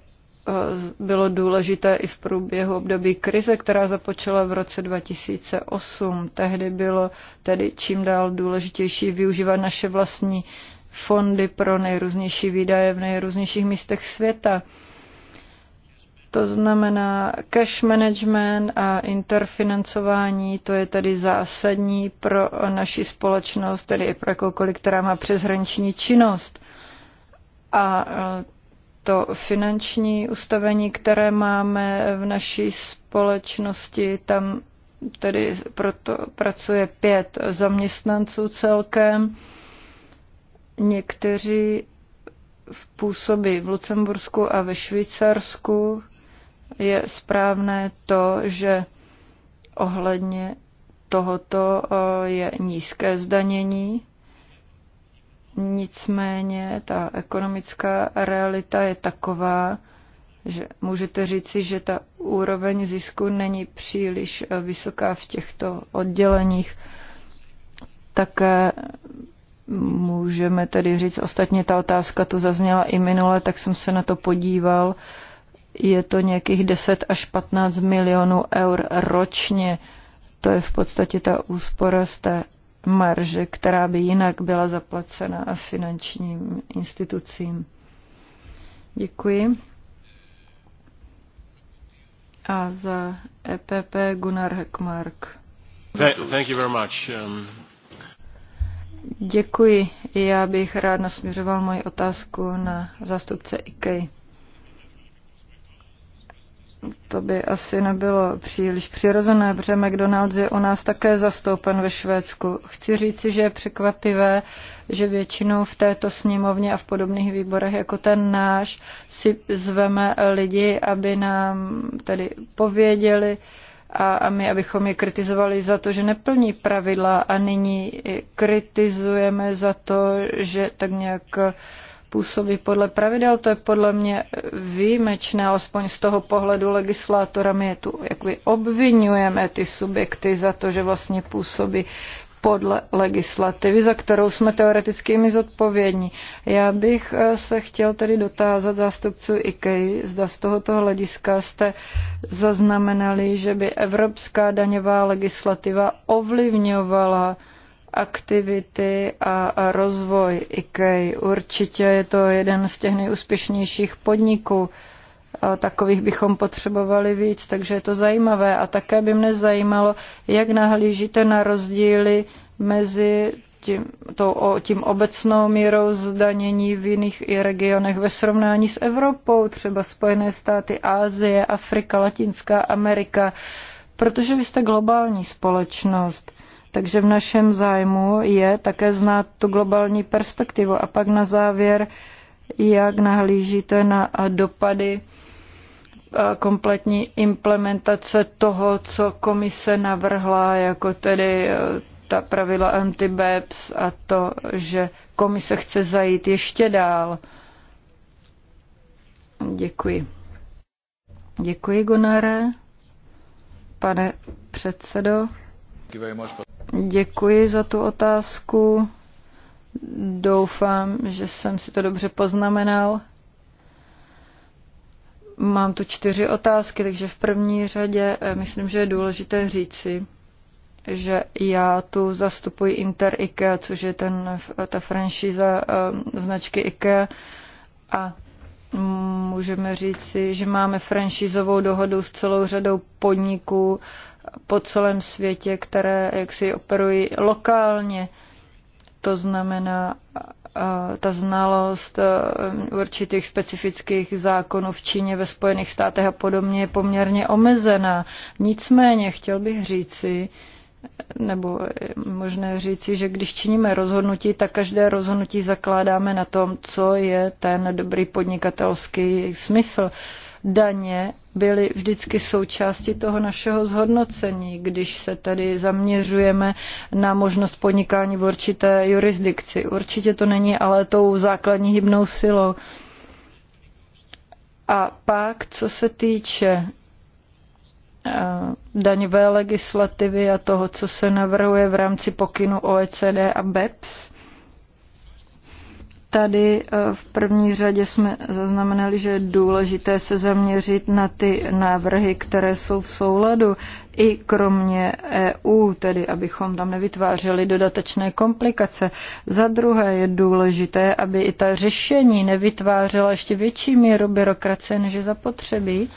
eh, bylo důležité i v průběhu období krize, která započala v roce 2008. Tehdy bylo tedy čím dál důležitější využívat naše vlastní fondy pro nejrůznější výdaje v nejrůznějších místech světa. To znamená cash management a interfinancování, to je tedy zásadní pro naši společnost, tedy i pro jakoukoliv, která má přeshraniční činnost. A e, to finanční ustavení, které máme v naší společnosti, tam tedy proto pracuje pět zaměstnanců celkem. Někteří působí v Lucembursku a ve Švýcarsku je správné to, že ohledně tohoto eh, je nízké zdanění, nicméně ta ekonomická realita je taková, že můžete říci, že ta úroveň zisku není příliš eh, vysoká v těchto odděleních. Také můžeme tedy říct, ostatně ta otázka to zazněla i minule, tak jsem se na to podíval, je to nějakých 10 až 15 milionů eur ročně. To je v podstatě ta úspora z té marže, která by jinak byla zaplacena a finančním institucím. Děkuji. A za EPP Gunnar Heckmark. Thank you very much. Um... Děkuji. Já bych rád nasměřoval moji otázku na zástupce IKEA to by asi nebylo příliš přirozené, protože McDonald's je u nás také zastoupen ve Švédsku. Chci říci, že je překvapivé, že většinou v této sněmovně a v podobných výborech jako ten náš si zveme lidi, aby nám tedy pověděli a, a my, abychom je kritizovali za to, že neplní pravidla a nyní kritizujeme za to, že tak nějak uh, působí podle pravidel, to je podle mě výjimečné, alespoň z toho pohledu legislátora. My je tu jakoby obvinujeme ty subjekty za to, že vlastně působí podle legislativy, za kterou jsme teoreticky my zodpovědní. Já bych eh, se chtěl tedy dotázat zástupců IKEA, zda z tohoto hlediska jste zaznamenali, že by evropská daňová legislativa ovlivňovala aktivity a rozvoj IKEA. Určitě je to jeden z těch nejúspěšnějších podniků. Takových bychom potřebovali víc, takže je to zajímavé. A také by mne zajímalo, jak nahlížíte na rozdíly mezi tím, to, tím obecnou mírou zdanění v jiných i regionech ve srovnání s Evropou, třeba Spojené státy, Ázie, Afrika, Latinská Amerika, protože vy jste globální společnost. Takže v našem zájmu je také znát tu globální perspektivu. A pak na závěr, jak nahlížíte na dopady kompletní implementace toho, co komise navrhla, jako tedy e, ta pravidla anti-BEPS a to, že komise chce zajít ještě dál. Děkuji. Děkuji, Gunare. Pane předsedo. Děkuji za tu otázku. Doufám, že jsem si to dobře poznamenal. Mám tu čtyři otázky, takže v první řadě eh, myslím, že je důležité říci, že já tu zastupuji Inter IKEA, což je ten, ta franšíza eh, značky IKEA a můžeme říci, že máme franšízovou dohodu s celou řadou podniků po celém světě, které jaksi operují lokálně. To znamená, ta znalost určitých specifických zákonů v Číně, ve Spojených státech a podobně je poměrně omezená. Nicméně chtěl bych říci, nebo možné říci, že když činíme rozhodnutí, tak každé rozhodnutí zakládáme na tom, co je ten dobrý podnikatelský smysl. Daně byly vždycky součástí toho našeho zhodnocení, když se tady zaměřujeme na možnost podnikání v určité jurisdikci. Určitě to není ale tou základní hybnou silou. A pak, co se týče eh, daňové legislativy a toho, co se navrhuje v rámci pokynu OECD a BEPS, Tady eh, v první řadě jsme zaznamenali, že je důležité se zaměřit na ty návrhy, které jsou v souladu i kromě EU, tedy abychom tam nevytvářeli dodatečné komplikace. Za druhé je důležité, aby i ta řešení nevytvářela ještě větší míru byrokracie, než je zapotřebí.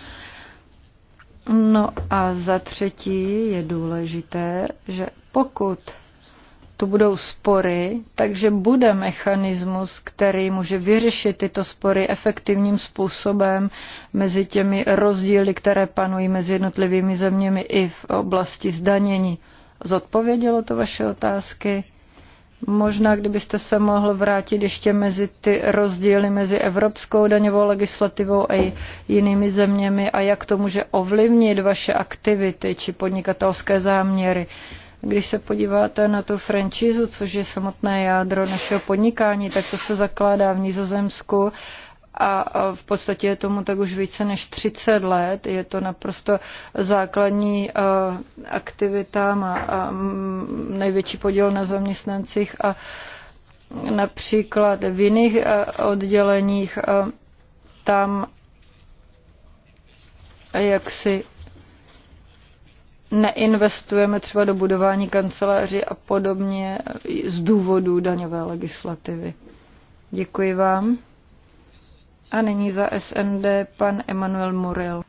No a za třetí je důležité, že pokud tu budou spory, takže bude mechanismus, který může vyřešit tyto spory efektivním způsobem mezi těmi rozdíly, které panují mezi jednotlivými zeměmi i v oblasti zdanění. Zodpovědělo to vaše otázky? Možná, kdybyste se mohl vrátit ještě mezi ty rozdíly mezi evropskou daňovou legislativou a jinými zeměmi a jak to může ovlivnit vaše aktivity či podnikatelské záměry. Když se podíváte na tu franšízu, což je samotné jádro našeho podnikání, tak to se zakládá v Nizozemsku a v podstatě je tomu tak už více než 30 let. Je to naprosto základní eh, aktivita, má největší podíl na zaměstnancích a například v jiných eh, odděleních eh, tam jak si neinvestujeme třeba do budování kanceláři a podobně z důvodu daňové legislativy. Děkuji vám. A nyní za SND pan Emmanuel Morel.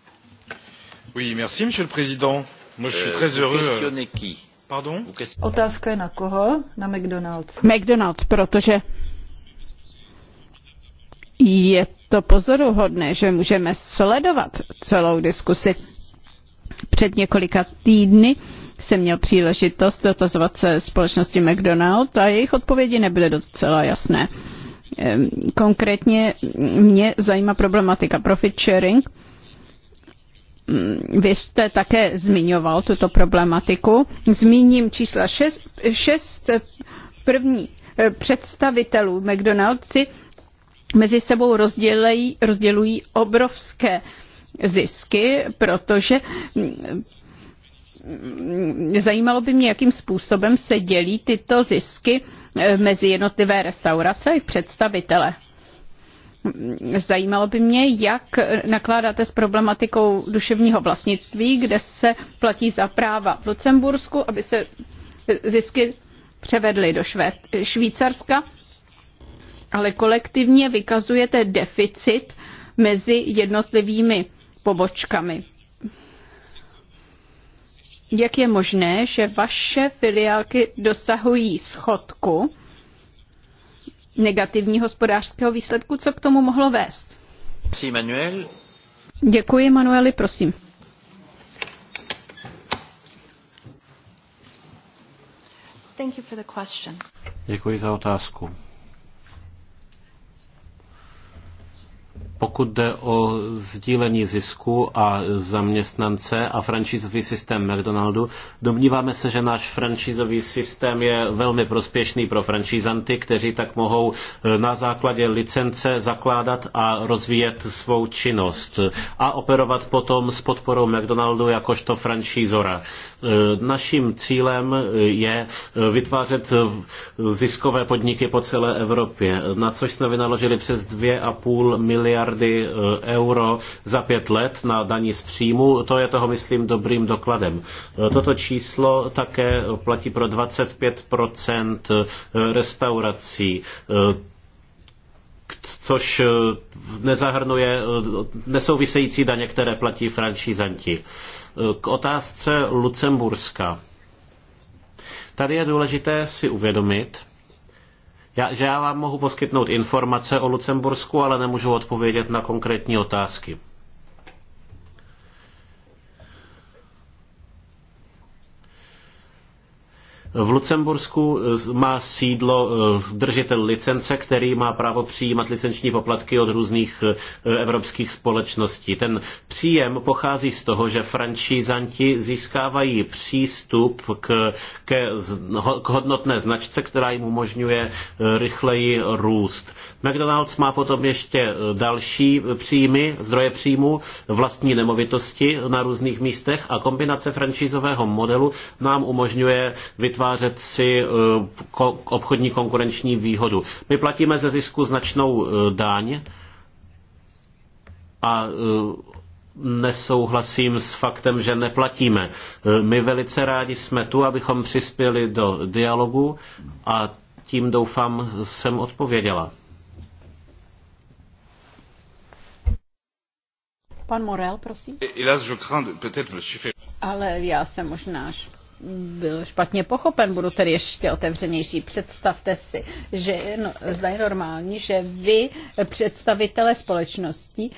Oui, merci, monsieur le président. Moi, je suis très euh, heureux. Pardon? Otázka je na koho? Na McDonald's. McDonald's, protože je to pozoruhodné, že můžeme sledovat celou diskusi před několika týdny jsem měl příležitost dotazovat se společnosti McDonald a jejich odpovědi nebyly docela jasné. Konkrétně mě zajímá problematika profit sharing. Mm, vy jste také zmiňoval tuto problematiku. Zmíním čísla 6, první eh, představitelů McDonald's mezi sebou rozdělují, rozdělují obrovské eh, zisky, protože mm, zajímalo by mě, jakým způsobem se dělí tyto zisky eh, mezi jednotlivé restaurace a představitele. Mm, zajímalo by mě, jak eh, nakládáte s problematikou duševního vlastnictví, kde se platí za práva v Lucembursku, aby se eh, zisky převedly do Švéd, Švýcarska, ale kolektivně vykazujete deficit mezi jednotlivými pobočkami. Jak je možné, že vaše filiálky dosahují schodku negativního hospodářského výsledku? Co k tomu mohlo vést? Děkuji, Manuel. Děkuji, Manueli, prosím. Děkuji za otázku. Pokud jde o sdílení zisku a zaměstnance a franšízový systém McDonaldu, domníváme se, že náš franšízový systém je velmi prospěšný pro franšízanty, kteří tak mohou eh, na základě licence zakládat a rozvíjet svou činnost a operovat potom s podporou McDonaldu jakožto franšízora. Eh, naším cílem eh, je vytvářet ziskové podniky po celé Evropě, na což jsme vynaložili přes 2,5 miliardy miliardy eh, euro za pět let na daní z příjmu. To je toho, myslím, dobrým dokladem. Eh, toto číslo také platí pro 25 eh, restaurací což nezahrnuje nesouvisející daně, které platí franšízanti. K otázce Lucemburska. Tady je důležité si uvědomit, já, že já vám mohu poskytnout informace o Lucembursku, ale nemůžu odpovědět na konkrétní otázky. V Lucembursku eh, má sídlo eh, držitel licence, který má právo přijímat licenční poplatky od různých eh, evropských společností. Ten příjem pochází z toho, že franšízanti získávají přístup k, k, k hodnotné značce, která jim umožňuje rychleji růst. McDonald's má potom ještě další příjmy, zdroje příjmu, vlastní nemovitosti na různých místech a kombinace franšízového modelu nám umožňuje vytvářet vytvářet si eh, obchodní konkurenční výhodu. My platíme ze zisku značnou eh, daň a eh, nesouhlasím s faktem, že neplatíme. My velice rádi jsme tu, abychom přispěli do dialogu a tím doufám jsem odpověděla. Pan Morel, prosím. Ale já jsem možná byl špatně pochopen, budu tedy ještě otevřenější. Představte si, že no, zda je normální, že vy, představitele společnosti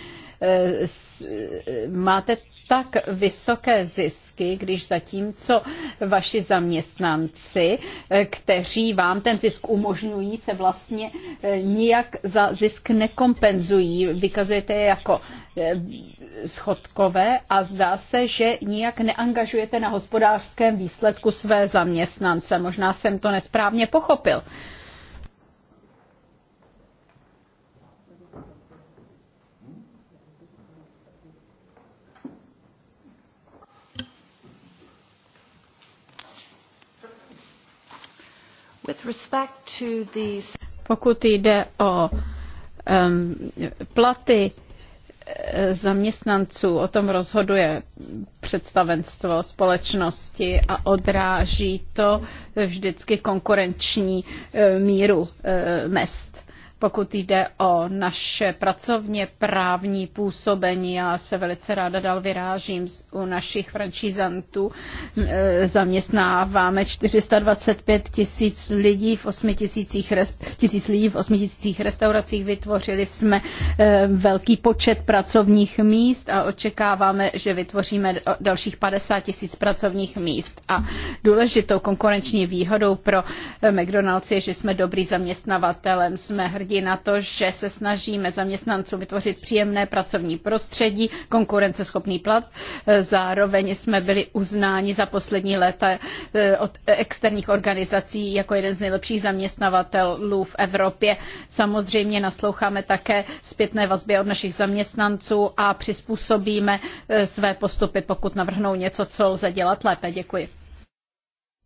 eh, eh, máte tak vysoké zisky, když zatímco vaši zaměstnanci, eh, kteří vám ten zisk umožňují, se vlastně eh, nijak za zisk nekompenzují. Vykazujete je jako eh, schodkové a zdá se, že nijak neangažujete na hospodářském výsledku své zaměstnance. Možná jsem to nesprávně pochopil. Pokud jde o um, platy eh, zaměstnanců, o tom rozhoduje představenstvo společnosti a odráží to vždycky konkurenční eh, míru eh, mest. Pokud jde o naše pracovně právní působení, já se velice ráda dal vyrážím u našich franšízantů. E, zaměstnáváme 425 tisíc lidí v 8 tisících, tisíc lidí v 8 tisících restauracích. Vytvořili jsme e, velký počet pracovních míst a očekáváme, že vytvoříme dalších 50 tisíc pracovních míst. A důležitou konkurenční výhodou pro e, McDonald's je, že jsme dobrý zaměstnavatelem, jsme hrdí hrdí na to, že se snažíme zaměstnancům vytvořit příjemné pracovní prostředí, konkurenceschopný plat. Zároveň jsme byli uznáni za poslední léta eh, od externích organizací jako jeden z nejlepších zaměstnavatelů v Evropě. Samozřejmě nasloucháme také zpětné vazby od našich zaměstnanců a přizpůsobíme eh, své postupy, pokud navrhnou něco, co lze dělat lépe. Děkuji.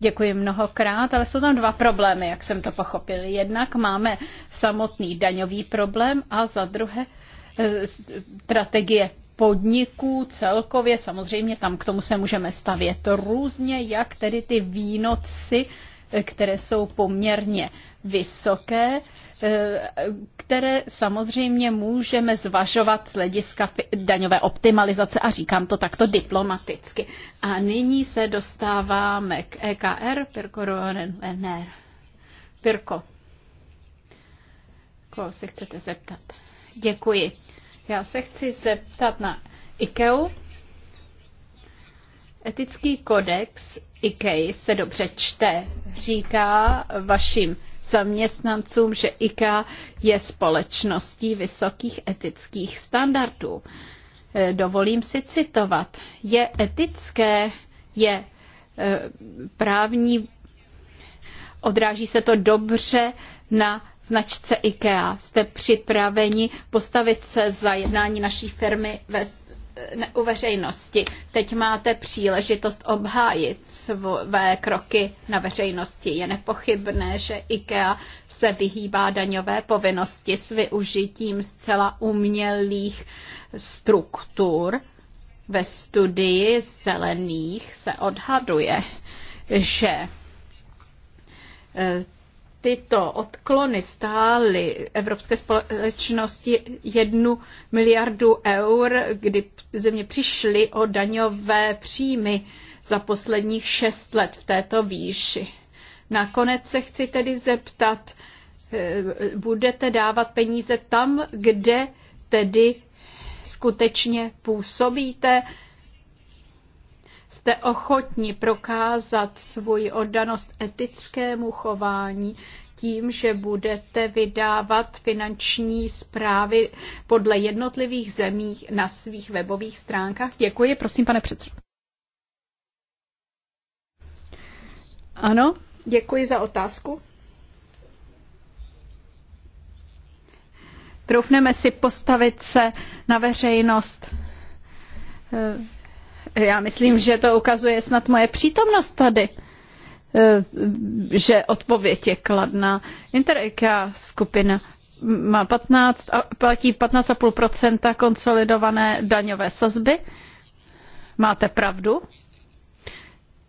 Děkuji mnohokrát, ale jsou tam dva problémy, jak jsem to pochopil. Jednak máme samotný daňový problém a za druhé e, strategie podniků celkově, samozřejmě tam k tomu se můžeme stavět různě, jak tedy ty výnosy, e, které jsou poměrně vysoké, Eh, které samozřejmě můžeme zvažovat z hlediska daňové optimalizace a říkám to takto diplomaticky. A nyní se dostáváme k EKR, Pirko Rohrenvener. Eh, Pirko, koho se chcete zeptat? Děkuji. Já se chci zeptat na IKEA. Etický kodex IKEA se dobře čte, říká vašim zaměstnancům, že IKEA je společností vysokých etických standardů. E, dovolím si citovat. Je etické, je e, právní, odráží se to dobře na značce IKEA. Jste připraveni postavit se za jednání naší firmy ve u veřejnosti. Teď máte příležitost obhájit své kroky na veřejnosti. Je nepochybné, že IKEA se vyhýbá daňové povinnosti s využitím zcela umělých struktur. Ve studii zelených se odhaduje, že eh, tyto odklony stály evropské společnosti jednu miliardu eur, kdy země přišly o daňové příjmy za posledních šest let v této výši. Nakonec se chci tedy zeptat, eh, budete dávat peníze tam, kde tedy skutečně působíte jste ochotni prokázat svoji oddanost etickému chování tím, že budete vydávat finanční zprávy podle jednotlivých zemí na svých webových stránkách. Děkuji, prosím, pane předsedo. Ano, děkuji za otázku. Troufneme si postavit se na veřejnost já myslím, že to ukazuje snad moje přítomnost tady, eh, že odpověď je kladná. Interekia skupina má 15, platí 15,5 konsolidované daňové sazby. Máte pravdu?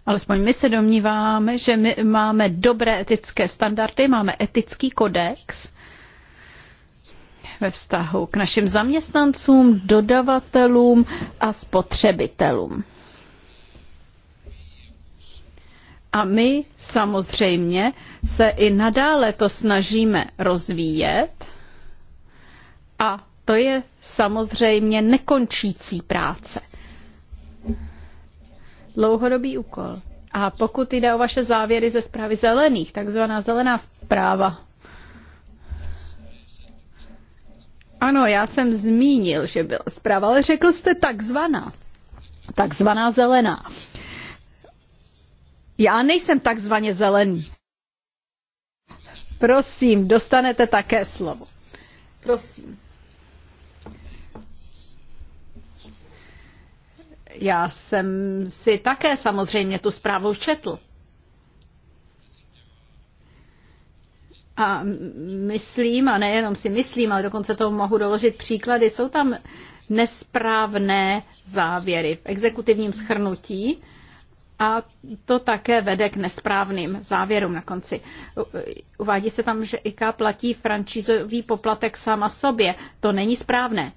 Alespoň my se domníváme, že my máme dobré etické standardy, máme etický kodex ve vztahu k našim zaměstnancům, dodavatelům a spotřebitelům. A my samozřejmě se i nadále to snažíme rozvíjet a to je samozřejmě nekončící práce. Dlouhodobý úkol. A pokud jde o vaše závěry ze zprávy zelených, takzvaná zelená zpráva Ano, já jsem zmínil, že byla zpráva, ale řekl jste takzvaná. Takzvaná zelená. Já nejsem takzvaně zelený. Prosím, dostanete také slovo. Prosím. Já jsem si také samozřejmě tu zprávu četl. A myslím, a nejenom si myslím, ale dokonce to mohu doložit příklady, jsou tam nesprávné závěry v exekutivním schrnutí a to také vede k nesprávným závěrům na konci. Uvádí se tam, že IKA platí franšízový poplatek sama sobě. To není správné.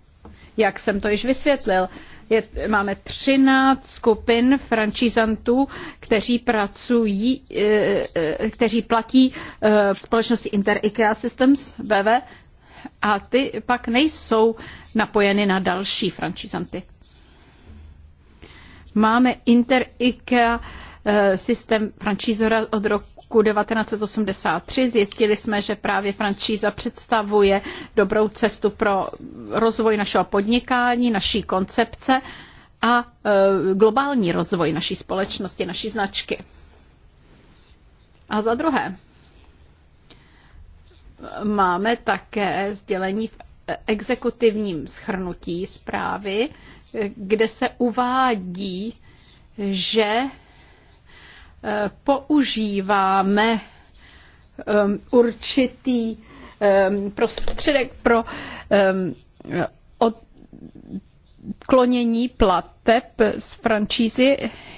Jak jsem to již vysvětlil, je, máme 13 skupin francízantů, kteří pracují, eh, eh, kteří platí eh, v společnosti Inter IKEA Systems BV a ty pak nejsou napojeny na další francízanty. Máme Inter IKEA systém franšízora od roku roku 1983. Zjistili jsme, že právě franšíza představuje dobrou cestu pro rozvoj našeho podnikání, naší koncepce a e, globální rozvoj naší společnosti, naší značky. A za druhé, máme také sdělení v exekutivním schrnutí zprávy, kde se uvádí, že používáme um, určitý um, prostředek pro um, odklonění plateb z francízy.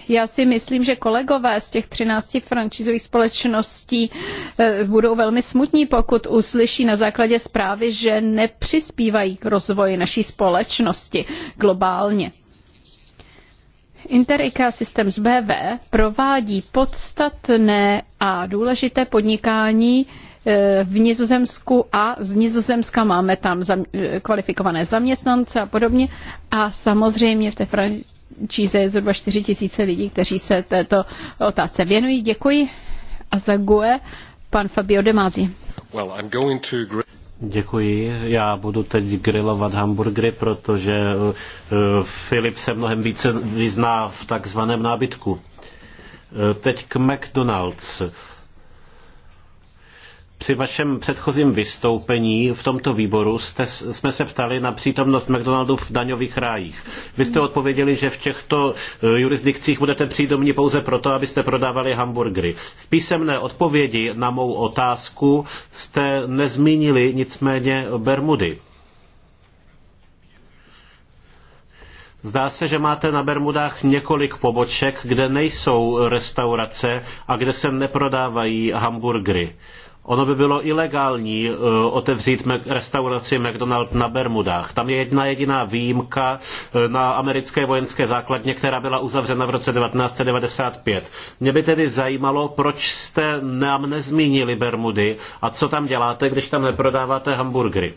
Já si myslím, že kolegové z těch 13 francízových společností eh, budou velmi smutní, pokud uslyší na základě zprávy, že nepřispívají k rozvoji naší společnosti globálně. InterIKEA Systems BV provádí podstatné a důležité podnikání eh, v Nizozemsku a z Nizozemska máme tam eh, kvalifikované zaměstnance a podobně. A samozřejmě v té frančíze je zhruba 4 tisíce lidí, kteří se této otázce věnují. Děkuji. A za GUE pan Fabio Demazi. Well, Děkuji. Já budu teď grilovat hamburgery, protože eh, eh, Filip se mnohem více vyzná v takzvaném nábytku. Eh, teď k McDonald's. Při vašem předchozím vystoupení v tomto výboru jste, jsme se ptali na přítomnost McDonaldu v daňových rájích. Vy jste odpověděli, že v těchto eh, jurisdikcích budete přítomní pouze proto, abyste prodávali hamburgery. V písemné odpovědi na mou otázku jste nezmínili nicméně Bermudy. Zdá se, že máte na Bermudách několik poboček, kde nejsou restaurace a kde se neprodávají hamburgery. Ono by bylo ilegální eh, otevřít restauraci McDonald na Bermudách. Tam je jedna jediná výjimka eh, na americké vojenské základně, která byla uzavřena v roce 1995. Mě by tedy zajímalo, proč jste nám nezmínili Bermudy a co tam děláte, když tam neprodáváte hamburgery.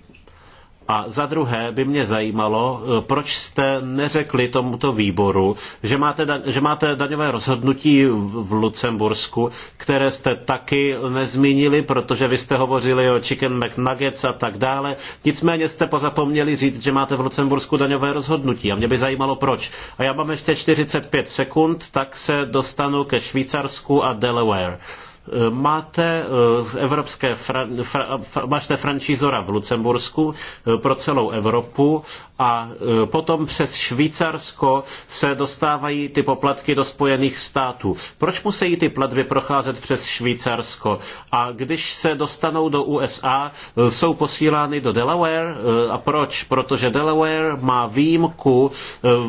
A za druhé by mě zajímalo, eh, proč jste neřekli tomuto výboru, že máte, že máte daňové rozhodnutí v Lucembursku, které jste taky nezmínili, protože vy jste hovořili o Chicken McNuggets a tak dále. Nicméně jste pozapomněli říct, že máte v Lucembursku daňové rozhodnutí a mě by zajímalo proč. A já mám ještě 45 sekund, tak se dostanu ke Švýcarsku a Delaware. Uh, Máte eh, evropské, máte franšízora v Lucembursku eh, pro celou Evropu a eh, potom přes Švýcarsko se dostávají ty poplatky do Spojených států. Proč musí ty platby procházet přes Švýcarsko? A když se dostanou do USA, jsou posílány do Delaware? A proč? Protože Delaware má výjimku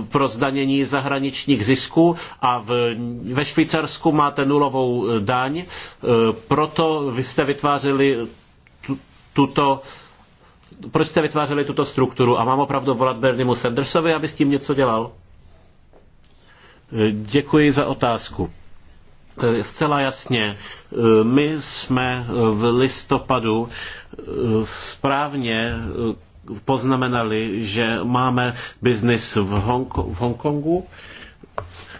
pro zdanění zahraničních zisků a ve Švýcarsku máte nulovou daň Eh, proto vy jste vytvářeli tuto proč jste vytvářeli tuto strukturu a mám opravdu volat Bernimu Sandersovi, aby s tím něco dělal? Eh, děkuji za otázku. Eh, zcela jasně, my jsme v listopadu správně poznamenali, že máme biznis v, Hongko- v Hongkongu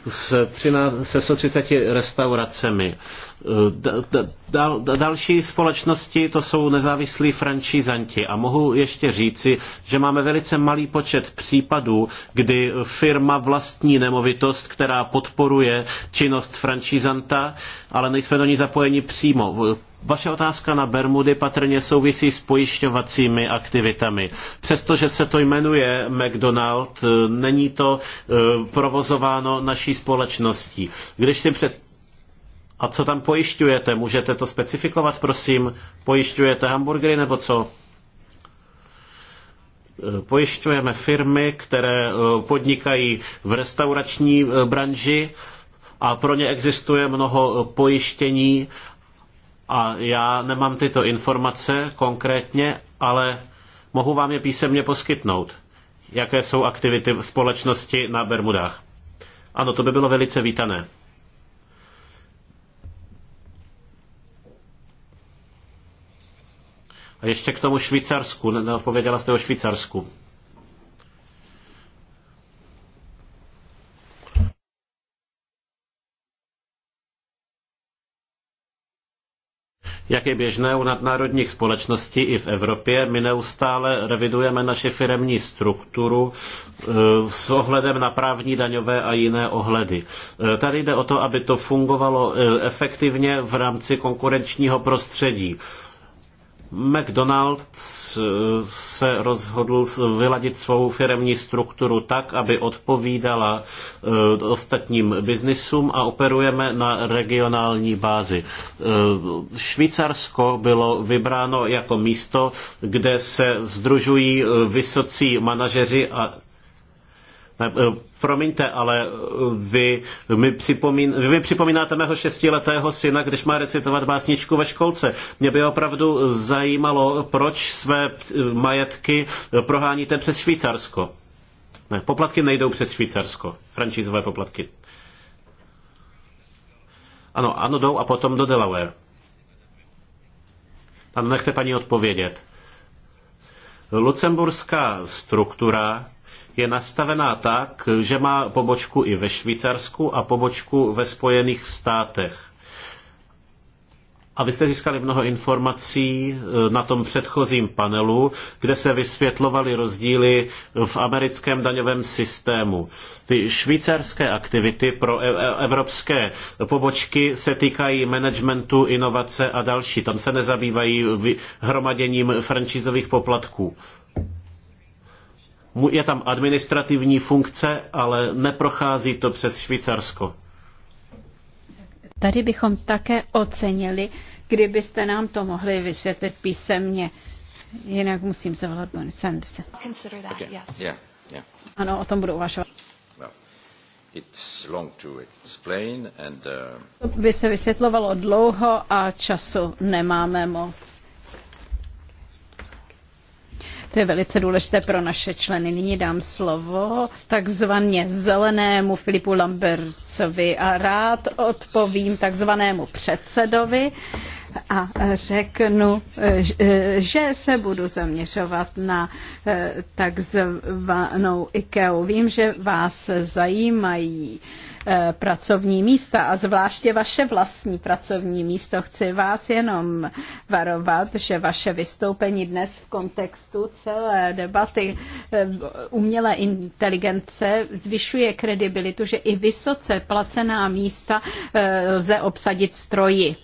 s 13, se 130 restauracemi. Eh, dal, další společnosti to jsou nezávislí franšízanti a mohu ještě říci, že máme velice malý počet případů, kdy firma vlastní nemovitost, která podporuje činnost franšízanta, ale nejsme do ní zapojeni přímo. Vaše otázka na Bermudy patrně souvisí s pojišťovacími aktivitami. Přestože se to jmenuje McDonald, eh, není to eh, provozováno naší společností. Když si před a co tam pojišťujete? Můžete to specifikovat, prosím? Pojišťujete hamburgery nebo co? E, pojišťujeme firmy, které e, podnikají v restaurační e, branži a pro ně existuje mnoho pojištění a já nemám tyto informace konkrétně, ale mohu vám je písemně poskytnout, jaké jsou aktivity v společnosti na Bermudách. Ano, to by bylo velice vítané. A ještě k tomu Švýcarsku, neodpověděla jste o Švýcarsku. Jak je běžné u nadnárodních společností i v Evropě, my neustále revidujeme naši firemní strukturu e, s ohledem na právní, daňové a jiné ohledy. E, tady jde o to, aby to fungovalo e, efektivně v rámci konkurenčního prostředí. McDonald's eh, se rozhodl vyladit svou firemní strukturu tak, aby odpovídala eh, ostatním biznisům a operujeme na regionální bázi. Eh, Švýcarsko bylo vybráno jako místo, kde se združují vysocí manažeři a ne, eh, eh, promiňte, ale eh, vy mi, připomín, vy mi připomínáte mého šestiletého syna, když má recitovat básničku ve školce. Mě by opravdu zajímalo, proč své majetky proháníte přes Švýcarsko. Ne, poplatky nejdou přes Švýcarsko, francízové poplatky. Ano, ano, jdou a potom do Delaware. Tam nechte paní odpovědět. Lucemburská struktura je nastavená tak, že má pobočku i ve Švýcarsku a pobočku ve Spojených státech. A vy jste získali mnoho informací eh, na tom předchozím panelu, kde se vysvětlovaly rozdíly v americkém daňovém systému. Ty švýcarské aktivity pro e- e- evropské pobočky se týkají managementu, inovace a další. Tam se nezabývají hromaděním franšízových poplatků je tam administrativní funkce, ale neprochází to přes Švýcarsko. Tady bychom také ocenili, kdybyste nám to mohli vysvětlit písemně. Jinak musím zavolat Bonnie Sanders. Ano, o tom budu uvažovat. it's long to explain and, uh... By se vysvětlovalo dlouho a času nemáme moc. To je velice důležité pro naše členy. Nyní dám slovo takzvaně zelenému Filipu Lambercovi a rád odpovím takzvanému předsedovi a řeknu, eh, že se budu zaměřovat na eh, takzvanou IKEA. Vím, že vás zajímají Eh, pracovní místa a zvláště vaše vlastní pracovní místo. Chci vás jenom varovat, že vaše vystoupení dnes v kontextu celé debaty eh, umělé inteligence zvyšuje kredibilitu, že i vysoce placená místa eh, lze obsadit stroji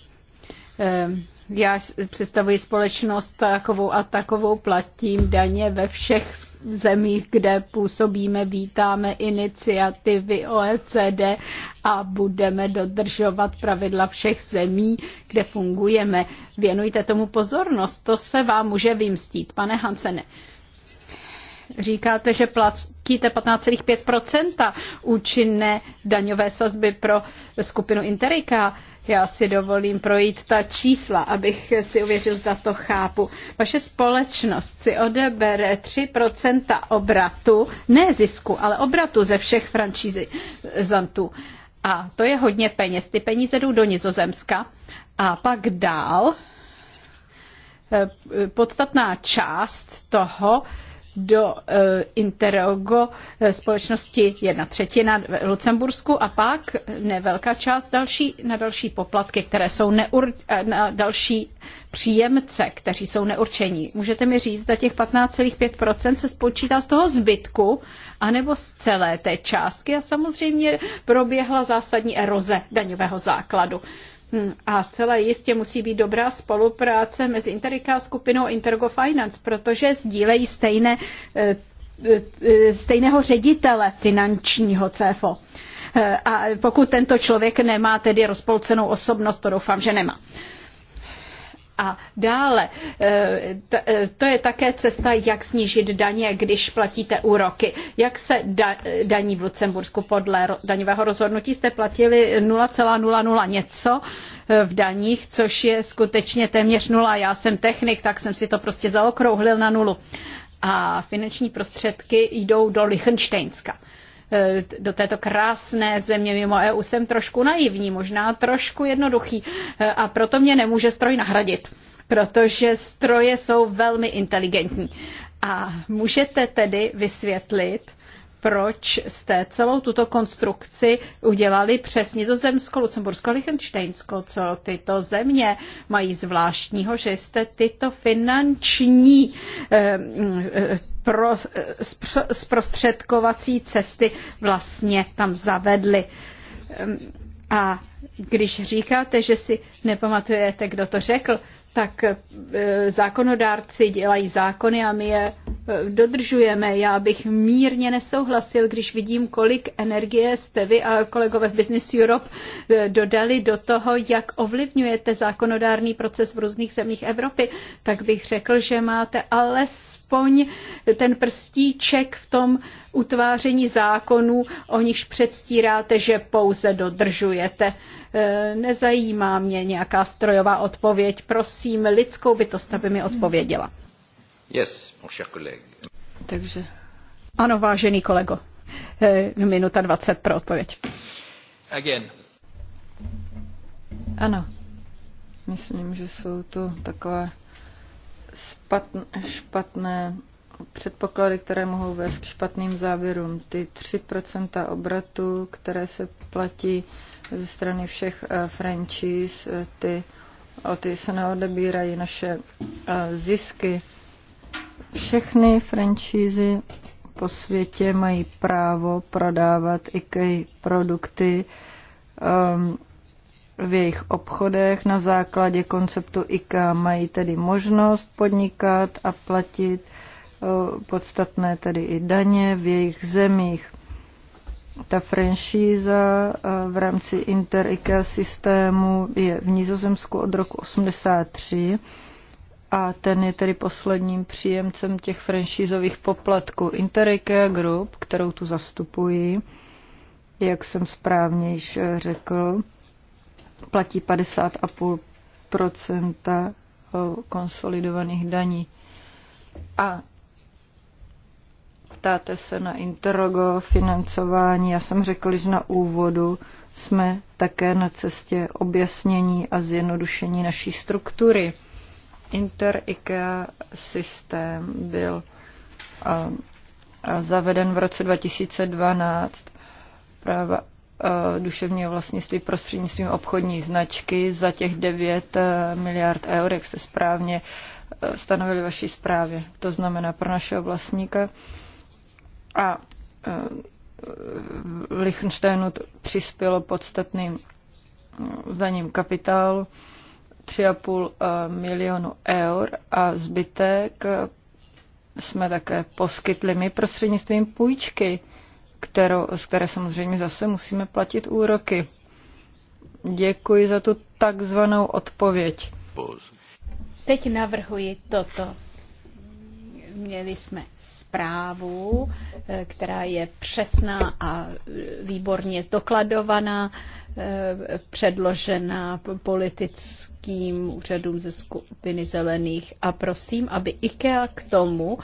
já představuji společnost takovou a takovou, platím daně ve všech zemích, kde působíme, vítáme iniciativy OECD a budeme dodržovat pravidla všech zemí, kde fungujeme. Věnujte tomu pozornost, to se vám může vymstít. Pane Hansene. Říkáte, že platíte 15,5 účinné daňové sazby pro skupinu Interika. Já si dovolím projít ta čísla, abych si uvěřil, zda to chápu. Vaše společnost si odebere 3% obratu, ne zisku, ale obratu ze všech francízantů. A to je hodně peněz. Ty peníze jdou do Nizozemska a pak dál eh, podstatná část toho do eh, Interogo eh, společnosti jedna třetina v Lucembursku a pak nevelká část další na další poplatky, které jsou neur, eh, na další příjemce, kteří jsou neurčení. Můžete mi říct, že těch 15,5% se spočítá z toho zbytku, anebo z celé té částky a samozřejmě proběhla zásadní eroze daňového základu. A zcela jistě musí být dobrá spolupráce mezi Interika skupinou Intergo Finance, protože sdílejí stejné, eh, eh, stejného ředitele finančního CFO. Eh, a pokud tento člověk nemá tedy rozpolcenou osobnost, to doufám, že nemá. A dále, eh, eh, to je také cesta, jak snížit daně, když platíte úroky. Jak se da, daní v Lucembursku podle daňového rozhodnutí jste platili 0,00 něco eh, v daních, což je skutečně téměř nula. Já jsem technik, tak jsem si to prostě zaokrouhlil na nulu. A finanční prostředky jdou do Lichtensteinska. Eh, do této krásné země mimo EU. Jsem trošku naivní, možná trošku jednoduchý eh, a proto mě nemůže stroj nahradit, protože stroje jsou velmi inteligentní. A můžete tedy vysvětlit, proč jste celou tuto konstrukci udělali přes Nizozemsko, Lucembursko a Liechtensteinsko, co tyto země mají zvláštního, že jste tyto finanční eh, eh, pro, eh, zprostředkovací cesty vlastně tam zavedli. Ehm, a když říkáte, že si nepamatujete, kdo to řekl, tak e, zákonodárci dělají zákony a my je e, dodržujeme. Já bych mírně nesouhlasil, když vidím, kolik energie jste vy a kolegové v Business Europe e, dodali do toho, jak ovlivňujete zákonodárný proces v různých zemích Evropy, tak bych řekl, že máte alespoň ten prstíček v tom utváření zákonů, o nichž předstíráte, že pouze dodržujete. Eh, nezajímá mě nějaká strojová odpověď. Prosím lidskou bytost, aby mi odpověděla. Yes, mon cher collègue. Takže. Ano, vážený kolego. Eh, minuta 20 pro odpověď. Again. Ano. Myslím, že jsou to takové špatné, špatné předpoklady, které mohou vést k špatným závěrům. Ty 3% obratu, které se platí ze strany všech eh, franchise, eh, ty, o ty se neodebírají naše eh, zisky. Všechny franšízy po světě mají právo prodávat IKEA produkty um, v jejich obchodech na základě konceptu IKEA. Mají tedy možnost podnikat a platit uh, podstatné tedy i daně v jejich zemích. Ta franšíza eh, v rámci Inter-IKEA systému je v Nizozemsku od roku 83 a ten je tedy posledním příjemcem těch franšízových poplatků. inter Group, kterou tu zastupuji, jak jsem správně již eh, řekl, platí 50,5% eh, konsolidovaných daní. A Ptáte se na interrogo financování. Já jsem řekl, že na úvodu jsme také na cestě objasnění a zjednodušení naší struktury. Inter-IKEA systém byl a, um, a zaveden v roce 2012 práva uh, duševního vlastnictví prostřednictvím obchodní značky za těch 9 uh, miliard eur, jak jste správně uh, stanovili vaší zprávě. To znamená pro našeho vlastníka a e, Lichtensteinu přispělo podstatným e, zdaním kapitálu 3,5 e, milionu eur a zbytek jsme také poskytli my prostřednictvím půjčky, kterou, z které samozřejmě zase musíme platit úroky. Děkuji za tu takzvanou odpověď. Teď navrhuji toto. Měli jsme zprávu, eh, která je přesná a eh, výborně zdokladovaná, eh, předložena politickým úřadům ze skupiny zelených. A prosím, aby IKEA k tomu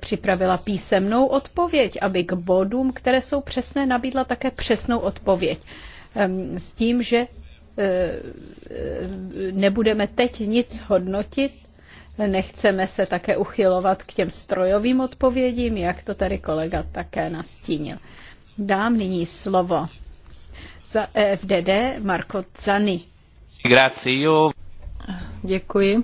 připravila písemnou odpověď, aby k bodům, které jsou přesné, nabídla také přesnou odpověď. Ehm, s tím, že nebudeme teď nic hodnotit, Nechceme se také uchylovat k těm strojovým odpovědím, jak to tady kolega také nastínil. Dám nyní slovo za EFDD Marko Zany. Děkuji.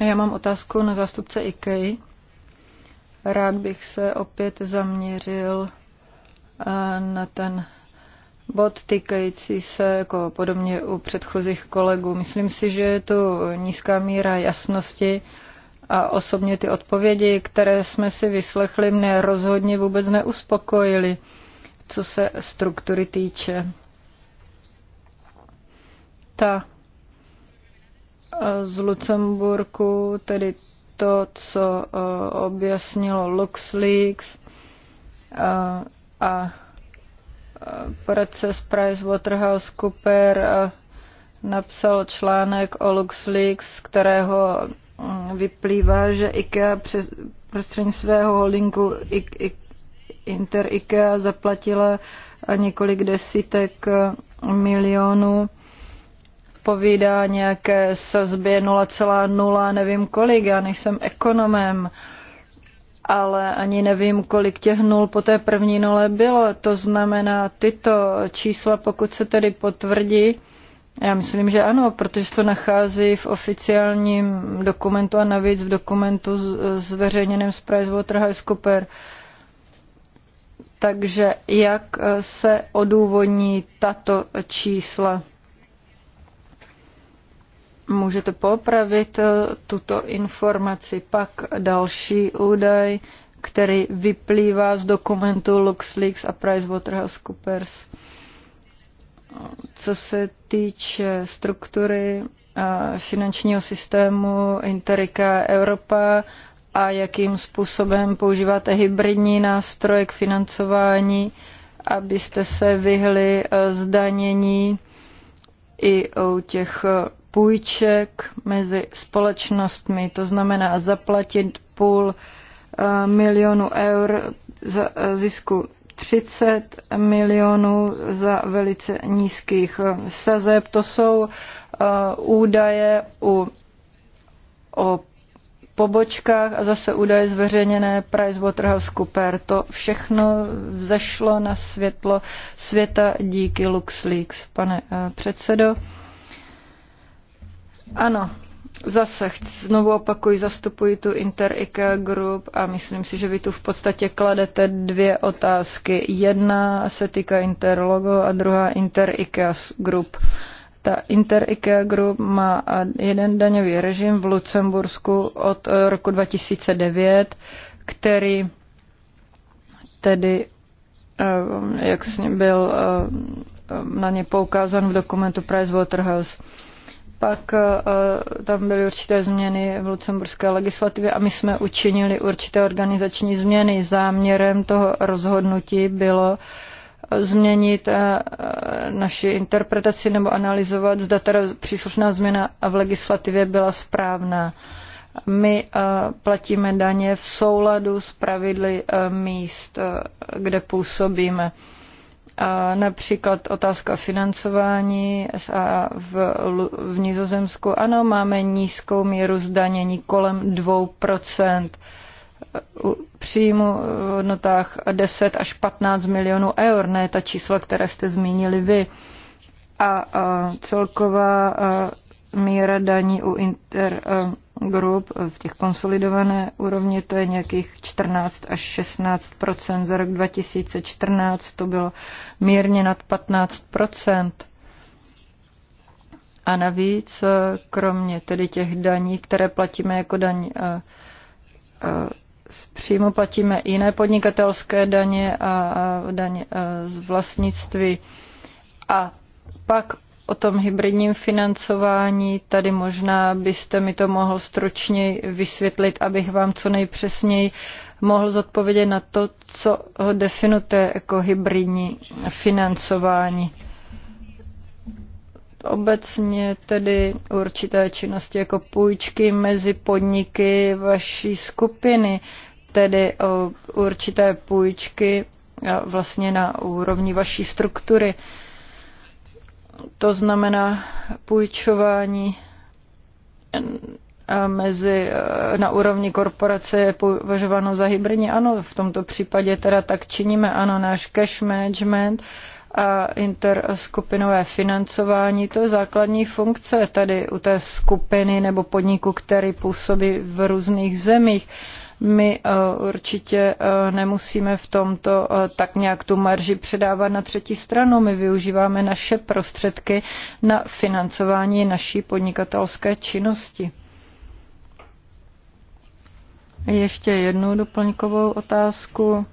Já mám otázku na zástupce IKEA. Rád bych se opět zaměřil eh, na ten bod týkající se, jako podobně u předchozích kolegů. Myslím si, že je tu nízká míra jasnosti a osobně ty odpovědi, které jsme si vyslechli, mne rozhodně vůbec neuspokojily, co se struktury týče. Ta e, z Lucemburku, tedy to, co e, objasnilo LuxLeaks e, a, a proces PricewaterhouseCoopers eh, napsal článek o LuxLeaks, z kterého mm, vyplývá, že IKEA přes, svého holdingu I, I, Inter IKEA zaplatila eh, několik desítek eh, milionů povídá nějaké sazbě 0,0 nevím kolik, já nejsem ekonomem. Uh, ale ani nevím, kolik těch nul po té první nule bylo. To znamená, tyto čísla, pokud se tedy potvrdí, já myslím, že ano, protože to nachází v oficiálním dokumentu a navíc v dokumentu zveřejněném z PricewaterhouseCoopers. Takže jak se odůvodní tato čísla? můžete popravit eh, tuto informaci. Pak další údaj, který vyplývá z dokumentu LuxLeaks a PricewaterhouseCoopers. Co se týče struktury eh, finančního systému Interica Europa a jakým způsobem používáte hybridní nástroje k financování, abyste se vyhli eh, zdanění i u těch půjček mezi společnostmi, to znamená zaplatit půl eh, milionu eur za eh, zisku 30 milionů za velice nízkých eh, sazeb. To jsou údaje u, o pobočkách a zase údaje zveřejněné PricewaterhouseCooper. To všechno vzešlo na světlo světa díky LuxLeaks, pane předsedo. Ano, zase znovu opakuji, zastupuji tu Inter IKEA Group a myslím si, že vy tu v podstatě kladete dvě otázky. Jedna se týká Interlogo a druhá Inter IKEA Group. Ta Inter IKEA Group má jeden daňový režim v Lucembursku od eh, roku 2009, který tedy eh, jak byl eh, na ně poukázán v dokumentu Pricewaterhouse. Waterhouse pak eh, eh, tam byly určité změny v lucemburské legislativě a my jsme učinili určité organizační změny. Záměrem toho rozhodnutí bylo eh, změnit naši interpretaci nebo analyzovat, zda ta příslušná změna v legislativě byla správná. My platíme daně v souladu s pravidly míst, kde působíme. A například otázka financování SA v, v Nizozemsku. Ano, máme nízkou míru zdanění kolem 2% příjmu v hodnotách 10 až 15 milionů eur, ne ta čísla, které jste zmínili vy. A, a celková a míra daní u inter, a, Group v těch konsolidované úrovni, to je nějakých 14 až 16 Za rok 2014 to bylo mírně nad 15 A navíc, eh, kromě tedy těch daní, které platíme jako daň eh, eh, z příjmu, platíme jiné podnikatelské daně a daně z vlastnictví. A pak o tom hybridním financování. Tady možná byste mi to mohl stručně vysvětlit, abych vám co nejpřesněji mohl zodpovědět na to, co ho definujete jako hybridní financování. Obecně tedy určité činnosti jako půjčky mezi podniky vaší skupiny, tedy o určité půjčky vlastně na úrovni vaší struktury. Uh, to znamená půjčování eh, mezi, eh, na úrovni korporace je považováno za hybridní. Ano, v tomto případě teda tak činíme, ano, náš cash management a interskupinové financování, to je základní funkce tady u té skupiny nebo podniku, který působí v různých zemích. Uh, my eh, určitě eh, nemusíme v tomto eh, tak nějak tu marži předávat na třetí stranu. My využíváme naše prostředky na financování naší podnikatelské činnosti. Ještě jednu doplňkovou otázku.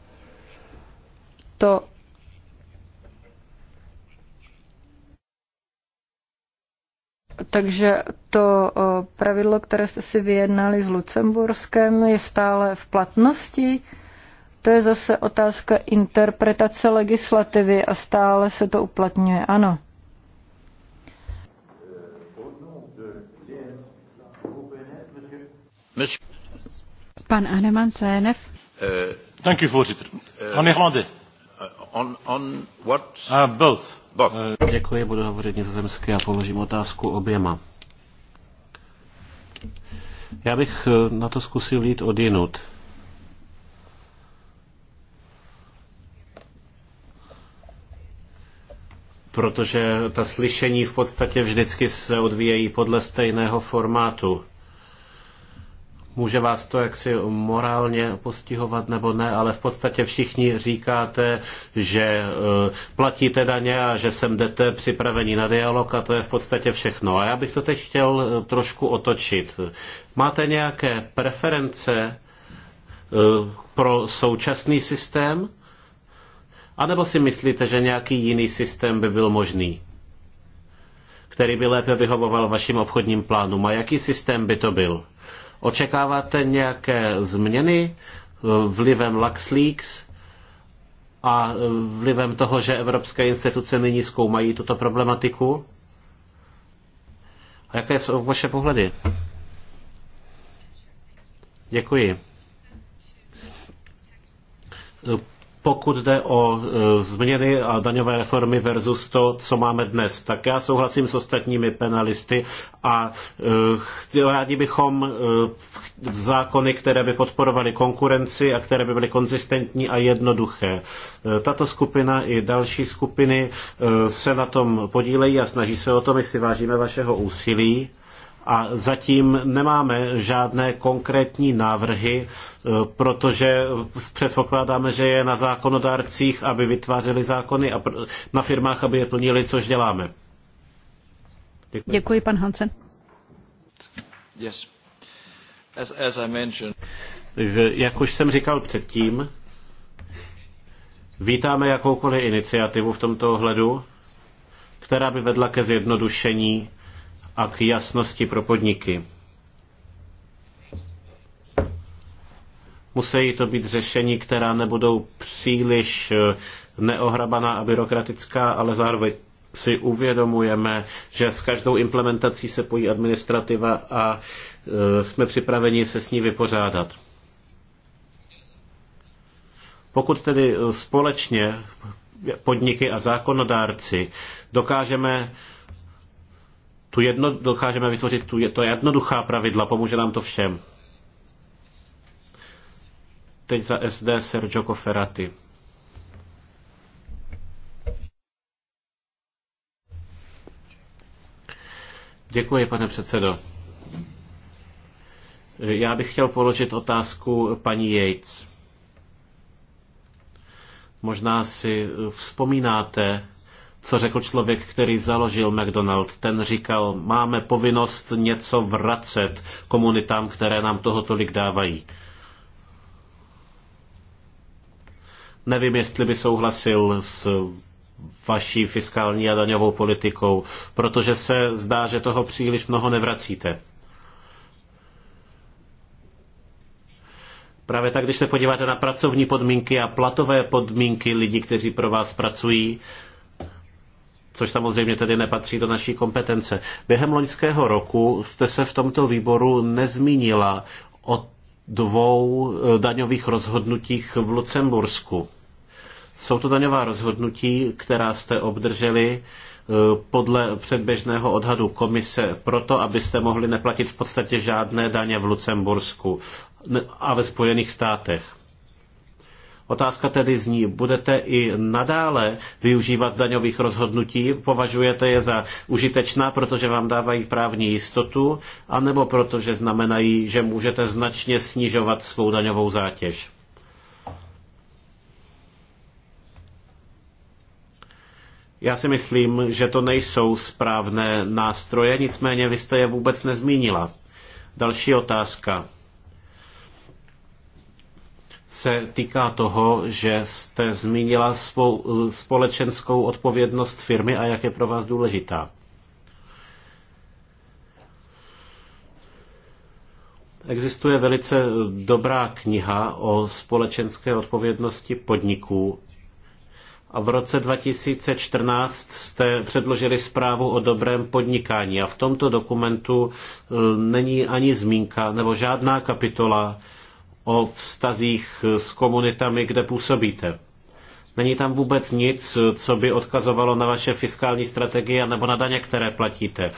To Takže to pravidlo, které jste si vyjednali s Lucemburskem, je stále v platnosti. To je zase otázka interpretace legislativy a stále se to uplatňuje. Ano. Pan Aneman CNF. Děkuji, u voorzitter. Uh, on, on what? Uh, both. both. Uh, děkuji, budu hovořit nizozemsky a položím otázku oběma. Já bych e, na to zkusil jít od jinut. Protože ta slyšení v podstatě vždycky se odvíjejí podle stejného formátu může vás to jaksi morálně postihovat nebo ne, ale v podstatě všichni říkáte, že eh, platíte daně a že sem jdete připravení na dialog a to je v podstatě všechno. A já bych to teď chtěl eh, trošku otočit. Máte nějaké preference eh, pro současný systém? A nebo si myslíte, že nějaký jiný systém by byl možný? který by lépe vyhovoval vašim obchodním plánům. A jaký systém by to byl? Očekáváte nějaké změny vlivem LuxLeaks a vlivem toho, že evropské instituce nyní zkoumají tuto problematiku? A jaké jsou vaše pohledy? Děkuji pokud jde o e, změny a daňové reformy versus to, co máme dnes, tak já souhlasím s ostatními penalisty a e, rádi bychom e, zákony, které by podporovaly konkurenci a které by byly konzistentní a jednoduché. Tato skupina i další skupiny se na tom podílejí a snaží se o to. My si vážíme vašeho úsilí. A zatím nemáme žádné konkrétní návrhy, e, protože předpokládáme, že je na zákonodárcích, aby vytvářeli zákony a na firmách, aby je plnili, což děláme. Děkuji, Děkuji pan Hansen. Yes. As, as I mentioned. Jak už jsem říkal předtím, vítáme jakoukoliv iniciativu v tomto ohledu, která by vedla ke zjednodušení a k jasnosti pro podniky. Musí to být řešení, která nebudou příliš eh, neohrabaná a byrokratická, ale zároveň si uvědomujeme, že s každou implementací se pojí administrativa a eh, jsme připraveni se s ní vypořádat. Pokud tedy eh, společně podniky a zákonodárci dokážeme tu jedno, dokážeme vytvořit tu, to jednoduchá pravidla, pomůže nám to všem. Teď za SD Sergio Coferati. Děkuji, pane předsedo. Já bych chtěl položit otázku paní Yates. Možná si vzpomínáte, co řekl člověk, který založil McDonald. Ten říkal, máme povinnost něco vracet komunitám, které nám toho tolik dávají. Nevím, jestli by souhlasil s vaší fiskální a daňovou politikou, protože se zdá, že toho příliš mnoho nevracíte. Právě tak, když se podíváte na pracovní podmínky a platové podmínky lidí, kteří pro vás pracují, což samozřejmě tedy nepatří do naší kompetence. Během loňského roku jste se v tomto výboru nezmínila o dvou e, daňových rozhodnutích v Lucembursku. Jsou to daňová rozhodnutí, která jste obdrželi e, podle předběžného odhadu komise proto, abyste mohli neplatit v podstatě žádné daně v Lucembursku a ve Spojených státech. Otázka tedy zní, budete i nadále využívat daňových rozhodnutí, považujete je za užitečná, protože vám dávají právní jistotu, anebo protože znamenají, že můžete značně snižovat svou daňovou zátěž? Já si myslím, že to nejsou správné nástroje, nicméně vy jste je vůbec nezmínila. Další otázka se týká toho, že jste zmínila svou eh, společenskou odpovědnost firmy a jak je pro vás důležitá. Existuje velice eh, dobrá kniha o společenské odpovědnosti podniků a v roce 2014 jste předložili zprávu o dobrém podnikání a v tomto dokumentu eh, není ani zmínka nebo žádná kapitola o vztazích s komunitami, kde působíte. Není tam vůbec nic, co by odkazovalo na vaše fiskální strategie nebo na daně, které platíte.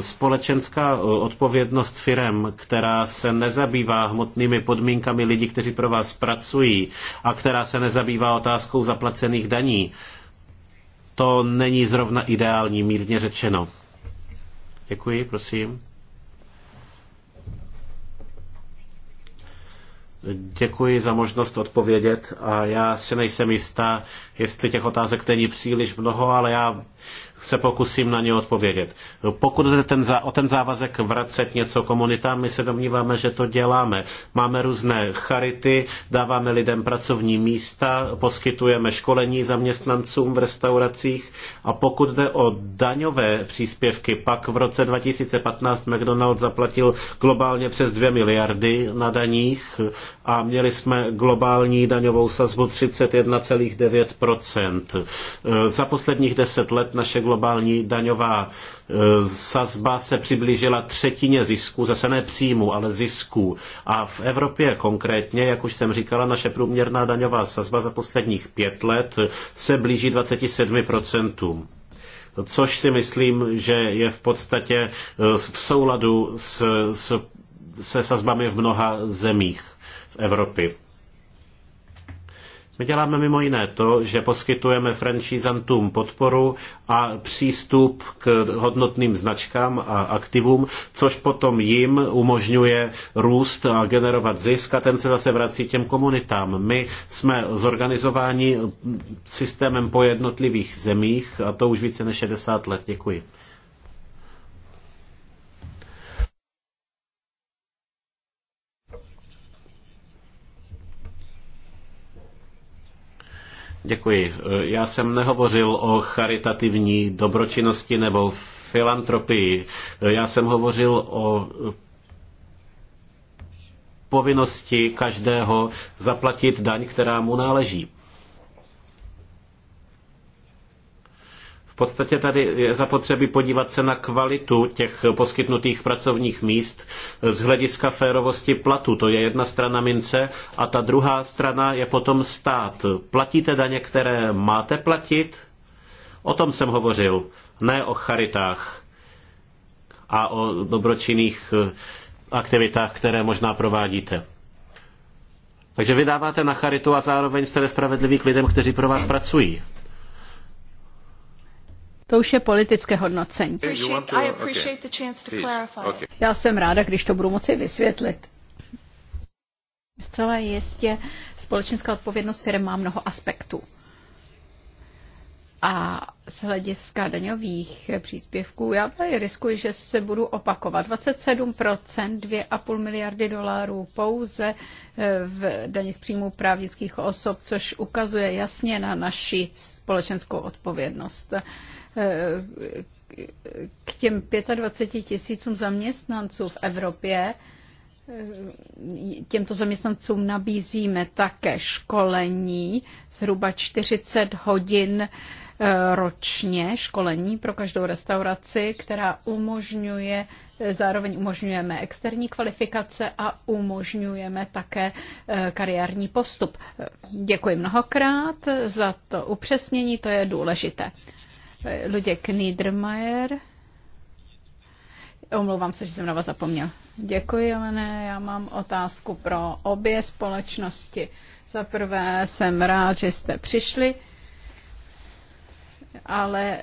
Společenská odpovědnost firem, která se nezabývá hmotnými podmínkami lidí, kteří pro vás pracují a která se nezabývá otázkou zaplacených daní, to není zrovna ideální, mírně řečeno. Děkuji, prosím. Děkuji za možnost odpovědět a já si nejsem jistá, jestli těch otázek není příliš mnoho, ale já se pokusím na ně odpovědět. Pokud jde ten, o ten závazek vracet něco komunitám, my se domníváme, že to děláme. Máme různé charity, dáváme lidem pracovní místa, poskytujeme školení zaměstnancům v restauracích a pokud jde o daňové příspěvky, pak v roce 2015 McDonald's zaplatil globálně přes 2 miliardy na daních a měli jsme globální daňovou sazbu 31,9 za posledních deset let naše globální daňová eh, sazba se přiblížila třetině zisku, zase ne příjmu, ale zisku. A v Evropě konkrétně, jak už jsem říkala, naše průměrná daňová sazba za posledních pět let se blíží 27% což si myslím, že je v podstatě eh, v souladu s, s, se sazbami v mnoha zemích v Evropě. My děláme mimo jiné to, že poskytujeme franchisantům podporu a přístup k hodnotným značkám a aktivům, což potom jim umožňuje růst a generovat zisk a ten se zase vrací těm komunitám. My jsme zorganizováni systémem po jednotlivých zemích a to už více než 60 let. Děkuji. Děkuji. E, já jsem nehovořil o charitativní dobročinnosti nebo filantropii. E, já jsem hovořil o povinnosti každého zaplatit daň, která mu náleží. podstatě tady je zapotřebí podívat se na kvalitu těch poskytnutých pracovních míst z hlediska férovosti platu. To je jedna strana mince a ta druhá strana je potom stát. Platíte daně, které máte platit? O tom jsem hovořil, ne o charitách a o dobročinných eh, aktivitách, které možná provádíte. Takže vydáváte na charitu a zároveň jste nespravedliví k lidem, kteří pro vás pracují. To už je politické hodnocení. Já jsem ráda, když to budu moci vysvětlit. Zcela jistě společenská odpovědnost firm má mnoho aspektů. A z hlediska daňových příspěvků, já tady riskuji, že se budu opakovat. 27%, 2,5 miliardy dolarů pouze eh, v daní z příjmů právnických osob, což ukazuje jasně na naši společenskou odpovědnost. Eh, k těm 25 tisícům zaměstnanců v Evropě, eh, těmto zaměstnancům nabízíme také školení, zhruba 40 hodin ročně školení pro každou restauraci, která umožňuje, zároveň umožňujeme externí kvalifikace a umožňujeme také eh, kariérní postup. Děkuji mnohokrát za to upřesnění, to je důležité. Luděk Niedermayer. Omlouvám se, že jsem na vás zapomněl. Děkuji, Jelene. Já mám otázku pro obě společnosti. Za prvé jsem rád, že jste přišli ale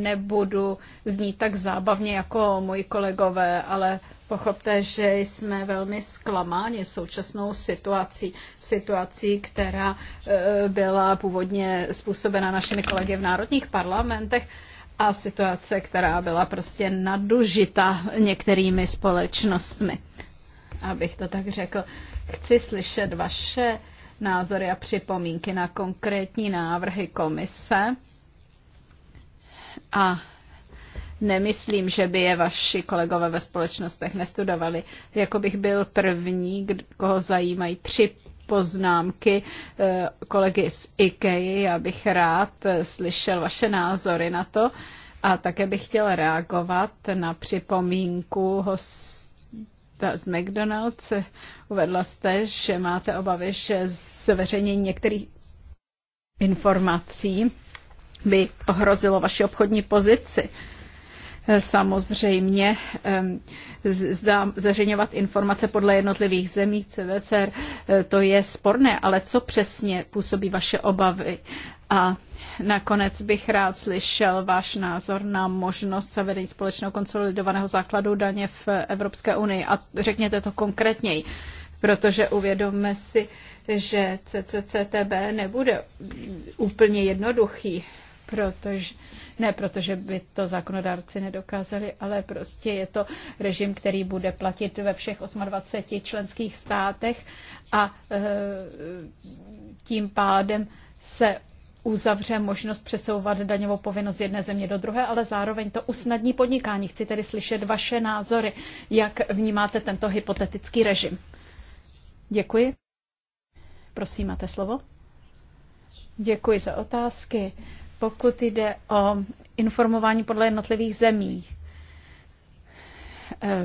nebudu znít tak zábavně jako moji kolegové, ale pochopte, že jsme velmi zklamáni současnou situací, situací, která e, byla původně způsobena našimi kolegy v národních parlamentech a situace, která byla prostě nadužita některými společnostmi. Abych to tak řekl, chci slyšet vaše názory a připomínky na konkrétní návrhy komise a nemyslím, že by je vaši kolegové ve společnostech nestudovali. Jako bych byl první, koho zajímají tři poznámky eh, kolegy z IKEA. Já bych rád eh, slyšel vaše názory na to. A také bych chtěl reagovat na připomínku hosta z McDonald's. Uvedla jste, že máte obavy, že zveřejnění některých informací by ohrozilo vaši obchodní pozici. Eh, samozřejmě zdám, zařeňovat informace podle jednotlivých zemí CVCR, eh, to je sporné, ale co přesně působí vaše obavy? A nakonec bych rád slyšel váš názor na možnost zavedení společného konsolidovaného základu daně v Evropské unii. A řekněte to konkrétněji, protože uvědomme si, že CCCTB nebude úplně jednoduchý protože, ne protože by to zákonodárci nedokázali, ale prostě je to režim, který bude platit ve všech 28 členských státech a e, tím pádem se uzavře možnost přesouvat daňovou povinnost z jedné země do druhé, ale zároveň to usnadní podnikání. Chci tedy slyšet vaše názory, jak vnímáte tento hypotetický režim. Děkuji. Prosím, máte slovo. Děkuji za otázky pokud jde o informování podle jednotlivých zemí, eh,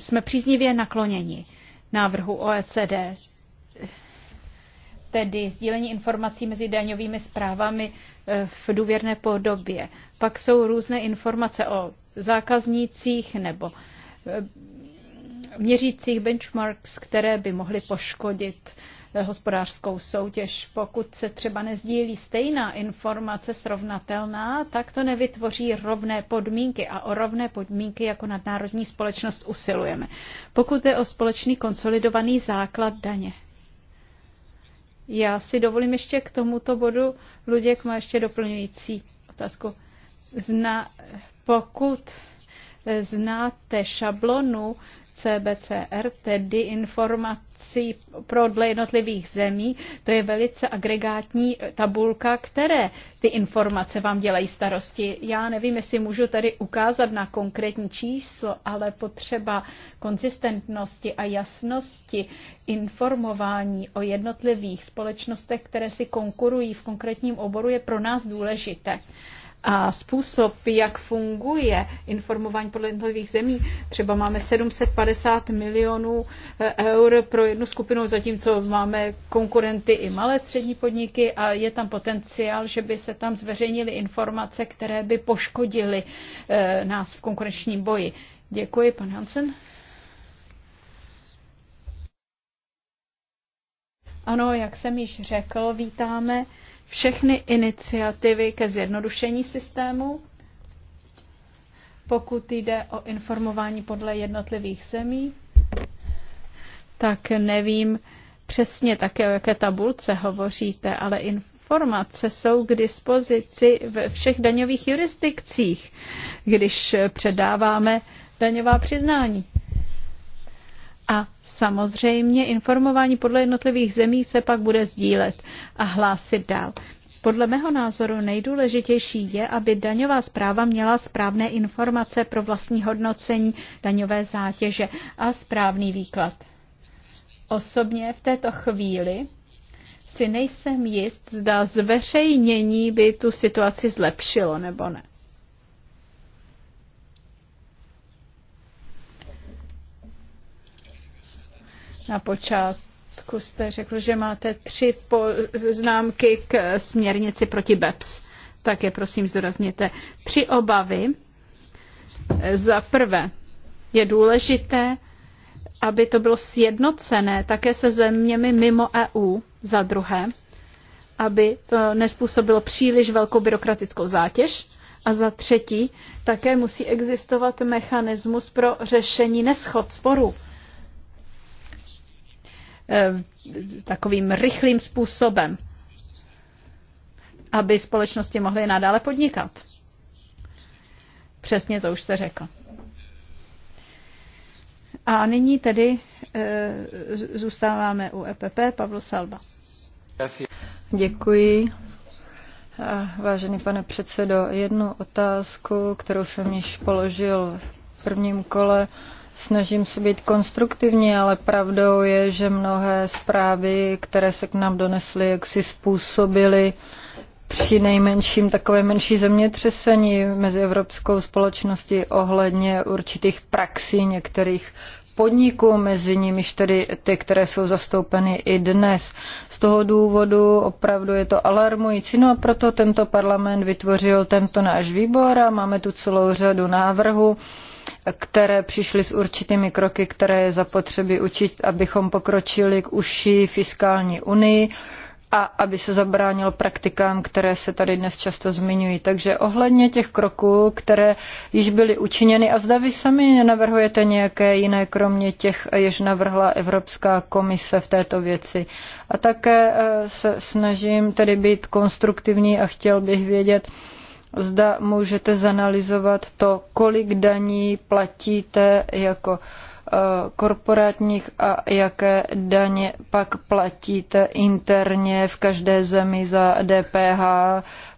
jsme příznivě nakloněni návrhu OECD, tedy sdílení informací mezi daňovými zprávami eh, v důvěrné podobě. Pak jsou různé informace o zákaznících nebo eh, měřících benchmarks, které by mohly poškodit uh, hospodářskou soutěž. Pokud se třeba nezdílí stejná informace srovnatelná, tak to nevytvoří rovné podmínky a o rovné podmínky jako nadnárodní společnost usilujeme. Pokud je o společný konsolidovaný základ daně. Já si dovolím ještě k tomuto bodu, Luděk má ještě doplňující otázku. Zna, pokud eh, znáte šablonu CBCR, tedy informací pro dle jednotlivých zemí. To je velice agregátní tabulka, které ty informace vám dělají starosti. Já nevím, jestli můžu tady ukázat na konkrétní číslo, ale potřeba konzistentnosti a jasnosti informování o jednotlivých společnostech, které si konkurují v konkrétním oboru, je pro nás důležité a způsob, jak funguje informování podle jednotlivých zemí. Třeba máme 750 milionů eh, eur pro jednu skupinu, zatímco máme konkurenty i malé střední podniky a je tam potenciál, že by se tam zveřejnily informace, které by poškodily eh, nás v konkurenčním boji. Děkuji, pan Hansen. Ano, jak jsem již řekl, vítáme všechny iniciativy ke zjednodušení systému, pokud jde o informování podle jednotlivých zemí, tak nevím přesně také, o jaké tabulce hovoříte, ale informace jsou k dispozici ve všech daňových jurisdikcích, když předáváme daňová přiznání. A samozřejmě informování podle jednotlivých zemí se pak bude sdílet a hlásit dál. Podle mého názoru nejdůležitější je, aby daňová zpráva měla správné informace pro vlastní hodnocení daňové zátěže a správný výklad. Osobně v této chvíli si nejsem jist, zda zveřejnění by tu situaci zlepšilo nebo ne. Na počátku jste řekl, že máte tři poznámky k směrnici proti BEPS. Tak je prosím zdorazněte. Tři obavy. Za prvé, je důležité, aby to bylo sjednocené také se zeměmi mimo EU. Za druhé, aby to nespůsobilo příliš velkou byrokratickou zátěž. A za třetí, také musí existovat mechanismus pro řešení neschod sporů Eh, takovým rychlým způsobem, aby společnosti mohly nadále podnikat. Přesně to už jste řekl. A nyní tedy e, zůstáváme u EPP Pavlo Salba. Děkuji. Vážený pane předsedo, jednu otázku, kterou jsem již položil v prvním kole. E, Snažím se být konstruktivní, ale pravdou je, že mnohé zprávy, které se k nám donesly, jak si způsobily při nejmenším takové menší zemětřesení mezi evropskou společností ohledně určitých praxí některých podniků, mezi nimiž tedy ty, které jsou zastoupeny i dnes. Z toho důvodu opravdu je to alarmující. No a proto tento parlament vytvořil tento náš výbor a máme tu celou řadu návrhů které přišly s určitými kroky, které je zapotřebí učit, abychom pokročili k užší fiskální unii a aby se zabránil praktikám, které se tady dnes často zmiňují. Takže ohledně těch kroků, které již byly učiněny, a zda vy sami nenavrhujete nějaké jiné, kromě těch, jež navrhla Evropská komise v této věci. A také eh, se snažím tedy být konstruktivní a chtěl bych vědět, Zda můžete zanalizovat to, kolik daní platíte jako eh, korporátních a jaké daně pak platíte interně v každé zemi za DPH,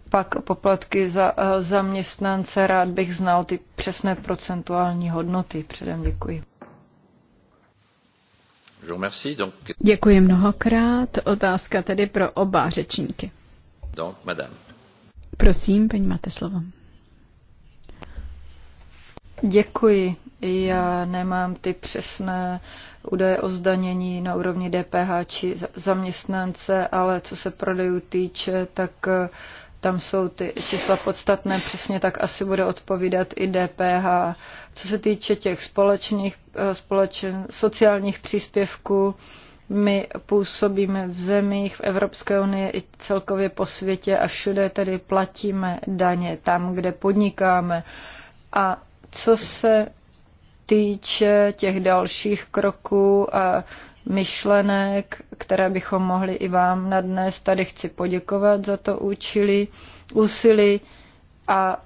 pak poplatky za eh, zaměstnance. Rád bych znal ty přesné procentuální hodnoty. Předem děkuji. Děkuji mnohokrát. Otázka tedy pro oba řečníky. Donc, madame. Prosím, paní, máte slovo. Děkuji. Já nemám ty přesné údaje o zdanění na úrovni DPH či zaměstnance, ale co se prodejů týče, tak eh, tam jsou ty čísla podstatné, přesně tak asi bude odpovídat i DPH. Co se týče těch společných, eh, společen, sociálních příspěvků, my působíme v zemích v Evropské unii i celkově po světě a všude tedy platíme daně tam, kde podnikáme. A co se týče těch dalších kroků a myšlenek, které bychom mohli i vám nadnést, tady chci poděkovat za to účili, úsilí a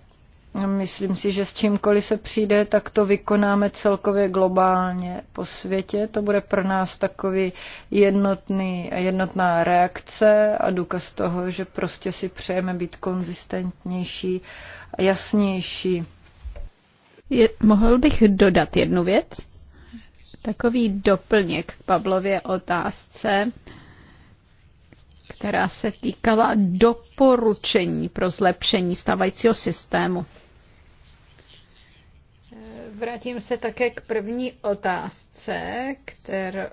Myslím si, že s čímkoliv se přijde, tak to vykonáme celkově globálně po světě. To bude pro nás takový jednotný, jednotná reakce a důkaz toho, že prostě si přejeme být konzistentnější a jasnější. Je, mohl bych dodat jednu věc? Takový doplněk k Pavlově otázce která se týkala doporučení pro zlepšení stávajícího systému. Vrátím se také k první otázce, která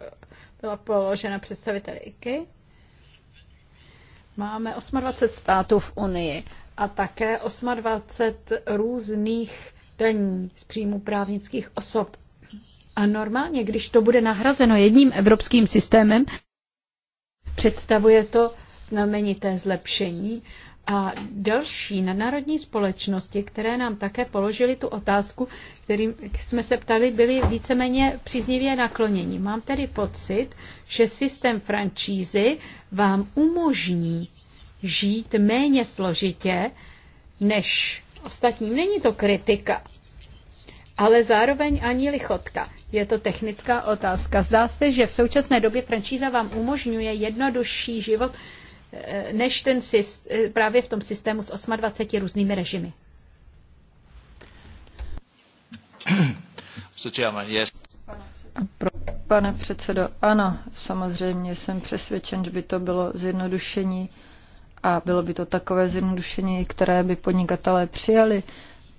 byla položena představiteli IKY. Máme 28 států v Unii a také 28 různých daní z příjmu právnických osob. A normálně, když to bude nahrazeno jedním evropským systémem, představuje to znamenité zlepšení a další nadnárodní společnosti, které nám také položili tu otázku, kterým jsme se ptali, byly víceméně příznivě nakloněni. Mám tedy pocit, že systém francízy vám umožní žít méně složitě než ostatním. Není to kritika, ale zároveň ani lichotka. Je to technická otázka. Zdá se, že v současné době francíza vám umožňuje jednodušší život Eh, než ten systém, eh, právě v tom systému s 28 různými režimy. Pane předsedo, ano, samozřejmě jsem přesvědčen, že by to bylo zjednodušení a bylo by to takové zjednodušení, které by podnikatelé přijali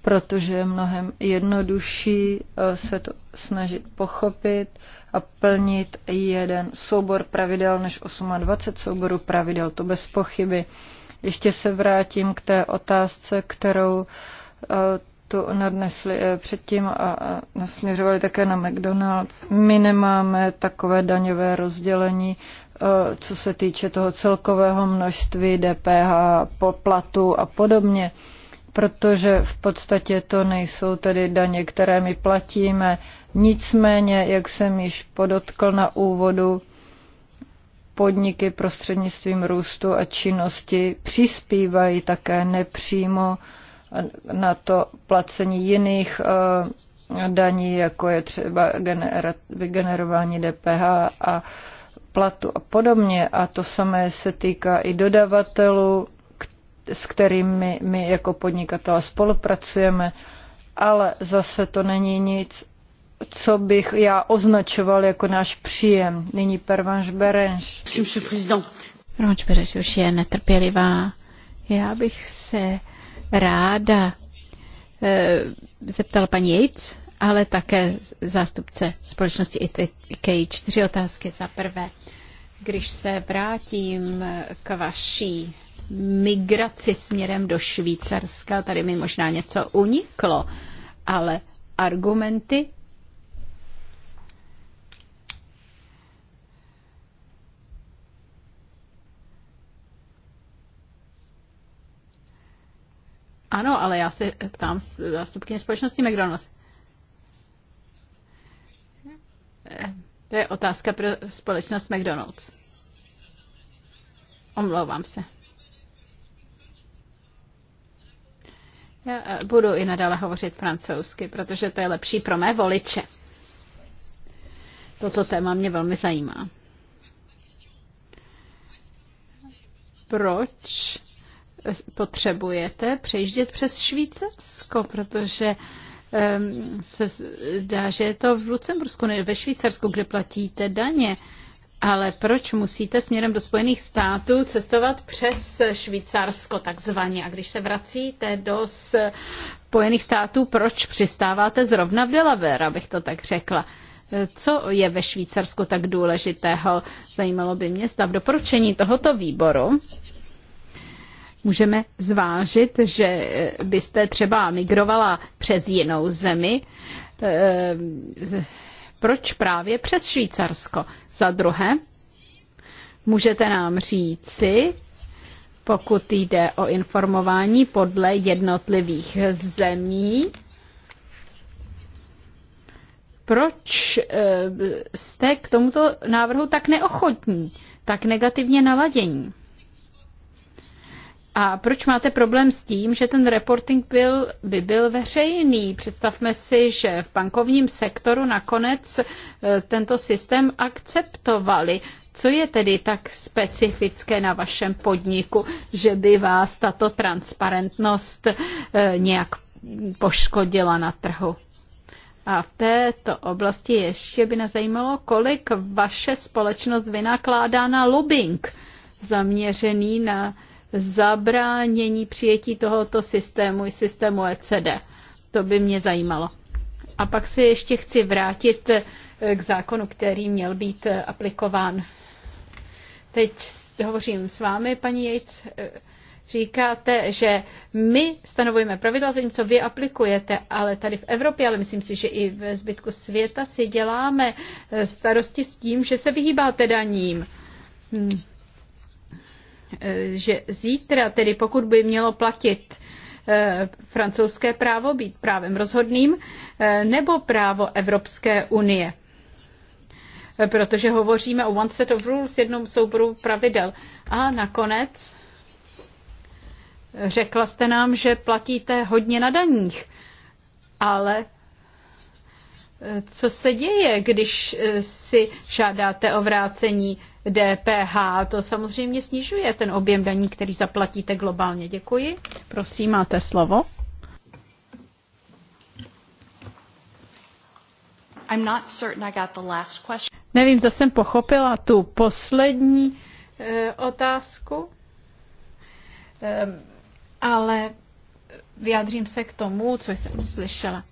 protože je mnohem jednodušší eh, se to snažit pochopit a plnit jeden soubor pravidel než 28 souborů pravidel, to bez pochyby. Ještě se vrátím k té otázce, kterou eh, tu nadnesli eh, předtím a nasměřovali také na McDonald's. My nemáme takové daňové rozdělení, co se týče toho celkového množství DPH, poplatu a podobně protože v podstatě to nejsou tedy daně, které my platíme. Nicméně, jak jsem již podotkl na úvodu, podniky prostřednictvím růstu a činnosti přispívají také nepřímo na to placení jiných eh, daní, jako je třeba vygenerování DPH a platu a podobně. A to samé se týká i dodavatelů s kterými my jako podnikatelé spolupracujeme, ale zase to není nic, co bych já označoval jako náš příjem. Nyní Pervanš Berenš. Pervanš Berenš už je netrpělivá. Já bych se ráda e, eh, pan paní ale také zástupce společnosti ITKI. Čtyři otázky. Za prvé, když se vrátím k vaší migraci směrem do Švýcarska. Tady mi možná něco uniklo, ale argumenty Ano, ale já se ptám zástupkyně společnosti McDonald's. To je otázka pro společnost McDonald's. Omlouvám se. Já eh, budu i nadále hovořit francouzsky, protože to je lepší pro mé voliče. Toto téma mě velmi zajímá. Proč potřebujete přejíždět přes Švýcarsko? Protože um, se zdá, že je to v Lucembursku, ne ve Švýcarsku, kde platíte daně. Ale proč musíte směrem do Spojených států cestovat přes Švýcarsko takzvaně? A když se vracíte do Spojených států, proč přistáváte zrovna v Delaware, abych to tak řekla? Co je ve Švýcarsku tak důležitého? Zajímalo by mě, zda v doporučení tohoto výboru můžeme zvážit, že byste třeba migrovala přes jinou zemi, eh, proč právě přes Švýcarsko? Za druhé, můžete nám říci, pokud jde o informování podle jednotlivých zemí, proč eh, jste k tomuto návrhu tak neochotní, tak negativně naladění? A proč máte problém s tím, že ten reporting byl, by byl veřejný? Představme si, že v bankovním sektoru nakonec eh, tento systém akceptovali. Co je tedy tak specifické na vašem podniku, že by vás tato transparentnost eh, nějak poškodila na trhu? A v této oblasti ještě by nás zajímalo, kolik vaše společnost vynakládá na lobbying zaměřený na zabránění přijetí tohoto systému i systému ECD. To by mě zajímalo. A pak se ještě chci vrátit eh, k zákonu, který měl být eh, aplikován. Teď hovořím s vámi, paní Jejc. Eh, říkáte, že my stanovujeme pravidla, za co vy aplikujete, ale tady v Evropě, ale myslím si, že i ve zbytku světa si děláme starosti s tím, že se vyhýbáte daním. Hmm. Eh, že zítra, tedy pokud by mělo platit eh, francouzské právo být právem rozhodným eh, nebo právo Evropské unie. Protože hovoříme o one set of rules, jednom souboru pravidel. A nakonec řekla jste nám, že platíte hodně na daních, ale co se děje, když si žádáte o vrácení DPH. To samozřejmě snižuje ten objem daní, který zaplatíte globálně. Děkuji. Prosím, máte slovo. I'm not certain I got the last question. Nevím, zda jsem pochopila tu poslední e, otázku, e, ale vyjádřím se k tomu, co jsem slyšela.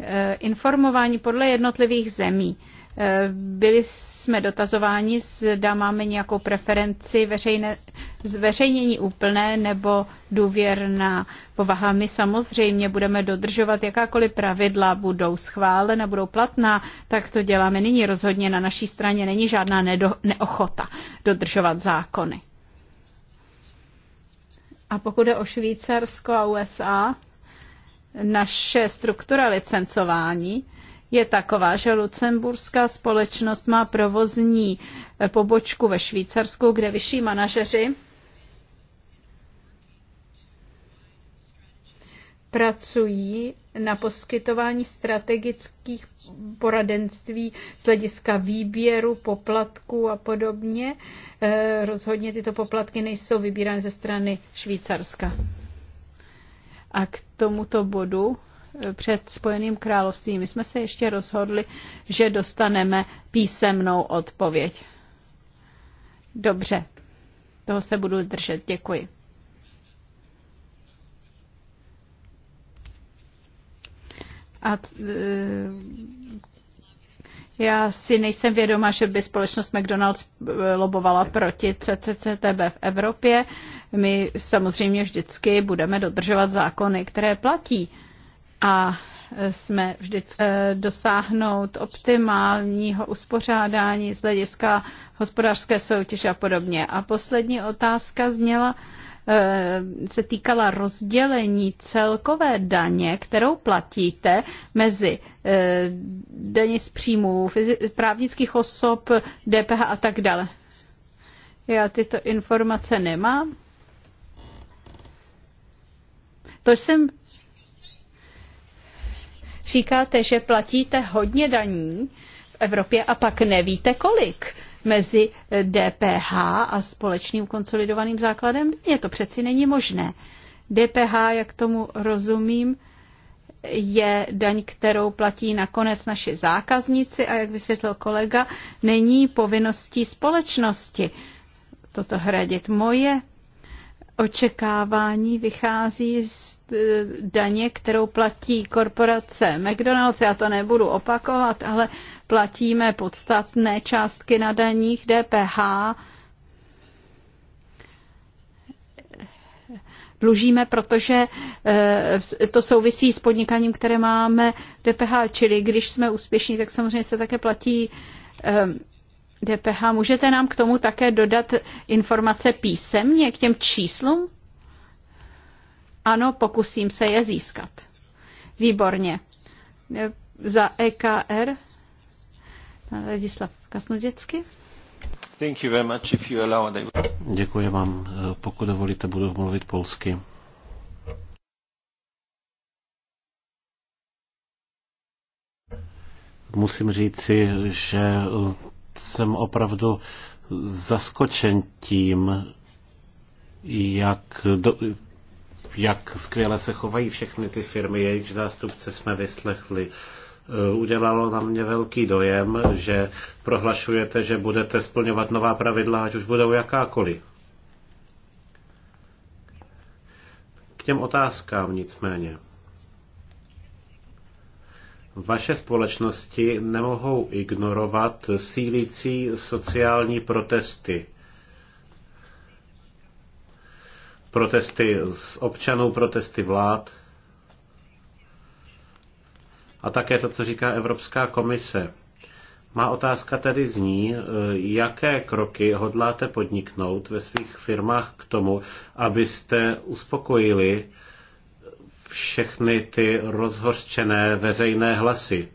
E, informování podle jednotlivých zemí. E, Eh, byli jsme dotazováni, zda máme nějakou preferenci veřejné, zveřejnění úplné nebo důvěrná povaha. My samozřejmě budeme dodržovat jakákoliv pravidla, budou schválena, budou platná, tak to děláme nyní rozhodně. Na naší straně není žádná nedo, neochota dodržovat zákony. A pokud je o Švýcarsko a USA, naše struktura licencování je taková, že lucemburská společnost má provozní eh, pobočku ve Švýcarsku, kde vyšší manažeři pracují na poskytování strategických poradenství z hlediska výběru poplatků a podobně. Eh, rozhodně tyto poplatky nejsou vybírány ze strany Švýcarska. A k tomuto bodu před Spojeným královstvím. My jsme se ještě rozhodli, že dostaneme písemnou odpověď. Dobře, toho se budu držet. Děkuji. A e, já si nejsem vědoma, že by společnost McDonald's e, lobovala proti CCCTB v Evropě. My samozřejmě vždycky budeme dodržovat zákony, které platí a e, jsme vždycky e, dosáhnout optimálního uspořádání z hlediska hospodářské soutěže a podobně. A poslední otázka zněla, e, se týkala rozdělení celkové daně, kterou platíte mezi daně z příjmů právnických osob, DPH a tak dále. Já tyto informace nemám. To jsem Říkáte, že platíte hodně daní v Evropě a pak nevíte kolik mezi DPH eh, a společným konsolidovaným základem daně. To přeci není možné. DPH, jak tomu rozumím, je daň, kterou platí nakonec naši zákazníci a jak vysvětlil kolega, není povinností společnosti toto hradit. Moje očekávání vychází z e, daně, kterou platí korporace McDonald's. Já to nebudu opakovat, ale platíme podstatné částky na daních DPH. Dlužíme, protože e, to souvisí s podnikáním, které máme DPH, čili když jsme úspěšní, tak samozřejmě se také platí e, DPH. Můžete nám k tomu také dodat informace písemně k těm číslům? Ano, pokusím se je získat. Výborně. Za EKR Ladislav Kasnoděcky. Thank you very much, if you allow Děkuji vám. Pokud dovolíte, budu mluvit polsky. Musím říci, že jsem opravdu zaskočen tím, jak, do, jak skvěle se chovají všechny ty firmy, jejichž zástupce jsme vyslechli. Eh, udělalo na mě velký dojem, že prohlašujete, že budete splňovat nová pravidla, ať už budou jakákoliv. K těm otázkám nicméně. Vaše společnosti nemohou ignorovat sílící sociální protesty. Protesty z občanů, protesty vlád a také to, co říká Evropská komise. Má otázka tedy zní, eh, jaké kroky hodláte podniknout ve svých firmách k tomu, abyste uspokojili všechny ty rozhořčené veřejné hlasy.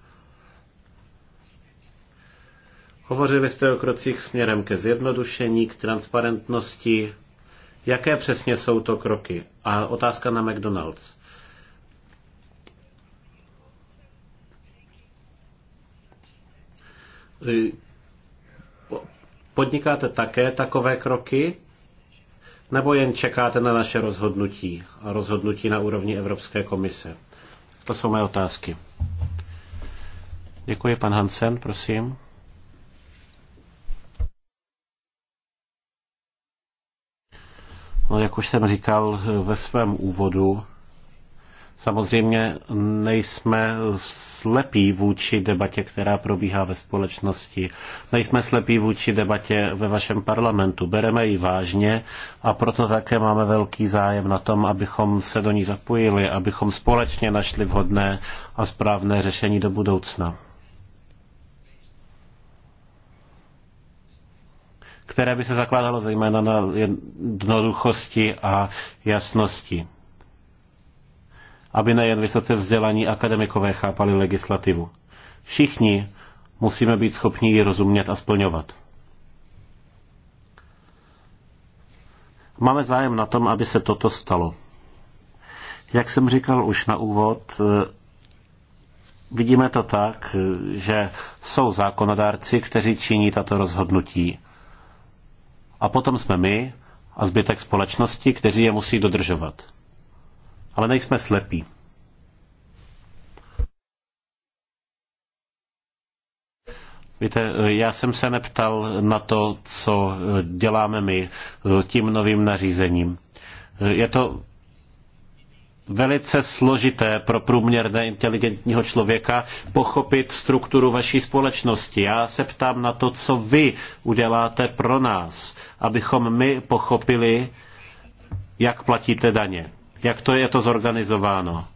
Hovořili jste o krocích směrem ke zjednodušení, k transparentnosti. Jaké přesně jsou to kroky? A otázka na McDonald's. Podnikáte také takové kroky? nebo jen čekáte na naše rozhodnutí a rozhodnutí na úrovni Evropské komise? To jsou mé otázky. Děkuji, pan Hansen, prosím. No, jak už jsem říkal eh, ve svém úvodu, Samozřejmě nejsme slepí vůči debatě, která probíhá ve společnosti. Nejsme slepí vůči debatě ve vašem parlamentu. Bereme ji vážně a proto také máme velký zájem na tom, abychom se do ní zapojili, abychom společně našli vhodné a správné řešení do budoucna. které by se zakládalo zejména na jednoduchosti a jasnosti aby nejen vysoce vzdělaní akademikové chápali legislativu. Všichni musíme být schopni ji rozumět a splňovat. Máme zájem na tom, aby se toto stalo. Jak jsem říkal už na úvod, eh, vidíme to tak, eh, že jsou zákonodárci, kteří činí tato rozhodnutí. A potom jsme my a zbytek společnosti, kteří je musí dodržovat. Ale nejsme slepí. Víte, já jsem se neptal na to, co děláme my tím novým nařízením. Je to velice složité pro průměrné inteligentního člověka pochopit strukturu vaší společnosti. Já se ptám na to, co vy uděláte pro nás, abychom my pochopili, jak platíte daně. Jak to je to zorganizováno?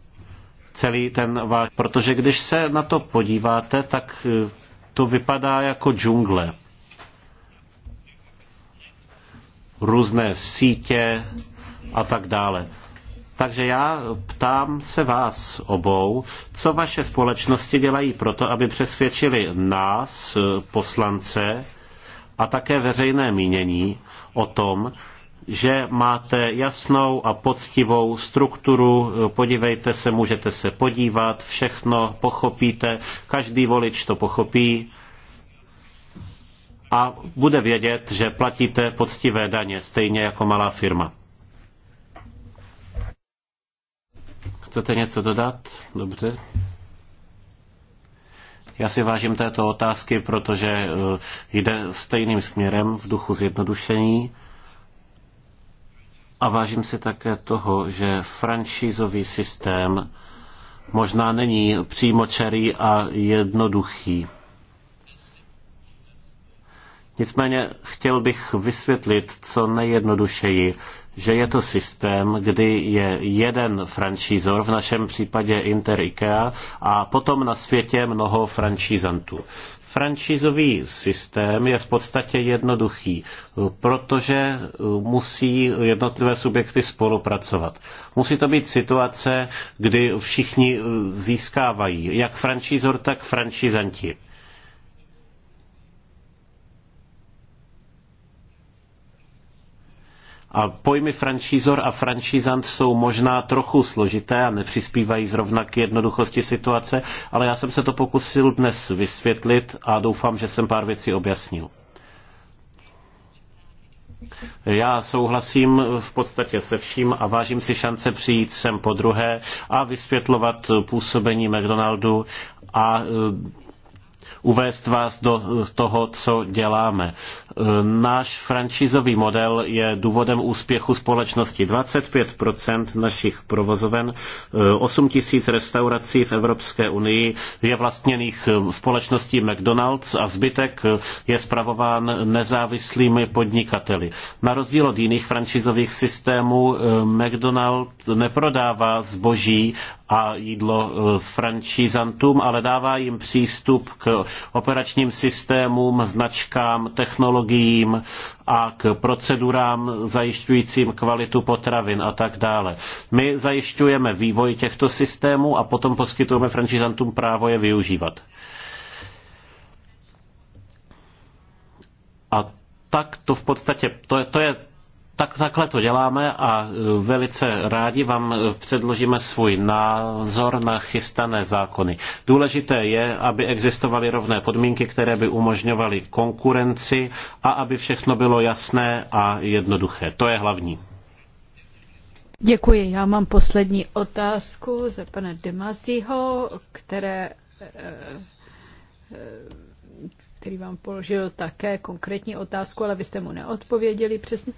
Celý ten váš, protože když se na to podíváte, tak e, to vypadá jako džungle. Různé sítě a tak dále. Takže já ptám se vás obou, co vaše společnosti dělají proto, aby přesvědčili nás, e, poslance, a také veřejné mínění o tom, že máte jasnou a poctivou strukturu, podívejte se, můžete se podívat, všechno pochopíte, každý volič to pochopí a bude vědět, že platíte poctivé daně, stejně jako malá firma. Chcete něco dodat? Dobře. Já si vážím této otázky, protože eh, jde stejným směrem v duchu zjednodušení. A vážím si také toho, že franšízový systém možná není přímočarý a jednoduchý. Nicméně chtěl bych vysvětlit co nejjednodušeji, že je to systém, kdy je jeden franšízor, v našem případě Inter IKEA, a potom na světě mnoho franšízantů. Franšízový systém je v podstatě jednoduchý, protože musí jednotlivé subjekty spolupracovat. Musí to být situace, kdy všichni získávají, jak franšízor, tak franšízanti. A pojmy franšízor a franšízant jsou možná trochu složité a nepřispívají zrovna k jednoduchosti situace, ale já jsem se to pokusil dnes vysvětlit a doufám, že jsem pár věcí objasnil. Já souhlasím v podstatě se vším a vážím si šance přijít sem po druhé a vysvětlovat působení McDonaldu a uvést vás do toho, co děláme. Náš franšízový model je důvodem úspěchu společnosti. 25% našich provozoven, 8 tisíc restaurací v Evropské unii je vlastněných společností McDonald's a zbytek je spravován nezávislými podnikateli. Na rozdíl od jiných franšízových systémů McDonald's neprodává zboží a jídlo francízantům, ale dává jim přístup k operačním systémům, značkám, technologiím a k procedurám zajišťujícím kvalitu potravin a tak dále. My zajišťujeme vývoj těchto systémů a potom poskytujeme franšizantům právo je využívat. A tak to v podstatě, to, to je tak, takhle to děláme a e, velice rádi vám e, předložíme svůj názor na chystané zákony. Důležité je, aby existovaly rovné podmínky, které by umožňovaly konkurenci a aby všechno bylo jasné a jednoduché. To je hlavní. Děkuji. Já mám poslední otázku za pana Demazího, které, e, který vám položil také konkrétní otázku, ale vy jste mu neodpověděli přesně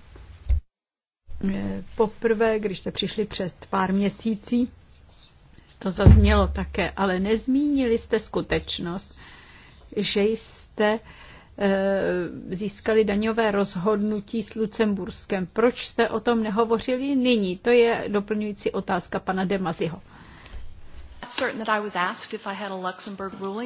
Poprvé, když se přišli před pár měsící, to zaznělo také, ale nezmínili jste skutečnost, že jste eh, získali daňové rozhodnutí s Lucemburskem. Proč jste o tom nehovořili nyní? To je doplňující otázka pana Demaziho.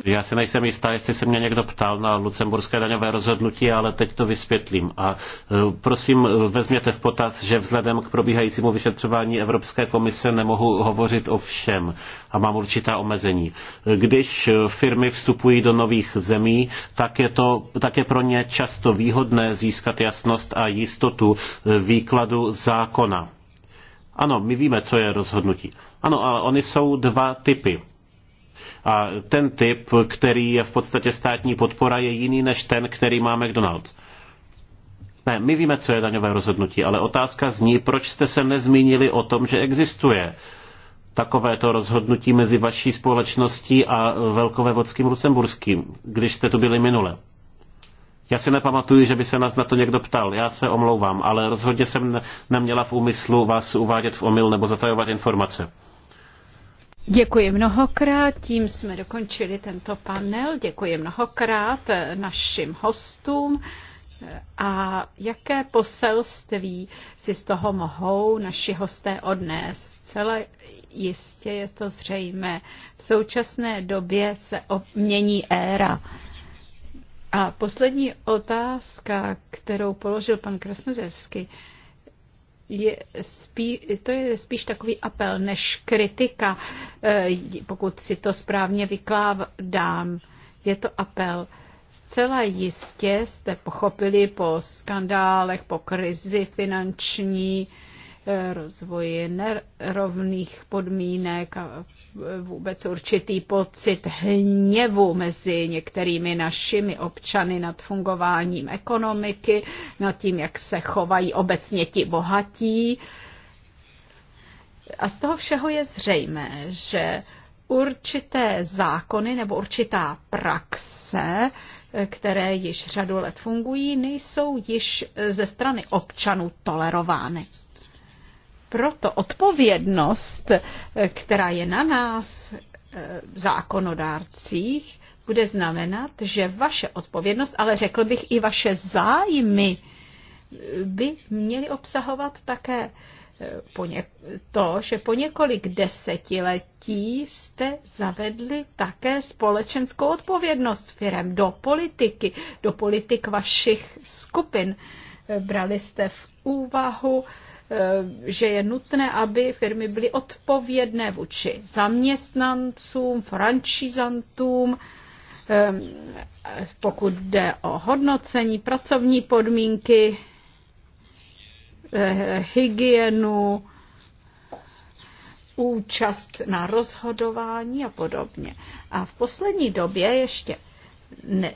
Já si nejsem jistá, jestli se mě někdo ptal na lucemburské daňové rozhodnutí, ale teď to vysvětlím. A e, prosím, vezměte v potaz, že vzhledem k probíhajícímu vyšetřování Evropské komise nemohu hovořit o všem a mám určitá omezení. Když firmy vstupují do nových zemí, tak je, to, tak je pro ně často výhodné získat jasnost a jistotu e, výkladu zákona ano, my víme, co je rozhodnutí. Ano, ale oni jsou dva typy. A ten typ, který je v podstatě státní podpora, je jiný než ten, který má McDonald's. Ne, my víme, co je daňové rozhodnutí, ale otázka zní, proč jste se nezmínili o tom, že existuje takovéto rozhodnutí mezi vaší společností a velkovévodským Lucemburským, když jste tu byli minule. Já si nepamatuju, že by se nás na to někdo ptal. Já se omlouvám, ale rozhodně jsem neměla v úmyslu vás uvádět v omyl nebo zatajovat informace. Děkuji mnohokrát, tím jsme dokončili tento panel. Děkuji mnohokrát našim hostům. A jaké poselství si z toho mohou naši hosté odnést? Celé, jistě je to zřejmé. V současné době se mění éra. A poslední otázka, kterou položil pan Krasnodesky, je spí, to je spíš takový apel než kritika, eh, pokud si to správně vykládám. Je to apel. Zcela jistě jste pochopili po skandálech, po krizi finanční, rozvoji nerovných podmínek a vůbec určitý pocit hněvu mezi některými našimi občany nad fungováním ekonomiky, nad tím, jak se chovají obecně ti bohatí. A z toho všeho je zřejmé, že určité zákony nebo určitá praxe, které již řadu let fungují, nejsou již ze strany občanů tolerovány. Proto odpovědnost, eh, která je na nás, eh, zákonodárcích, bude znamenat, že vaše odpovědnost, ale řekl bych i vaše zájmy, eh, by měly obsahovat také to, že po několik desetiletí jste zavedli také společenskou odpovědnost firem do politiky, do politik vašich skupin. Brali jste v úvahu Eh, že je nutné, aby firmy byly odpovědné vůči zaměstnancům, franšizantům, eh, pokud jde o hodnocení, pracovní podmínky, eh, hygienu, účast na rozhodování a podobně. A v poslední době ještě ne,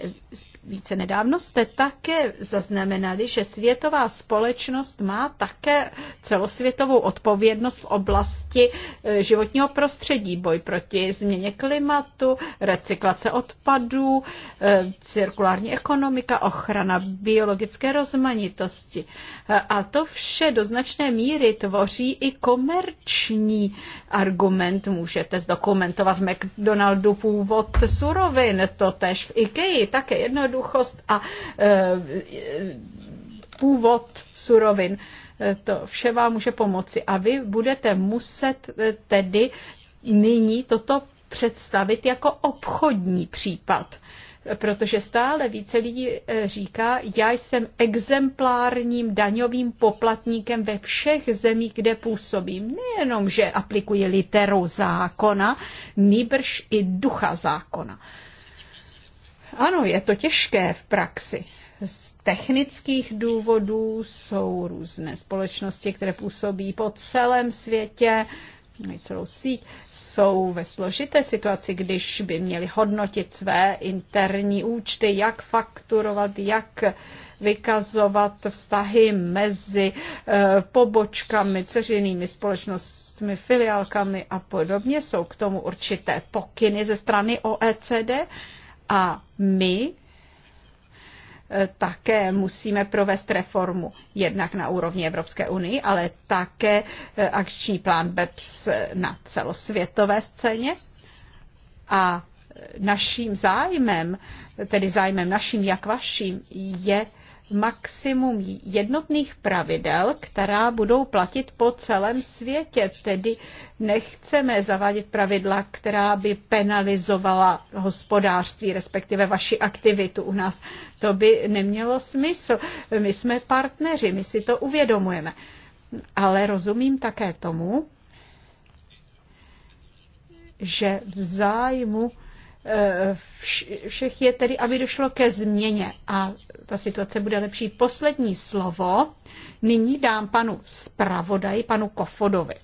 více nedávno jste také zaznamenali, že světová společnost má také celosvětovou odpovědnost v oblasti e, životního prostředí, boj proti změně klimatu, recyklace odpadů, e, cirkulární ekonomika, ochrana biologické rozmanitosti. E, a to vše do značné míry tvoří i komerční argument. Můžete zdokumentovat v McDonaldu původ surovin, to tež v IKEA, také jednoduché jednoduchost a e, původ surovin. E, to vše vám může pomoci. A vy budete muset e, tedy nyní toto představit jako obchodní případ protože stále více lidí říká, já jsem exemplárním daňovým poplatníkem ve všech zemích, kde působím. Nejenom, že aplikuji literu zákona, nýbrž i ducha zákona. Ano, je to těžké v praxi. Z technických důvodů jsou různé společnosti, které působí po celém světě, mají celou síť, jsou ve složité situaci, když by měli hodnotit své interní účty, jak fakturovat, jak vykazovat vztahy mezi eh, pobočkami, ceřinými společnostmi, filiálkami a podobně. Jsou k tomu určité pokyny ze strany OECD a my eh, také musíme provést reformu jednak na úrovni Evropské unie, ale také eh, akční plán BEPS na celosvětové scéně. A eh, naším zájmem, tedy zájmem naším jak vaším, je maximum jednotných pravidel, která budou platit po celém světě. Tedy nechceme zavádět pravidla, která by penalizovala hospodářství, respektive vaši aktivitu u nás. To by nemělo smysl. My jsme partneři, my si to uvědomujeme. Ale rozumím také tomu, že v zájmu eh, všech je tedy, aby došlo ke změně. A ta situace bude lepší. Poslední slovo nyní dám panu zpravodaji, panu Kofodovi.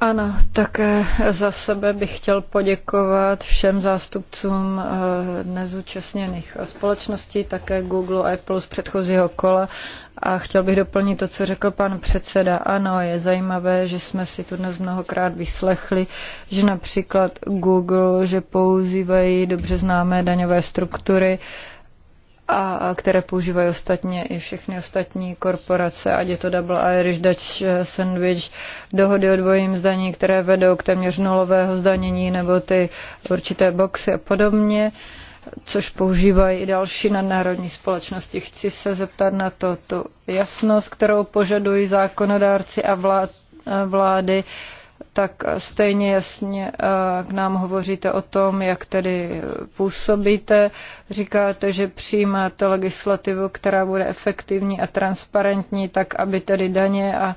Ano, také za sebe bych chtěl poděkovat všem zástupcům eh, nezúčastněných společností, také Google a Apple z předchozího kola. A chtěl bych doplnit to, co řekl pan předseda. Ano, je zajímavé, že jsme si tu dnes mnohokrát vyslechli, že například Google, že používají dobře známé daňové struktury, uh, a které používají ostatně i všechny ostatní korporace, ať je to Double Irish Dutch eh, Sandwich, dohody o dvojím zdaní, které vedou k téměř nulového zdanění, nebo ty určité boxy a podobně, což používají i další nadnárodní společnosti. Chci se zeptat na to, tu jasnost, kterou požadují zákonodárci a vlád, eh, vlády, tak stejně jasně eh, k nám hovoříte o tom, jak tedy působíte. Říkáte, že přijímáte legislativu, která bude efektivní a transparentní, tak aby tedy daně a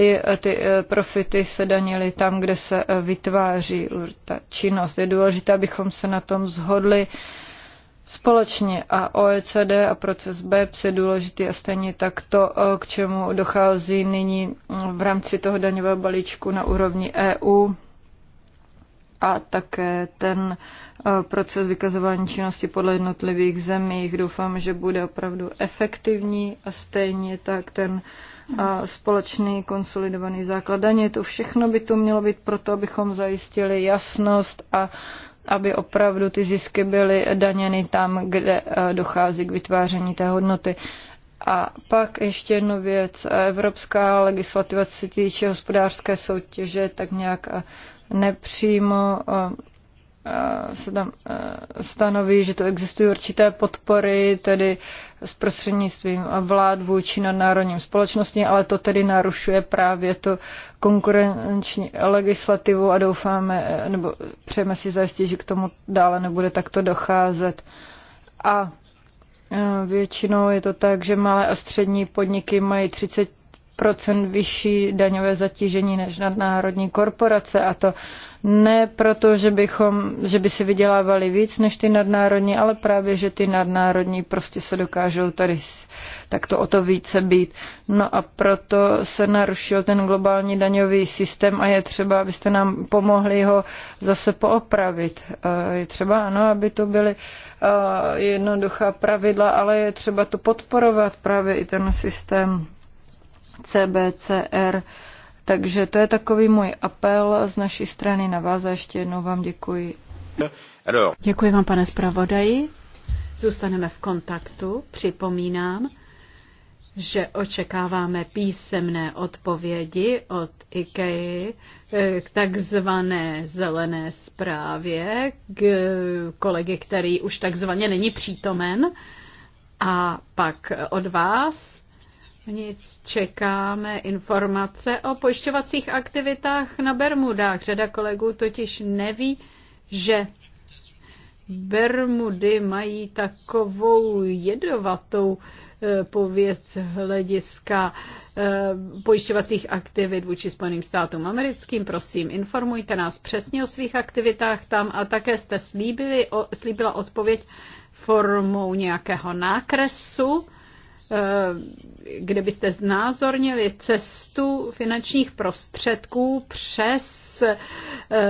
eh, ty eh, profity se danily tam, kde se vytváří ta činnost. Je důležité, abychom se na tom zhodli společně a OECD a proces BEPS je důležitý a stejně tak to, eh, k čemu dochází nyní mm, v rámci toho daňového balíčku na úrovni EU a také ten eh, proces vykazování činnosti podle jednotlivých zemí. Doufám, že bude opravdu efektivní a stejně tak ten eh, společný konsolidovaný základ daně. To všechno by tu mělo být proto, abychom zajistili jasnost a aby opravdu ty zisky byly daněny tam, kde eh, dochází k vytváření té hodnoty. A pak ještě jednu věc. Evropská legislativa, co se týče hospodářské soutěže, tak nějak eh, nepřímo eh, Eh, se tam eh, stanoví, že to existují určité podpory, tedy s prostřednictvím vlád vůči nadnárodním společnosti, ale to tedy narušuje právě to konkurenční legislativu a doufáme, eh, nebo přejeme si zajistit, že k tomu dále nebude takto docházet. A Většinou je to tak, že malé a střední podniky mají 30 vyšší daňové zatížení než nadnárodní korporace a to ne proto, že, bychom, že by si vydělávali víc než ty nadnárodní, ale právě, že ty nadnárodní prostě se dokážou tady tak to o to více být. No a proto se narušil ten globální daňový systém a je třeba, abyste nám pomohli ho zase poopravit. Je třeba, ano, aby to byly jednoduchá pravidla, ale je třeba to podporovat právě i ten systém CBCR. Takže to je takový můj apel z naší strany na vás a ještě jednou vám děkuji. Děkuji vám, pane zpravodaji. Zůstaneme v kontaktu. Připomínám, že očekáváme písemné odpovědi od IKEA k takzvané zelené zprávě k kolegy, který už takzvaně není přítomen. A pak od vás nic, čekáme informace o pojišťovacích aktivitách na Bermudách. Řada kolegů totiž neví, že Bermudy mají takovou jedovatou eh, pověst hlediska eh, pojišťovacích aktivit vůči Spojeným státům americkým. Prosím, informujte nás přesně o svých aktivitách tam a také jste slíbili, slíbila odpověď formou nějakého nákresu Eh, kdybyste znázornili cestu finančních prostředků přes eh,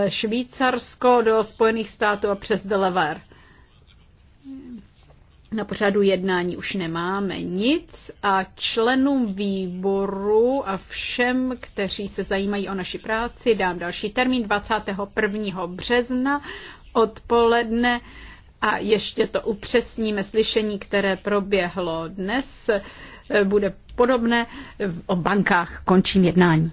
Švýcarsko do Spojených států a přes Delaware. Na pořadu jednání už nemáme nic a členům výboru a všem, kteří se zajímají o naši práci, dám další termín 21. března odpoledne a ještě to upřesníme, slyšení, které proběhlo dnes, eh, bude podobné. O bankách končím jednání.